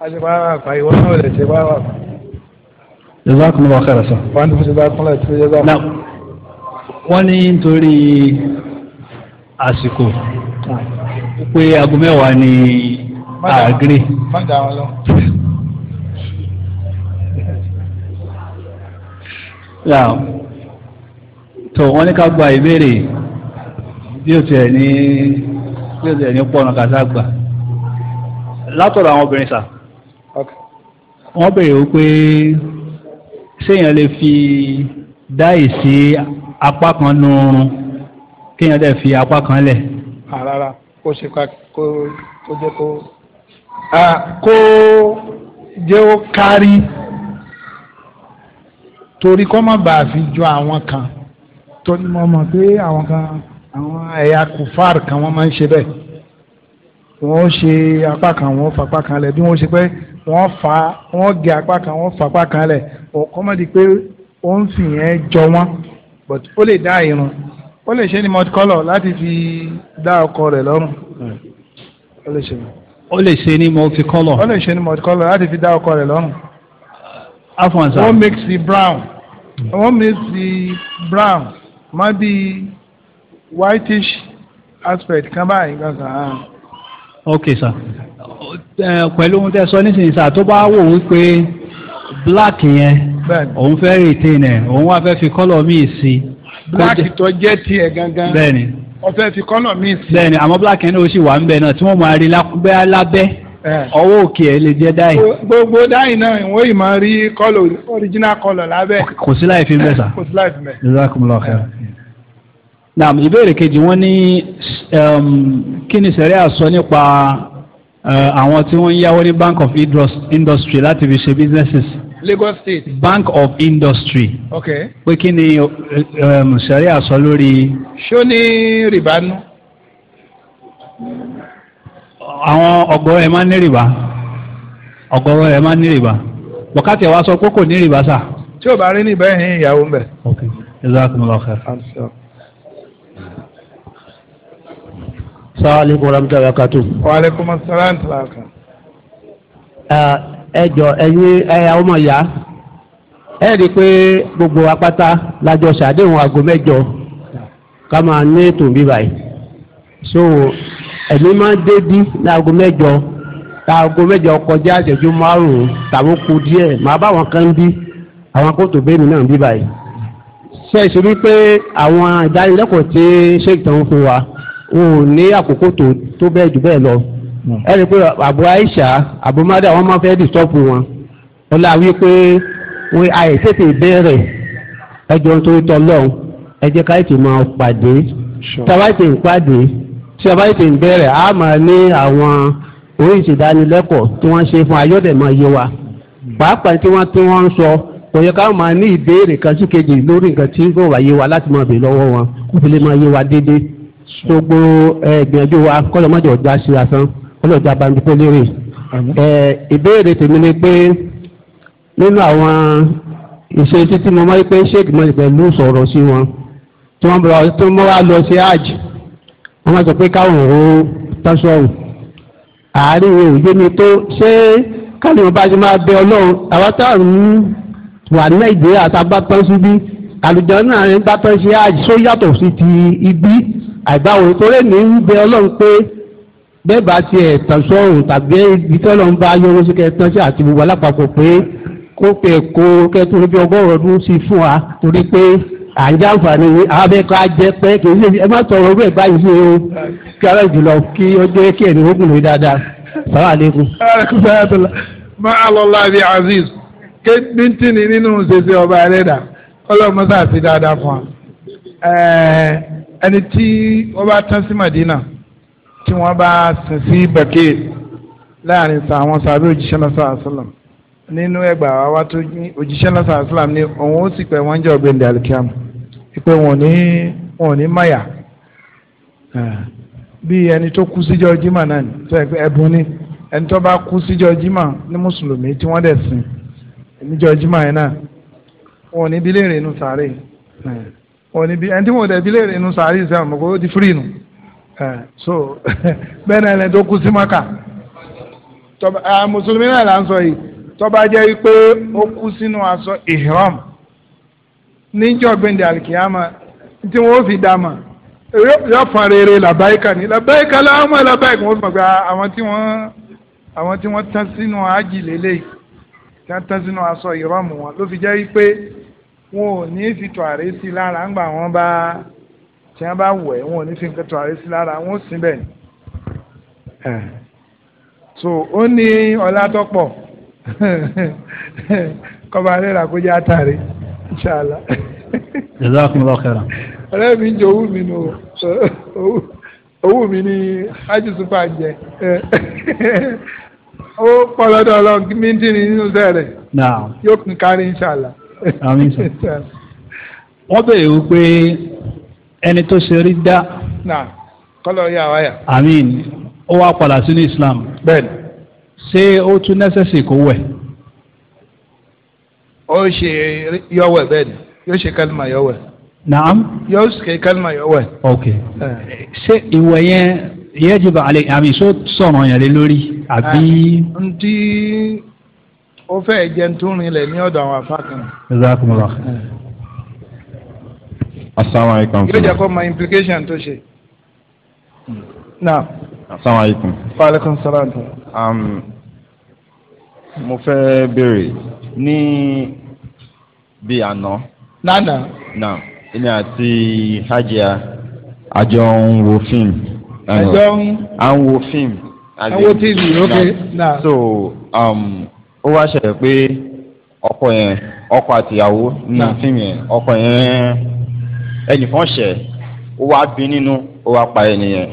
a ṣe bá wà pa ìwọ náà lè ṣe bá wà pa. jazakumullahu khairan wọ́n ní nítorí àsìkò pé aago mẹ́wàá ni àgírí. Ah, tó wọ́n ní ká gba ìbéèrè bí o tiẹ̀ ní bí o tiẹ̀ ní pọ̀nà kàtà gbà látọ̀dọ̀ àwọn obìnrin sà wọ́n béèrè o pé séèyàn lè fi dáì sí apá kan nu oorun kéèyàn dẹ̀ fi apá kan lẹ̀. àràrà ah, kó ṣe ká kó jẹ́ kó kó jẹ́ ó kárí torí kọ́ má bàa fi jọ àwọn kan tó ní mo mọ̀ pé àwọn kan àwọn ẹ̀yà kùfàr kan wọ́n máa ń ṣe bẹ́ẹ̀ wọ́n ṣe apá kan wọ́n fa apá kan lẹ̀ bí wọ́n ṣe pé wọ́n fa wọ́n gé apá kan wọ́n fa apá kan lẹ̀ ọ̀kọ́ mọ̀ di pé ó ń fi yẹn jọ wọ́n but ó lè dá irun ó lè ṣe ni multicolor láti fi dá ọkọ rẹ̀ lọ́rùn hmm. ó lè ṣe ó lè ṣe ní color. ó lè ṣe ní color. láti fi dá ọkọ rẹ̀ lọ́rùn. afọn sa. wọ́n mix the brown hmm. wọ́n makes the brown má bí whitish aspect kan báyìí kan sàn. Ah. ok sir pẹ̀lú ohun tẹ́ sọ nísìnyí sá tó bá wò ó black yẹn òun fẹ́ retain ẹ̀ òun wá fẹ́ fi kọ́lọ̀ míì sí. black tó jẹ́ tiẹ̀ gangan. bẹ́ẹ̀ni ọ̀fẹ́ fi kọ́nà míì sí. bẹ́ẹ̀ni àwọn black ẹni ó sì wà ń bẹ náà tí wọn máa rí lábẹ́ alábẹ́ ọwọ́ òkè ẹ lè jẹ dáì. gbogbo dáì náà ìwọ yìí máa rí kọlọ original kọlọ lábẹ́. kò sí láì fi ń bẹ sà. kò sí láì fi ń bẹ. jazakumullahu khairan. naam ìbéèrè kejì wọn ní um, kí ni sẹ́rí àsọ nípa uh, àwọn tí wọ́n ń yáwó ní bank of industry láti fi ṣe businesses. Lagos State. Bank of Industry. ok. pé kí ni um, sẹ́ríà sọ lórí. ṣó ní rìbá nù. àwọn ọ̀gọ́rọ̀ ẹ̀ máa ń ní rìbá ọ̀gọ́rọ̀ ẹ̀ máa ń ní rìbá bọ̀kátì ẹ̀ wá sọ pé kò ní rìbá sà. tí ò bá rí ní ìbẹ́ yẹn ìyàwó ń bẹ̀. ok jazakumullahu khairan. salaam aleykum wa rahmatulahi wa barakatuh. wa uh, aleykum salaam wa rahmatulahi wa ẹ jọ ẹyin ẹ ọmọ ìyá ẹ rí i pé gbogbo apáta lájọ ṣàdéhùn aago mẹ́jọ ká máa ní ètò bí báyìí so ẹ̀mí máa ń débi ní aago mẹ́jọ tá aago mẹ́jọ kọjá àjẹjú márùn-ún tàbí kù díẹ̀ màá bá àwọn kan ń bí àwọn akótó bẹ́ẹ̀ni náà ń bí báyìí ṣe é ṣe wípé àwọn ìdánilẹ́kọ̀ọ́ tí ṣéèkì tán fún wa ò ní àkókò tó bẹ́ẹ̀ jù bẹ́ẹ̀ lọ. Hmm. ẹ rí i pé àbú Aisha àbú mada wọn máa fẹ́ dìstọ́pù wọn ó la wí pé wọn àìsètè bẹ̀rẹ̀ ẹjọ́ tó tọ́ lọ́hùn ẹ jẹ́ ká ètò máa pàdé tàbá ètò ìpàdé tàbá ètò ìbẹ̀rẹ̀ á máa ní àwọn oríṣi ìdánilẹ́kọ̀ọ́ tí wọ́n ṣe fún ayọ́dẹ̀ máa yé wa hmm. pàápàá tí wọ́n tí wọ́n ń sọ kò yẹ ká máa ní ìbéèrè kan sí kejì lórí nǹkan tí kò wáyé wa láti máa bèè lọ́wọ́ wọn kó fi lè máa yé wa déédéé gbogbo ẹ̀gbìyànjú wa kọ́lọ́mọ́jọ́ gbá sí asán ọlọ́jà bandipẹ́ lérè. ìbéèrè tèmi ni pé nínú àwọn ìṣe títí mo máa ń pé sheik mọ́ni pẹ̀lú sọ̀rọ̀ sí wọn tí wọ́n bá tó mọ́ wá lọ sí hajj wọ́n máa sọ pé káwọn ò tọ́sọ̀rù àárín ìwé òye mi tó ṣé káàdì wọn bá ṣe máa bẹ ọlọ́run àwọn táwọn wà ní nàìjíríà àtàgbà tán síbí àlùjọ náà ń bá tán ṣe hajj só yàtọ̀ sí ti ibi àìbáwò torí mi ń bẹ ọlọ́run pé bẹ́ẹ̀ bá ti ẹ̀ tàn sọ́run tàbí ibi tọ́lọ́ ń bá yọ̀wọ́ sí kẹtàn sí àti gbogbo alápapọ̀ pé kó pẹ̀ kó kẹtàn lójú ọgọ́rùn ọdún sí fún wa torí pé à ń jàǹfààní abẹ́kọ̀ ajẹ́ pé kì í ṣe ẹ má tọrọ ọgbẹ́ báyìí sí o kí ara jùlọ kí ó jẹ́ kí ẹni ogun lórí dáadáa sàrà àlékún. ma alọ́lá di aziz ké bíntínì nínú ṣèṣe ọba ẹlẹ́dà ọlọ́mọṣáàṣì dáadáa fún wa ẹni tí ó bá tán sí Madina tí wọ́n bá sìn sí bẹ̀kẹ́ láàrin sa àwọn sàbẹ̀ òjíṣẹ́ náà sàlá sàlám nínú ẹgbà wa tó ní òjíṣẹ́ náà sàlá sàlám ní òun ó sì pẹ̀ wọ́n jẹ́ ọ̀gbìn dàlùkíàmù pé wọn ò ní wọn ò ní máyà bí ẹni tó kú síjọ́ jimá náà ni tó ẹ̀bùn ni ẹni tó bá kú síjọ́ jimá ní mùsùlùmí tí wọ́n dẹ̀ sìn níjọ́ jimá yẹn náà wọn ní bí léèrè inú sàárè wọn ní bí ẹni tí wọn dẹ̀ bí léèrè inú sàárè sẹ́wọ̀n mọ̀ kó di fírì nù. Eh, so bẹ́ẹ̀ náà lẹ́ni tó kú sí maka eh, mùsùlùmí náà là ń sọ yìí tọ́ba jẹ́ pé ó kú sínú aṣọ ihram níjọ́ gbẹ̀ndẹ̀ alikiyama tí wọ́n fi dá mọ̀ yóò fọn rere làbáyíkà ní làbáyíkà láwọn làbáyíkà wọ́n mọ̀ pé ah, àwọn tí wọ́n àwọn tí wọ́n tán sínú ájì lélẹ̀ tí wọ́n tán sínú aṣọ ihram wọn ló fi jẹ́ pé wọn ò ní fi tọ̀ àrẹ́sí lára ńgbà wọn bá tí wọ́n bá wẹ̀ wọn ò ní fi nǹkan tọ́ra sí lára wọn ò sí bẹ́ẹ̀ ni. so ó ní ọlá tó pọ̀ kọ́ba rírà kó jẹ́ àtàrí inṣàlá. jazakumullahu khairan. ọ̀rẹ́ mi ń jẹ owó mi nù owó mi ní ájú super jẹ ó pọ̀ lọ́dọ̀ ọlọ́run kí mi ń dín ní nínú sẹ́rẹ̀ yóò kún kárí inṣàlá. wọ́n bèèrè wípé ẹni tó ṣe rí dá. kọ́lọ̀ yà wá yà. àmín ó wá padà sínú islam. bẹ́ẹ̀ni. ṣé ó tún nẹ́sẹ̀sì kó wẹ̀. ó ṣe yọwẹ̀ bẹ́ẹ̀ni yóò ṣe kálímà yọwẹ̀. naam. yóò ṣe kálímà yọwẹ̀. ok ṣé ìwẹ̀ yẹn yajibu alayhi àmì ṣó sọ̀rọ̀ yẹn lé lórí àbí. ntí ó fẹ́ jẹun tó rinlẹ̀ ní ọ̀dọ̀ àwọn afá kan. jazakumullah asalaamualeykum. yóò jẹ́ kó mọ implication tó ṣe. naam. asalaamualeykum. waaleykum salaam. Um, mo fẹ́ béèrè ní bíi àná. nánà. naam èmi àti hajia àjọ ń wo fíìmù. àjọ ń. à ń wo fíìmù. à wo tv ok na. so um, ó wá ṣẹlẹ̀ pé ọkọ yẹn ọkọ àtìyàwó ní fíìmù yẹn ọkọ yẹn ẹnìkan ṣẹ̀ ó wá bí nínú ó wá pa ẹnìyẹn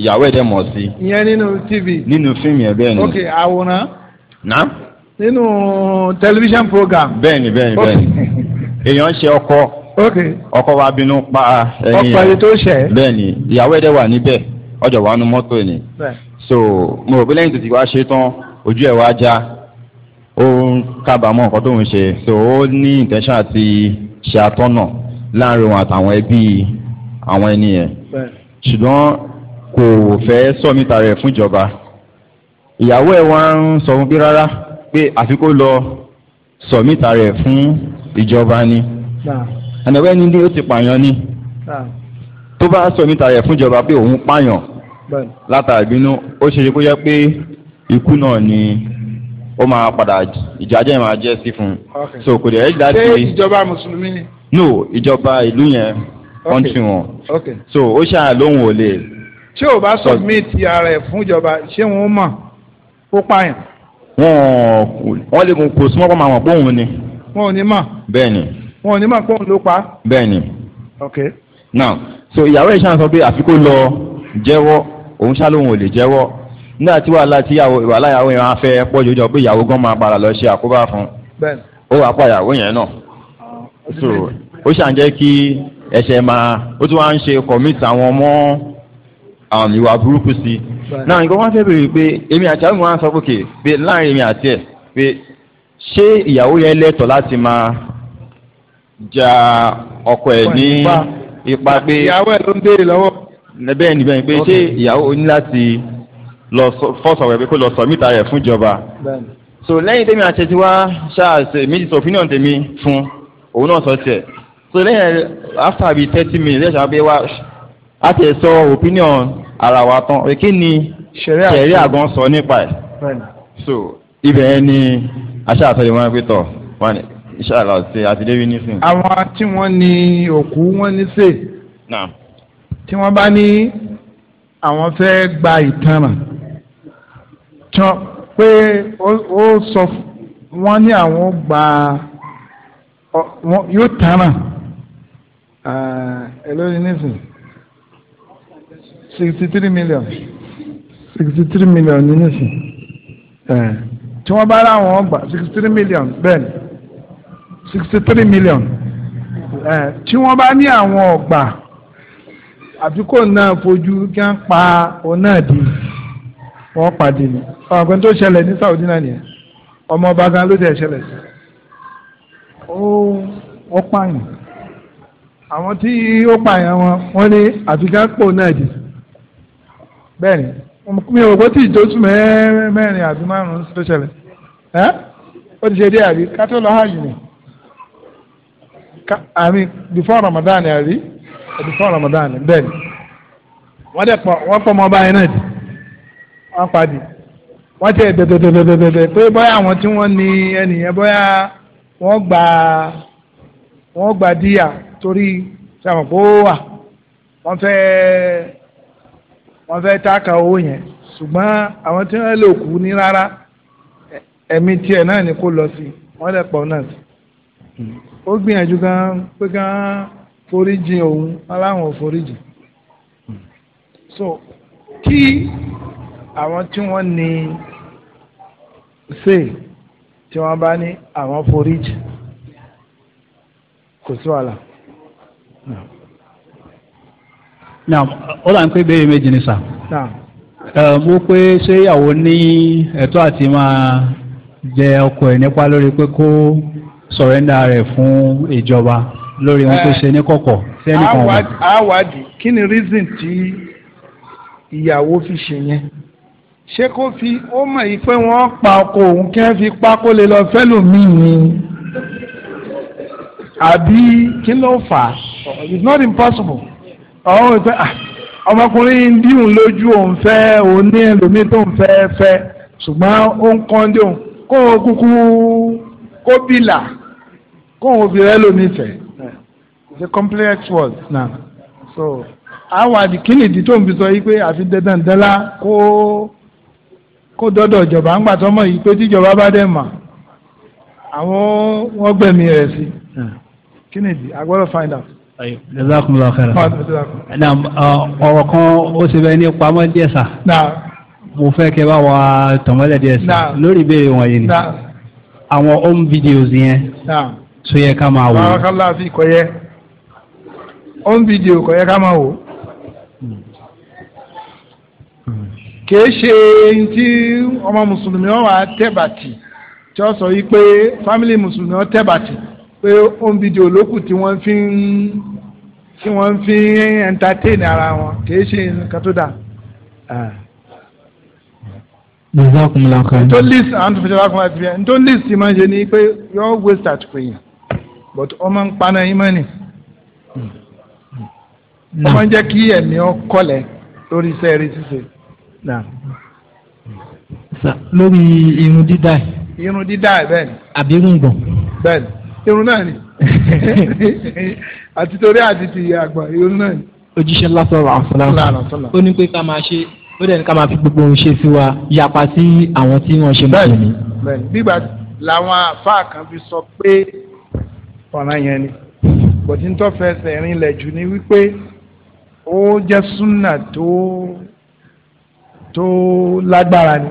ìyàwó ẹ̀ dẹ̀ mọ̀ sí. ìyẹn nínú tv. nínú fíìmù yẹn bẹ́ẹ̀ ni. ok àwòrán. na. nínú tẹlifíṣàn program. bẹ́ẹ̀ni bẹ́ẹ̀ni bẹ́ẹ̀ni èèyàn ṣe ọkọ. ok ọkọ wa bínú pa ẹnìyẹn. ọkọ yìí tó ṣẹ̀. bẹ́ẹ̀ni ìyàwó ẹ̀ dẹ̀ wà níbẹ̀ ọjọ́ wa nu mọ́tò ni. so mo rò pé lẹ́yìn tó ti wá ṣe tán ojú ẹ̀ wá já ó ń kábàámọ̀ nǹkan tó ń ṣe so ó ní intention àti ṣe atọ́nà láàrin wọn àtàwọn ẹbí àwọn ẹni yẹn ṣùgbọ́n kò fẹ́ sọ̀mìtà rẹ̀ fún ìjọba ìyàwó ẹ̀ wá ń sọ fún bí rárá pé àfi kó lọ sọ̀mìtà rẹ̀ fún ìjọba ni ànàwẹ́ ni ní ó ti pààyàn ni tó bá sọ̀mìtà rẹ̀ fún ìjọba pé òun pààyàn látara ìbínú ó ṣe é kó yẹ pé ikú náà ni ó máa padà ìjájẹ́ máa jẹ́ sí fún un so kò dẹ̀ ẹ́ jáde. ṣé ìjọba mùsùlùmí ni no ìjọba ìlú yẹn kọ́ńtì wọn so ó ṣáà lóhùn ò lè. ṣé o bá submit ara ẹ̀ fún ìjọba ṣé wọ́n mọ̀ ó pààyàn. wọn wọn lè mú kó súnmọ́ kó máa mọ̀ pé òun ni. wọn ò ní mọ̀. bẹ́ẹ̀ni. wọn ò ní mọ̀ pé òun ló pa. bẹ́ẹ̀ni. ok. now so ìyàwó ẹ̀ ṣáà sọ pé àfi kó lọ jẹ́wọ́ òun ṣáà lóhùn ò lè jẹ́wọ́ nígbà tí wàhálà tí wàhálà ìyàwó yẹn wá fẹ́ pọ̀ jọjọ pé ìyàwó gan máa padà lọ ṣe àkóbá fún un. ó wàá pàyàwó yẹn náà so ó ṣàǹjẹ́ kí ẹ̀ṣẹ̀ máa ó tún wá ń ṣe commit àwọn ọmọ ìwà burúkú sí i náà nǹkan wọ́n fẹ́ bèrè pé èmi àti àwọn ọmọ sọ pé pé láàrin èmi àti ẹ̀ pé ṣé ìyàwó yẹn lẹ́tọ̀ọ́ láti máa ja ọkọ ẹ̀ ní ipa pé ìyàwó ẹ̀ ló ń béèrè lọ́wọ́ bẹ́ẹ̀ ni bẹ́ẹ̀ ni pé ṣé ìyàwó ní láti lọ fọ́sọ̀wẹ̀ pé kó lọ sọ̀mítà rẹ̀ fún ìjọba so lẹ́yìn tèmi àti ẹ̀ ti wá ṣáà ṣe méjì sọ̀fínà tèmi fún un òun náà sọ tiẹ̀ so lẹ́yìn after bi thirty minutes lẹ́sàn-án bí a ti sọ opinion ara wa tán kí ni ṣẹ̀rí àgàn sọ nípa ẹ̀ so ibẹ̀ yẹn ni aṣá àtọ́jú wọn pé tọ̀ wọn ni iṣẹ́ àti débi nísìn. àwọn tí wọ́n ní òkú wọ́n ní sè tí wọ́n bá ní àwọn fẹ́ gba ìtanràn tán pé ó sọ wọ́n ní àwọn gba yóò tánà ẹlẹ́rìí nísìn sixty three million sixty three million ní nísìn tí wọ́n bá láwọn ọgbà sixty three million bẹ́ẹ̀ sixty three million tí wọ́n bá ní àwọn ọgbà àbíkó náà fojú kí wọ́n pa òun náà di wọ́n pàdé ni ọ̀gbìn tó ṣẹlẹ̀ ní Saudi náà nìyẹn ọmọ ọba gan ló tẹ̀ ṣẹlẹ̀ sí i ó pààyàn àwọn tí ó pààyàn wọn wọ́n ní àfikápò náà jì bẹ́ẹ̀ ni mi ò gbọ́ tí ìjọ́sù mẹ́rin àbí márùn-ún tó ṣẹlẹ̀ ẹ́ ó ti ṣe dé àbí kátó lọ hajj ni àmì before Ramadan àbí before Ramadan bẹ́ẹ̀ ni wọ́n dẹ̀ pọ̀ wọ́n pọ̀ mọ́ báyìí náà jì wọ́n padì wọ́n ti ẹ̀ dẹ̀dẹ̀dẹ̀dẹ̀dẹ̀ pé bóyá àwọn tí wọ́n ní ẹnìyẹn bóyá. wọ́n gba wọ́n gba torí sàmùpó wà wọ́n fẹ́ wọ́n owó yẹn ṣùgbọ́n àwọn tí wọ́n lè kú ní rárá ẹ̀mí tiẹ̀ náà ni lọ sí wọ́n lè náà sí. gbìyànjú gan pé gan foríjì òun aláwọn so kí àwọn tí ní tí wọ́n bá ní àwọn foríjì kò sí wàhálà. Na ó là ń pè béèrè méjì ní sà. mo pé ṣé ìyàwó ní ẹ̀tọ́ àti máa jẹ ọkọ ẹ̀ nípa lórí pé kó sọ̀rẹ́ndà rẹ̀ fún ìjọba lórí ohun tó ṣe ní kọ̀kọ̀ sẹ́nìkan wà. àwàdì kí ni reason tí ìyàwó fi ṣe yẹn. ṣé kó fi ó mọ̀ yìí pé wọ́n pa ọkọ òun kí fi pa kó lè lọ fẹ́lòmíì ni àbí kí ló fà á it's not impossible ọ̀hún ìpẹ́ ah, ọmọkùnrin díhùn lójú òun fẹ́ òun ní ẹlòmíì tó ń fẹ́ fẹ́ ṣùgbọ́n ó ń kán dé kó o kúkú kó bìlà kó o fi rẹ́ fẹ́ it's a complex word now so àwọn àdìkínìdí tó ń fi sọ yìí pé àfi dandan dandan kó kó dọ́dọ̀ ìjọba ń gbàtọ́ mọ̀ yìí pé tíjọba bá dẹ̀ mà àwọn wọ́n gbẹ̀mí rẹ̀ sí hmm. kí ni ìdí agbọ́dọ̀ find out. jazakumullahu khairan uh, ọ̀rọ̀ kan ó ṣe bẹ́ẹ̀ ní pamọ́ díẹ̀ sá mo fẹ́ kẹ́ bá wa tọ̀mọ́lẹ̀ díẹ̀ sí lórí ìbéèrè wọ̀nyí ni àwọn home videos yẹn tó yẹ ká máa wò. bárakàlá fi kọ yẹ home video kọ yẹ ká máa wò. kìí ṣe tí ọmọ mùsùlùmí wọn wà tẹ̀bàtì tí wọ́n sọ yìí pé fámìlì mùsùlùmí wọn tẹ̀bàtì pé ó ń bi di olókùn tí wọ́n fi ń tí wọ́n fi ń entertain ara wọn kìí ṣe nǹkan tó dáa. Ah. Jazakumullahu khairan. Ntọ́ list àwọn tó fi jọba kan àti bíyà ntọ́ list máa ń ṣe ni pé yọ waste àtúkò yẹn but ọmọ ń paná yín mọ́ni. Hmm. Ó máa ń hmm. jẹ́ kí ẹ̀mí ọ kọ́lẹ̀ lórí iṣẹ́ rí ṣíṣe lórí irun dídá ẹ. irun dídá ẹ bẹ́ẹ̀ ni. àbí irun gbọ̀n. bẹ́ẹ̀ ni irun náà ni àti torí àti ti àgbọ̀n irun náà ni. òjíṣẹ́ lásán àwọn fúlàfúlà ó ní pé ká máa ṣe ó dẹ̀ ní ká máa fi gbogbo ohun ṣe sí wa yapa sí àwọn tí wọ́n ṣe mọ̀ ní. bẹ́ẹ̀ni bígbà làwọn àfáà kan fi sọ pé ọ̀ràn yẹn ni bọ̀dí ń tọ́ fẹsẹ̀ rinlẹ̀ jù ni wípé ó jẹ́ súnà tó tó lágbára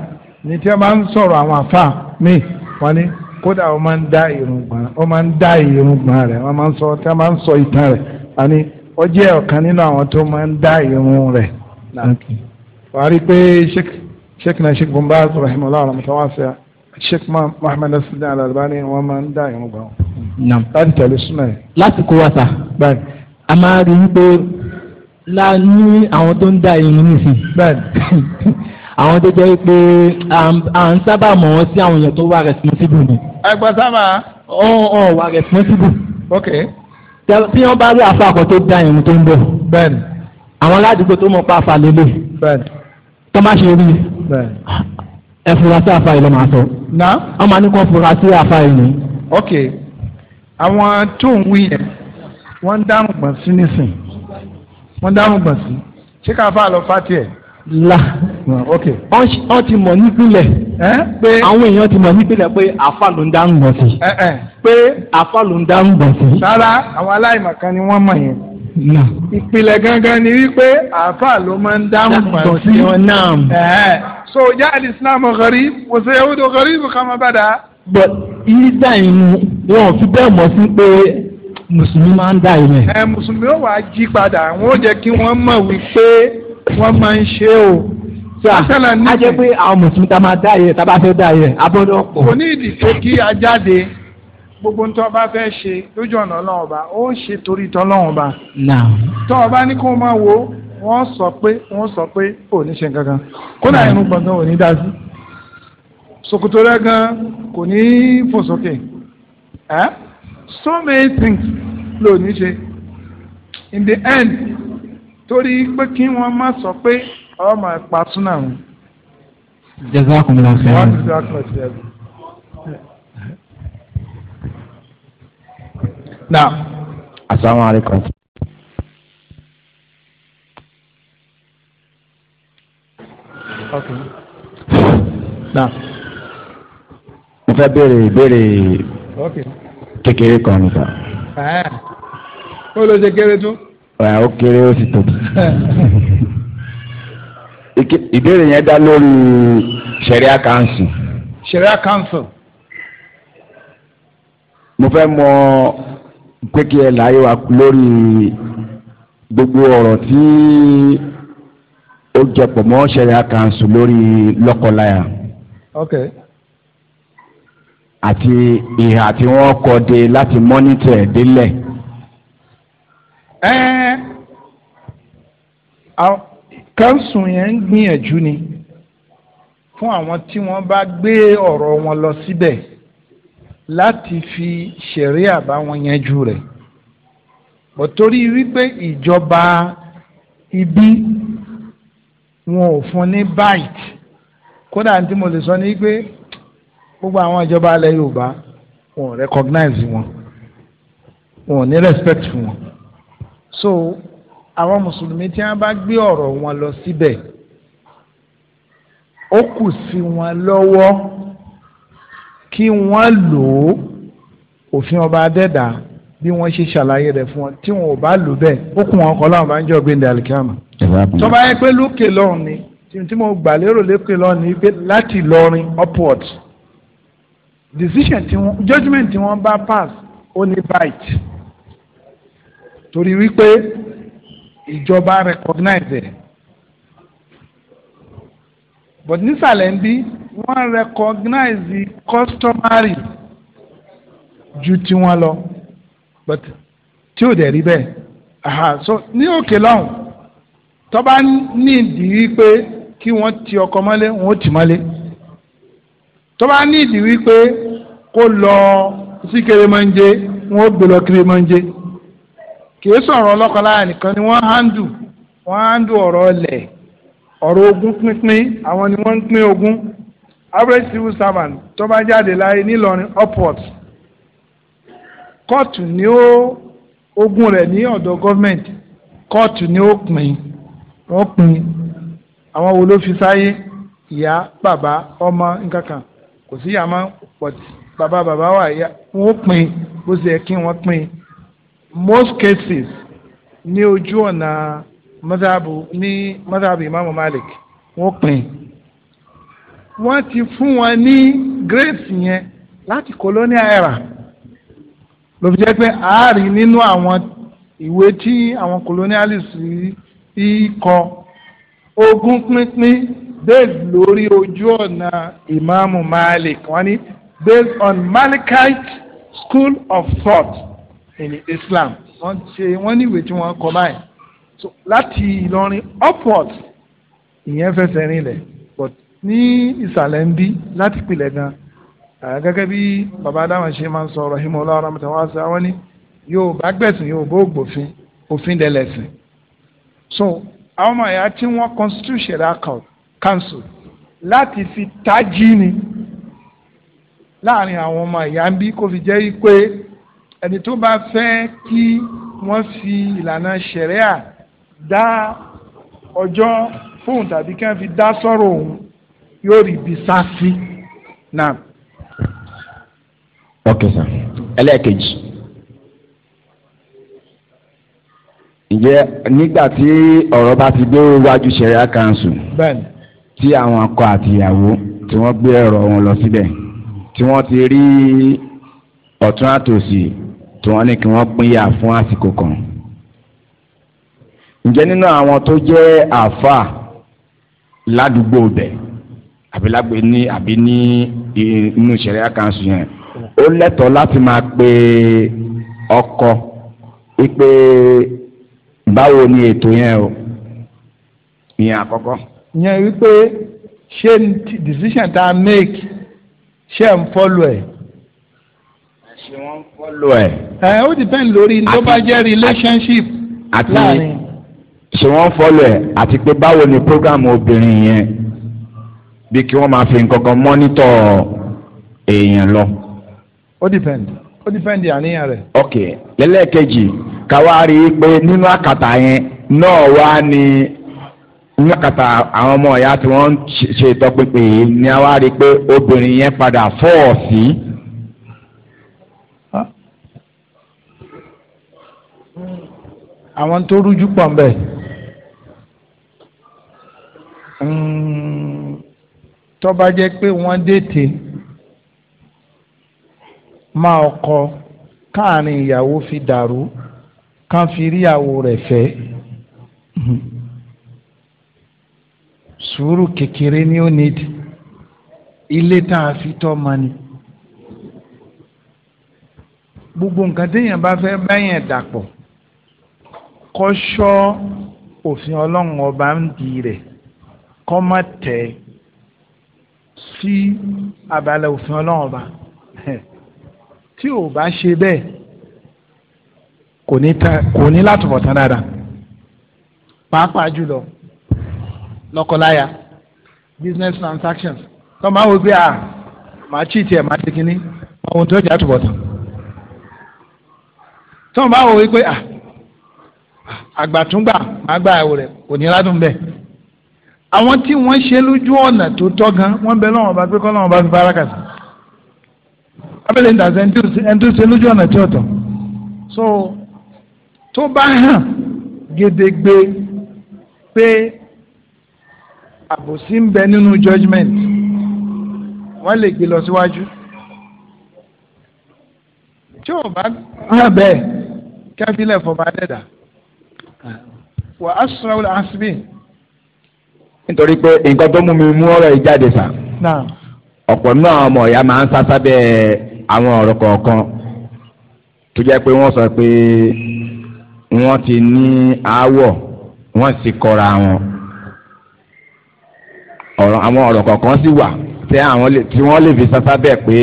ni ní tí wọ́n bá ń sọ̀rọ̀ àwọn àfa míì wọ́n ní kódà wọ́n máa ń dá irùngbọ̀n wọ́n máa ń dá irùngbọ̀n rẹ̀ wọ́n máa ń sọ tí wọ́n máa ń sọ ìtàn rẹ̀ wọ́n ní ó jẹ́ ọ̀kan nínú àwọn tó máa ń dá irun rẹ̀ wọ́n á rí i pé sheikh na sheikh bumba rahimahullah rahmatulahi sheikh muhammed asidi alalbani wọ́n máa ń dá irun láti tẹ̀lé súnmọ́ ẹ̀. lásìkò wa sa a máa rí la ní àwọn tó ń dá irun nísìnyí. àwọn tó jẹ́ pé à ń sábà mọ̀ wọ́n sí àwọn èèyàn tó wà responsible ni. ẹgbẹ́ sábà. ọ̀ ọ̀ wà responsible. ok. tí wọ́n bá rí àfàkọ́ tó dá irun tó ń bọ̀. bẹ́ẹ̀ni. àwọn aládùúgbò tó mọ̀ pa àfà lélẹ̀. bẹ́ẹ̀ni. tó má ṣe rí i. bẹ́ẹ̀ni. ẹ fura sí àfà ìlú màá sọ. na. wọ́n máa ní kó fura sí àfà ìlú. ok. àwọn tó ń wí yẹn wọ́n dáhùn gbọ̀n sí nísìnyí wọ́n dárùn gbọ̀n sí ṣé káfá lọ fati ẹ̀. la ọ ti mọ̀ nípìnlẹ̀ pé àwọn èèyàn ti mọ̀ nípìnlẹ̀ pé àfa ló ń dárùn gbọ̀n sí pé àfa ló ń dárùn gbọ̀n sí. rárá àwọn aláìmọ̀kan ni wọ́n mọ̀ yẹn ìpìlẹ̀ gangan ni wípé àáfà ló máa ń dáhùn pàṣẹ sí wọn náà. so ya alislam gharib wa sayaudu gharib kama bada. but ìdáyìn wọn ò fi bẹ́ẹ̀ mọ̀ sí pé mùsùlùmí máa ń dà yìí mẹ́. ẹ mùsùlùmí ó wàá jí padà àwọn ò jẹ́ kí wọ́n mọ̀ wípé wọ́n máa ń ṣe o. sọ́sẹ́lá a jẹ́ pé àwọn mùsùlùmí tá a máa dà yẹ tá a bá fẹ́ dà yẹ abọ́dọ̀ pọ̀. kò ní ìdí pé kí a jáde gbogbo ń tọ́ bá fẹ́ ṣe lójú ọ̀nà ọlọ́run ọba ó ṣe torí tọ́lọ́run ọba. tọ́ ọba ní kó máa wo wọ́n sọ pé wọ́n sọ pé ò ní ṣe kankan kódà irun gbọ̀ngàn ò ní dá sí ṣòkòtò rẹ̀ gan kò ní fò sókè so many things ló ṣe in the end torí pé kí wọ́n má sọ pé ọ máa pa súnà wọn. jazakumullahu khairan. now asalaamualeykum. Okay. Now. If I bury, bury. Okay kékeré kan nìkan. ó ló ṣe kéré tún. ó kéré ó sì tóbi. ìbéèrè yẹn dá lórí Sharia Council. Sharia Council. mo fẹ́ mọ pé kí ẹ láyé wa lórí gbogbo ọ̀rọ̀ tí ó jẹ pọ̀ mọ́ Sharia Council lórí lọ́kọláya. ok àti ìhà tí wọ́n kọ́ de láti mọ́nítọ̀ ẹ̀ délẹ̀. ẹ́ẹ́ kanṣu yẹn ń gbìyànjú ni fún àwọn tí wọ́n bá gbé ọ̀rọ̀ wọn lọ síbẹ̀ láti fi ṣẹ̀ríà bá wọn yanjú rẹ̀ bọ̀ torí wípé ìjọba ibi wọn ò fún ní báyìí kódà tí mo lè sọ ni pé gbogbo àwọn ìjọba alẹ́ Yorùbá wọn ò recognize wọn wọn ní respect fún wọn so àwọn mùsùlùmí tí wọn bá gbé ọ̀rọ̀ wọn lọ síbẹ̀ ó kù sí wọn lọ́wọ́ kí wọ́n lò ó òfin ọba adẹ́dà bí wọ́n ṣe ṣàlàyé rẹ̀ fún wọn tí wọn ò bá lò bẹ́ẹ̀ ó kù wọn kọ́ láwọn bá ń jọ gbé ndé alikama tọ́ba yẹ pé lókè lọ́run ni tí mo gbà lérò lókè lọ́run ni láti lọ́rin upwards decision tí wọ́n judgement tí wọ́n bá pass ó ní bite torí wípé ìjọba recognize it but nísàlẹ̀ ń bí wọ́n recognize customary ju tiwọn lọ but tí ò dẹ̀ rí bẹ́ẹ̀ aha so ní òkè lọ́hùn tọ́ba ní ìdí wípé kí wọ́n ti ọkọ mọ́lé wọ́n ó tì mọ́lé tọ́ba ní ìdí wípé kó lọ sí kérémánjé wọn ó gbé lọ kérémánjé kìí sọ̀rọ̀ ọlọ́kọláyà nìkan ni wọ́n hándù wọ́n handu ọrọ ọlẹ̀ ọrọ ogun pínpín àwọn ni wọn ń pín ogún average civil servant tó bá jáde láyé nílọrin upwards kóòtù ni ó ogún rẹ̀ ní ọ̀dọ̀ gọ́ọ̀mẹ̀ntì kóòtù ni ó pín wọ́n pín àwọn wo ló fi sáyé ìyá bàbá ọmọ nǹkan kan kò sí ìyá mọ́ pọ̀tì Baba, Baba, wa ya wọ́n pín bó ṣe yẹ kí wọ́n pín most cases ní ojú ọ̀nà mọ́tàbù ní mọ́tàbù imaamu Malik wọ́n pín wọ́n ti fún wọn ní grace yẹn láti colonial era ló fi jẹ́ pé àárín nínú àwọn ìwé tí àwọn colonialists yìí kọ ogún pínpín based lórí ojú ọ̀nà imaamu Malik wọ́n ní based on Malikite school of thought in Islam wọ́n ṣe wọ́n ní ìwé tí wọ́n kọ báyìí so láti Ìlọrin upward ìyẹn fẹsẹ̀ rinlẹ̀ but ní ìsàlẹ̀ ń bí láti pilẹ̀ gan gẹ́gẹ́ bí baba adama ṣe máa ń sọ rahimahullah rahmatan wa sa wọ́n ní yóò bá gbẹ̀sìn yóò bó gbòfin òfin dẹlẹ̀sìn so àwọn ọmọ ẹ̀yà tí wọ́n constitution council láti fi tají ni láàrin àwọn ọmọ ìyá ń bí kó fi jẹ́ pé ẹni tó bá fẹ́ kí wọ́n fi ìlànà ṣẹ̀ríà dá ọjọ́ fóun tàbí kí wọ́n fi dá sọ̀rọ̀ òun yóò rí ibi sá sí náà. ọkẹ sàn ẹlẹ́ẹ̀kejì ǹjẹ́ nígbà tí ọ̀rọ̀ bá ti dé iwájú ṣẹ̀ríà kanṣu tí àwọn akọ àti ìyàwó tí wọ́n gbé ọ̀rọ̀ wọn lọ síbẹ̀ tí wọ́n ti rí ọ̀tún àtòsí tí wọ́n ní kí wọ́n pínyà fún àsìkò kan. ǹjẹ́ nínú àwọn tó jẹ́ àáfàá ládùúgbò bẹ̀ àbí lágbè ní àbí ní inú ìṣẹ̀lẹ̀ àkànṣe yẹn ó lẹ́tọ̀ọ́ láti máa pe ọkọ wípé báwo ni ètò yẹn o ìyẹn àkọ́kọ́. ìyẹn wípé ṣé decision tá make ṣé ẹ̀ ń fọ́lù ẹ̀. ṣé wọ́n ń fọ́lù ẹ̀. ẹ ó depend lórí ló bá jẹ́ relationship láàrin. ṣé wọ́n ń fọ́lù ẹ̀ àti pé báwo ni program obìnrin yẹn bí kí wọ́n máa fi nǹkan kan mọ́nítọ̀ èèyàn lọ. ó depend ó depend àníyàn rẹ̀. ok lẹ́lẹ́kejì káwá rí i pé nínú àkàtà yẹn náà wá ní nígbàkàtà àwọn ọmọ ọ̀yá tí wọ́n ṣe ìtọ́pinpin yìí ni a wá rí i pé obìnrin yẹn padà fọ́ọ̀sì. àwọn tó rújú pọ̀ ń bẹ̀ hmm, tó bá jẹ́ pé wọ́n dètè máa ọkọ káàrin ìyàwó fi dàrú ká fi ríyàwó rẹ̀ fẹ́. Hmm sùúrù kékeré ni ó nídìí ilé tá a fi tọ́ ma ni gbogbo nǹkan téèyàn bá fẹ́ báyẹn dàpọ̀ kọ́ ṣọ́ òfin ọlọ́run ọba ń di rẹ̀ kọ́ má tẹ̀ sí abala òfin ọlọ́run ọba tí ò bá ṣe bẹ́ẹ̀ kò ní látùbọ̀ tán dáadáa pàápàá jùlọ lọ́kọláya business transactions tó máa wò pé a ah, máa chi tiẹ̀ máa ti kínní ohun tó jà túbọ̀ tán tó máa wò wípé à ah, àgbàtúngbà máa gba ẹ̀wò rẹ̀ kò ní ládùn bẹ́ẹ̀ àwọn tí wọ́n ṣe lójú ọ̀nà tó tọ́ gan wọ́n bẹ lọ́wọ́n bá pé kọ́ lọ́wọ́n bá fi bára kàtà abẹ́lẹ̀ ń dàsẹ́ ẹni tó ṣe lójú ọ̀nà tí ó tọ́ so tó bá hàn gedegbe pé àbòsí ń bẹ nínú judgement wọ́n lè gbé lọ síwájú tí ò bá hàn bẹ́ẹ̀ kẹ́fílẹ̀ fọba dẹ́dà wà á sọ ọ́ àṣìbí. nítorí pé nǹkan tó mú mi mú ọ̀rọ̀ yìí jáde sàn ọ̀pọ̀ náà ọmọ ìyá máa ń sá sábẹ́ àwọn ọ̀rọ̀ kọ̀ọ̀kan tó jẹ́ pé wọ́n sọ pé wọ́n ti ní aáwọ̀ wọ́n sì kọra wọn. ọ̀rọ̀ àwọn ọ̀rọ̀ kọ̀ọ̀kan sì wà tí wọ́n lè fi sáfá bẹ́ẹ̀ pé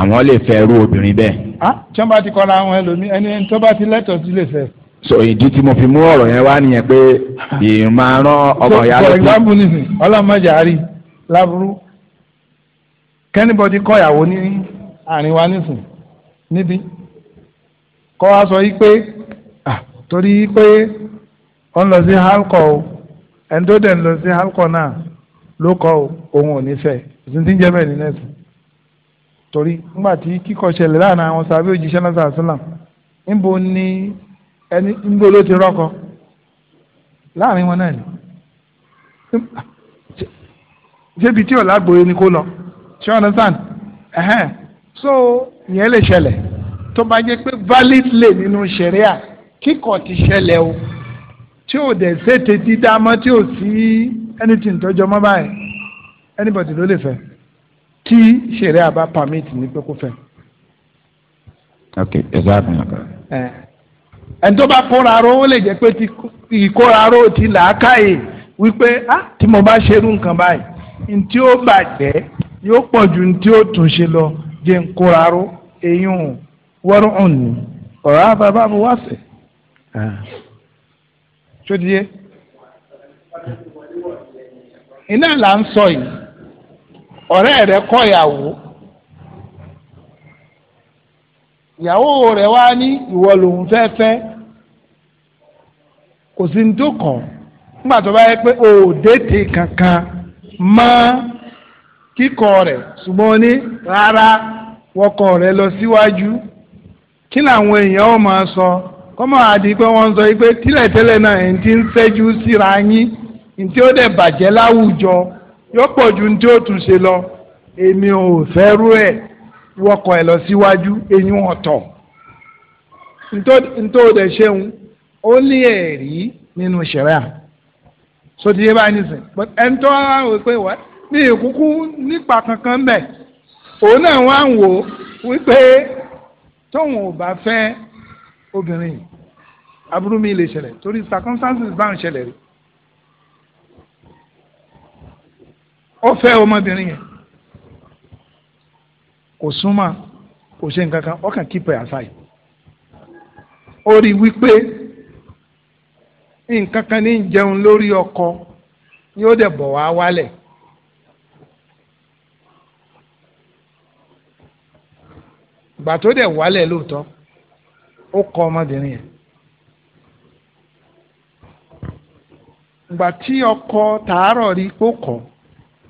àwọn lè fẹ́ irú obìnrin bẹ́ẹ̀. Ah, tí wọ́n bá ti kọ́ra àwọn ẹlòmíì ẹni tó bá ti lẹ́tọ̀ọ́ sí lè fẹ́. sọ ìdí tí mo fi mú ọ̀rọ̀ yẹn wá nìyẹn pé ìmọ̀ràn ọmọ ìyá lọ sí. for example nisin ọlọ́mọdé àárín láburú kẹ́nìbọ̀dì kọ́ ìyàwó ní àárín wa nísìn níbí kọ́ wa sọ yìí pé ah, torí pé ó ń lọ sí halkọ ẹni tó ń lọ sí halkọ náà ló kọ òun ò ní fẹ́ òsín tí ń torí nígbà kíkọ ṣẹlẹ̀ láàrin àwọn sàbí òjíṣẹ́ náà sàásùlà níbo ni ẹni níbo ló tí ni kó lọ ṣé wọn understand so lè tó valid lè nínú kíkọ ti o tí ò dẹ̀ tí Si, anything tọjọ mọ báyìí anybody ló lè fẹ́ tí ṣeré àbá permit ní pé kó fẹ́. ok exactly. ẹni tó bá kóra ró ó lè jẹ́ pé ìkóra ró ti làákàyè wípé ah tí mo bá ṣerú nǹkan báyìí ntí ó bàjẹ́ yóò pọ̀ ju ntí ó tún ṣe lọ jẹ́ nkóra ró eyín wọ́rọ̀ hàn ní ọ̀rọ̀ àbábá mi wá fẹ́. Ah. ṣó di yé. Thank you. iná là ń sọ yìí ọ̀rẹ́ rẹ̀ kọ̀yàwó ìyàwó rẹ wá ní ìwọ lòun kò sí ní tó kàn nígbà tó bá kankan kíkọ rẹ ṣùgbọ́n ní rárá wọkọ rẹ lọ síwájú kí làwọn èèyàn ó máa sọ kọ́mọ́ àdìpẹ́ sọ pé tílẹ̀tẹ́lẹ̀ náà ẹ̀ ń ti ntí ó dẹ̀ bàjẹ́ láwùjọ yóò pọ̀ ju ntí ó tún ṣe lọ èmi ò fẹ́ rú ẹ̀ wọkọ̀ ẹ̀ lọ síwájú eyín ọ̀tọ̀ ntí ó dẹ̀ ṣeun ó ní ẹ̀rí nínú ṣẹ̀rẹ́ à so ti yé báyìí nìsín but ẹni tó wá wò pé wá ní ìkúkú nípa kankan bẹ̀ òun náà wá ń wò wípé tóun ò bá fẹ́ obìnrin aburú mi lè ṣẹlẹ̀ torí circumstances bá ń ṣẹlẹ̀ rí ọ fẹ́ ọmọbìnrin yẹn kò súnmọ́ kò ṣe nǹkan kan ọkàn keep it aside ó rí wípé nǹkan kan ní jẹun lórí ọkọ yóò dẹ bọ̀ wá wálẹ̀. gbà tó dẹ̀ wálẹ̀ lóòótọ́ ó kọ ọmọbìnrin yẹn ìgbà tí ọkọ tàárọ̀ rí pé ó kọ̀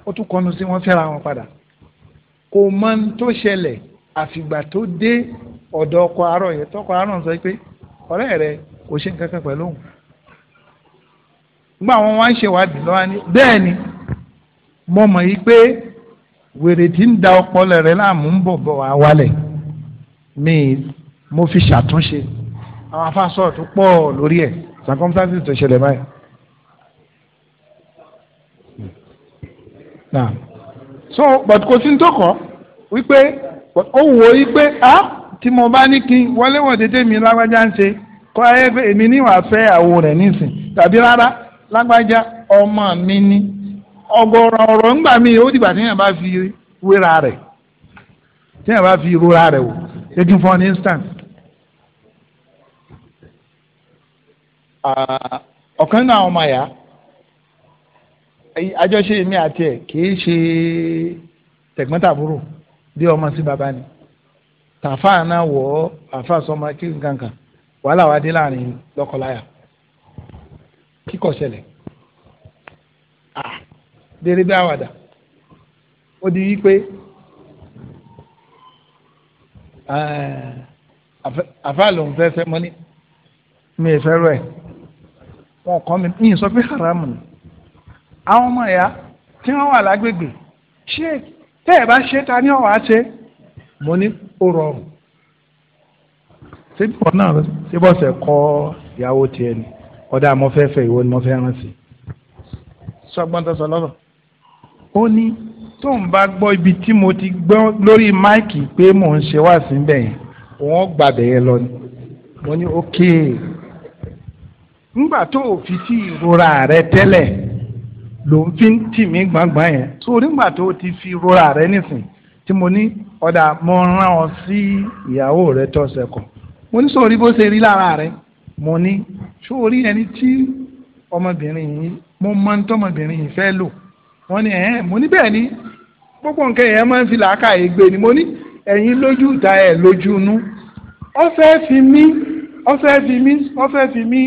ó tún kọnu sí wọn fẹ́ra wọn padà kò mọ ní tó ṣẹlẹ̀ àfìgbà tó dé ọ̀dọ̀ ọkọ àárọ̀ yẹn tọkọ àárọ̀ sọ pé ọ̀rẹ́ rẹ kò ṣe nǹkan kan pẹ̀lú òun nígbà wọn wá ń ṣèwádìí lọ́wọ́ ni bẹ́ẹ̀ ni mo mọ̀ yìí pé wèrè tí ń da ọpọlọ rẹ láàmú ń bọ̀ bọ̀ wá wálẹ̀ mi mo fi ṣàtúnṣe àwọn afáṣọ tó pọ̀ lórí ẹ̀ circumstances tó ṣẹlẹ̀ báyìí. náà so but kò sí ní tó wípé ó wò ó wípé ah tí mo bá ní kí wọléwọ̀de tèmi lágbájá ń ṣe kọ́ ẹ èmi níwàá fẹ́ àwo rẹ̀ nísìn tàbí rárá lágbájá ọmọ mi ni ọ̀gọ̀rọ̀ ọ̀rọ̀ ńgbà mi ó dìgbà téèyàn bá fi fi rora wò taking for an instant ah, àjọṣe mi àti ẹ̀ kì í ṣe tẹ̀gbọ́ntàbúrò bí ọmọ sí bàbá ni tàfà náà wọ̀ ọ́ àfà sọmọ kí nǹkan kan wàhálà wa dé láàrin lọ́kọláya kíkọ̀ ṣẹlẹ̀ ah dèrè bí àwàdà ó di wípé eh, àfà lòun fẹ́ fẹ́ mọ́ mi ì fẹ́ràn ẹ̀ wọn kọ́ mi mi sọ pé haramu ni àwọn ọmọ ìyá tí wọ́n wà lágbègbè ṣé tẹ́ ẹ̀ bá ṣe ta ni ọ̀wá ṣe mo ní ó rọrùn síbọ̀ náà síbọ̀ sẹ̀ kọ́ ìyàwó tiẹ̀ ni ọ̀dà mo fẹ́ fẹ́ ìwọ ni mo fẹ́ rántí sọgbọ́n tó sọ lọ́rọ̀ ó ní tó ń bá gbọ́ ibi tí mo ti gbọ́ lórí máìkì pé mò ń ṣe wá sí bẹ́ẹ̀ yẹn wọ́n gbàbẹ̀ yẹn lọ ni mo ní ókè ńgbà tó o fi sí ìrora rẹ tẹ́lẹ̀ ló ń fi ń tì mí gbọ̀ngbọ̀n yẹn so nígbà tó ti fi rora rẹ nísìn tí mo ní ọ̀dà mo rán ọ sí ìyàwó rẹ tọ́sẹ̀ kọ̀ mo ní sọ̀rí bó ṣe rí lára rẹ mo ní sórí ẹni tí ọmọbìnrin yìí mo máa ń tọmọbìnrin yìí fẹ́ lò wọ́n ní ẹ̀hẹ́n mo ní bẹ́ẹ̀ ni gbogbo nǹkan yẹn máa ń fi làákàyè gbé ni mo ní ẹ̀yin lójú ìta ẹ̀ lójú inú ọ fẹ́ fi mí ọ fẹ́ fi mí ọ fẹ́ fi mí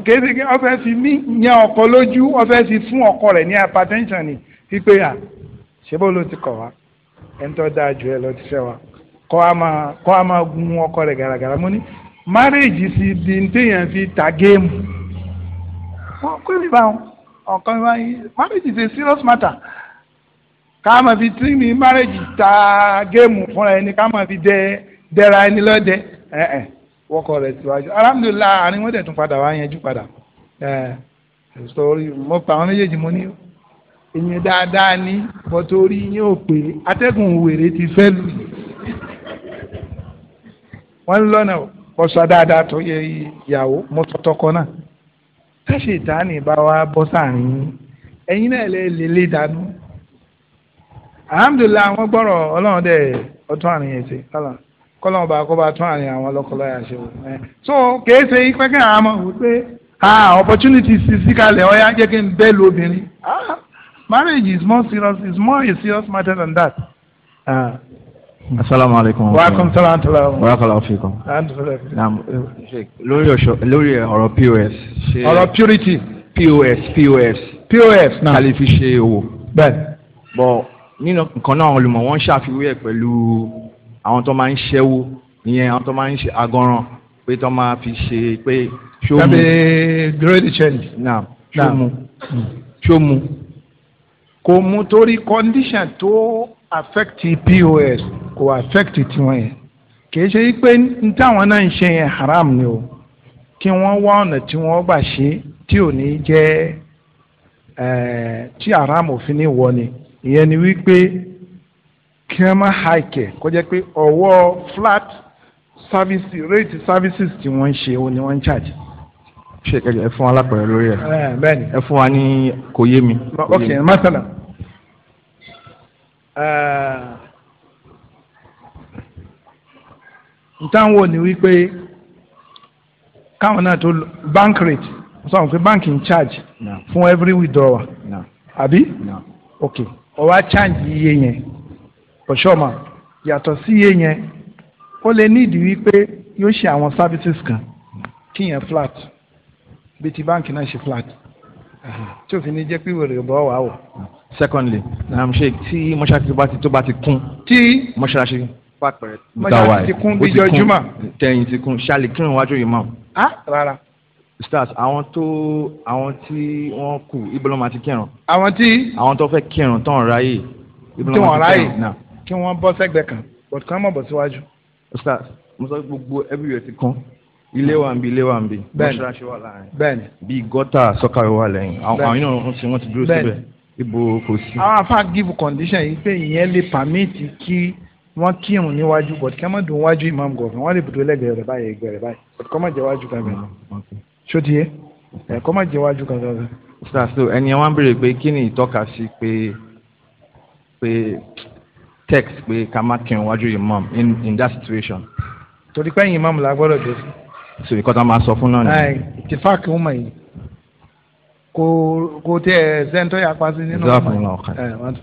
kéde kí ọfẹ́ fi mí yan ọkọ lójú ọfẹ́ fi fún ọkọ rẹ̀ ní hypertension ni wípé à ṣebó ló ti kọ̀ wá ẹni tó dáa jù ẹ lọ ti fẹ́ wa kọ́ a máa kọ́ a máa gun ọkọ rẹ̀ gàràgàrà mo ní márèèjì sì di ní téèyàn fi ta géèmù kó lè bá wọn ọ̀kan wá yín márèèjì ṣe serious matter ká máa fi tí ní márèèjì ta géèmù fúnra ẹni ká máa fi dẹ dẹra ẹni lọ́dẹ ẹ̀ẹ́. wọ́kọ̀ rẹ̀ síwájú alhamdulilayi àárín wọ́n dẹ̀ tún padà wá yẹjú padà sọrí mo pa àwọn méjèèjì mo ní ìyẹn dáadáa ní bọ́tórí yín ò ti fẹ́ lù yìí wọ́n ń lọ́nà kọ́sọ́ dáadáa tó yẹ ìyàwó mo náà táṣì bá wa bọ́ sáàrin yín ẹ̀yin náà lè lélẹ̀ dànù alhamdulilayi kọ́lọ́mù bá kó bá tún àárín àwọn lọ́kọ́lọ́yà ṣe o. so kèé ṣe ipẹ́ kí àwọn ọmọ wípé opportunity sí sí kalẹ̀ ọ̀yá jẹ́ kí n bẹ́ẹ̀ lu obìnrin. Ah, marriage is more serious is more a serious matter than that. asalaamu ah. alaykum. wa alaykum salaam wa rahmatulah fiikum. lórí ọ̀rọ̀ pos. ọ̀rọ̀ purity. pos pos. pos náà. kálí fi ṣe owó. bẹ́ẹ̀. bọ̀ nínú nǹkan náà olùmọ̀ wọ́n ṣàfiwé ẹ̀ pẹ̀lú àwọn tó máa ń ṣẹ́wó ìyẹn àwọn tó máa ń ṣe agọ́ran pé tó máa fi ṣe pé ṣó mu. tàbí grade change. na ṣó mu hmm. ṣó mu. kò mu torí condition tó affect pos kò affect tiwọn yẹn kìí ṣe pé n táwọn náà ń ṣe yẹn haram ni o kí wọ́n wá ọ̀nà tí wọ́n gbà ṣe tí ò ní jẹ́ eh, tí haram òfin ní wọ ni ìyẹn ni wípé kí wọ́n má hike kó pé ọ̀wọ́ flat service rate services tí wọ́n ń ṣe ni wọ́n ń charge ṣe ẹ fún wa lápẹẹrẹ lórí ẹ ẹ fún wa ní kò yé mi. ok masala nǹkan wo ni wípé káwọn náà tó bank rate sọ pé bank in charge fún every withdrawal àbí ok ó wá charge iye yẹn ọ̀ṣọ́mà yàtọ̀ sí iye yẹn ó lè nídìí wípé yóò ṣe àwọn services kan kí yẹn flat bí ti báǹkì náà ṣe flat tí òfin ní jẹ́ pé wèrè bọ́ wà wò. secondly um, ṣe tí mọ́ṣáláṣí tó bá ti tó bá ti kún. tí mọ́ṣáláṣí pàpẹ̀rẹ̀. mọ́ṣáláṣí ti kún bíjọ júmọ̀. tẹ̀yìn ti kún ṣáàlì kírun wájú yìí mọ́. a rárá. stars àwọn tó àwọn tí wọ́n kù ibi ló máa ti kírun. àwọn tí. àwọn tó fẹ́ kírun tán ráyè. ibi ló máa ti kírun náà kí wọ́n bọ́ sẹ́gbẹ̀ẹ́ kan but kí wọ́n mọ̀ bọ́ síwájú. sir mo sọ gbogbo everywhere ti kán ilé wa ń bi ilé wa ń bi mọ́ṣáláṣí wà láàrin bẹ́ẹ̀ni bí gọ́tà sọ́kàwé wà lẹ́yìn àwọn iná wọn ti wọ́n ti dúró síbẹ̀ ibo kò sí. àwọn afa give condition yìí pé ìyẹn lè permit kí wọ́n kírun níwájú but kí wọ́n má dùn wájú imam gọ̀ọ̀fẹ́ wọ́n lè bùdó lẹ́gbẹ̀ẹ́ rẹ̀ báyìí ẹgbẹ́ rẹ̀ báyìí but kọ́ má jẹ́ wájú kan bẹ̀rẹ̀ ṣótiyé ẹ̀ kọ́ má jẹ́ wájú kan bẹ̀rẹ̀. sir so ẹni wọn béèrè pé kí ni text pé ká má kírun wájú imam in in that situation. torí pé ẹ̀yìn imam la gbọ́dọ̀ dé. so ìkọ́ta máa sọ fún náà ni. ti fáàkì ń mọ̀ yìí kò kò tẹ ẹ sẹ́ńtọ́ yà pa sí nínú ọmọ yìí.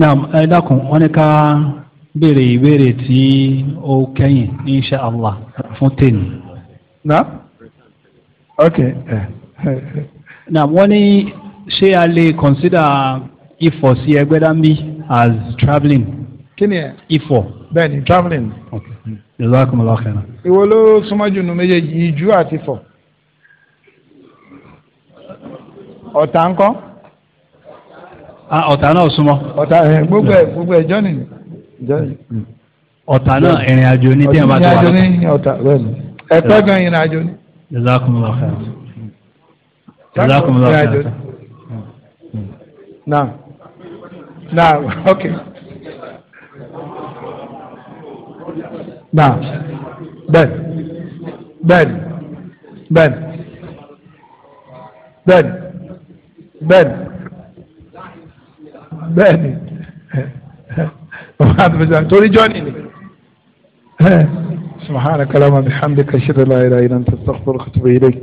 naam ẹ dákun wọn ni ká béèrè ìbéèrè tí ó kẹ́yìn insha allah fún tèmi. na ok. Eh. naam wọ́n ní ṣé a lè consider ifọ̀ sí ẹgbẹ́dàmbí as travelling. kí ni ẹ. ifọ̀. bẹ́ẹ̀ni travelling. ok jazakumullahu khairan. ìwo ló súnmọ́ jù nù méjèèjì ìjú àti ifọ̀. ọ̀tá ńkọ́. ọ̀tá náà súnmọ́. ọ̀tá ẹ̀ gbogbo ẹ̀ gbogbo ẹ̀ jọ́nì ni. ọ̀tá náà ìrìn àjò ní díẹ̀ bá tó wà lọ́tọ̀. ẹ̀pẹ́ gan ìrìn àjò ni. jazakumullahu khairan. jazakumullahu khairan. نعم نعم اوكي نعم بل بل بل بل بل بل بل يعني جوني سبحانك اللهم بحمدك اشهد ان لا اله الا انت استغفرك واتوب اليك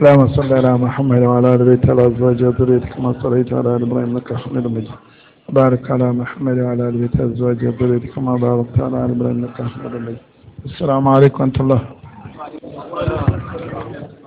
اللهم صل على محمد وعلى ال بيت الازواج وذريته كما صليت على ال ابراهيم انك حميد مجيد بارك على محمد وعلى ال بيت الازواج وذريته كما باركت على ال ابراهيم انك حميد مجيد السلام عليكم ورحمه الله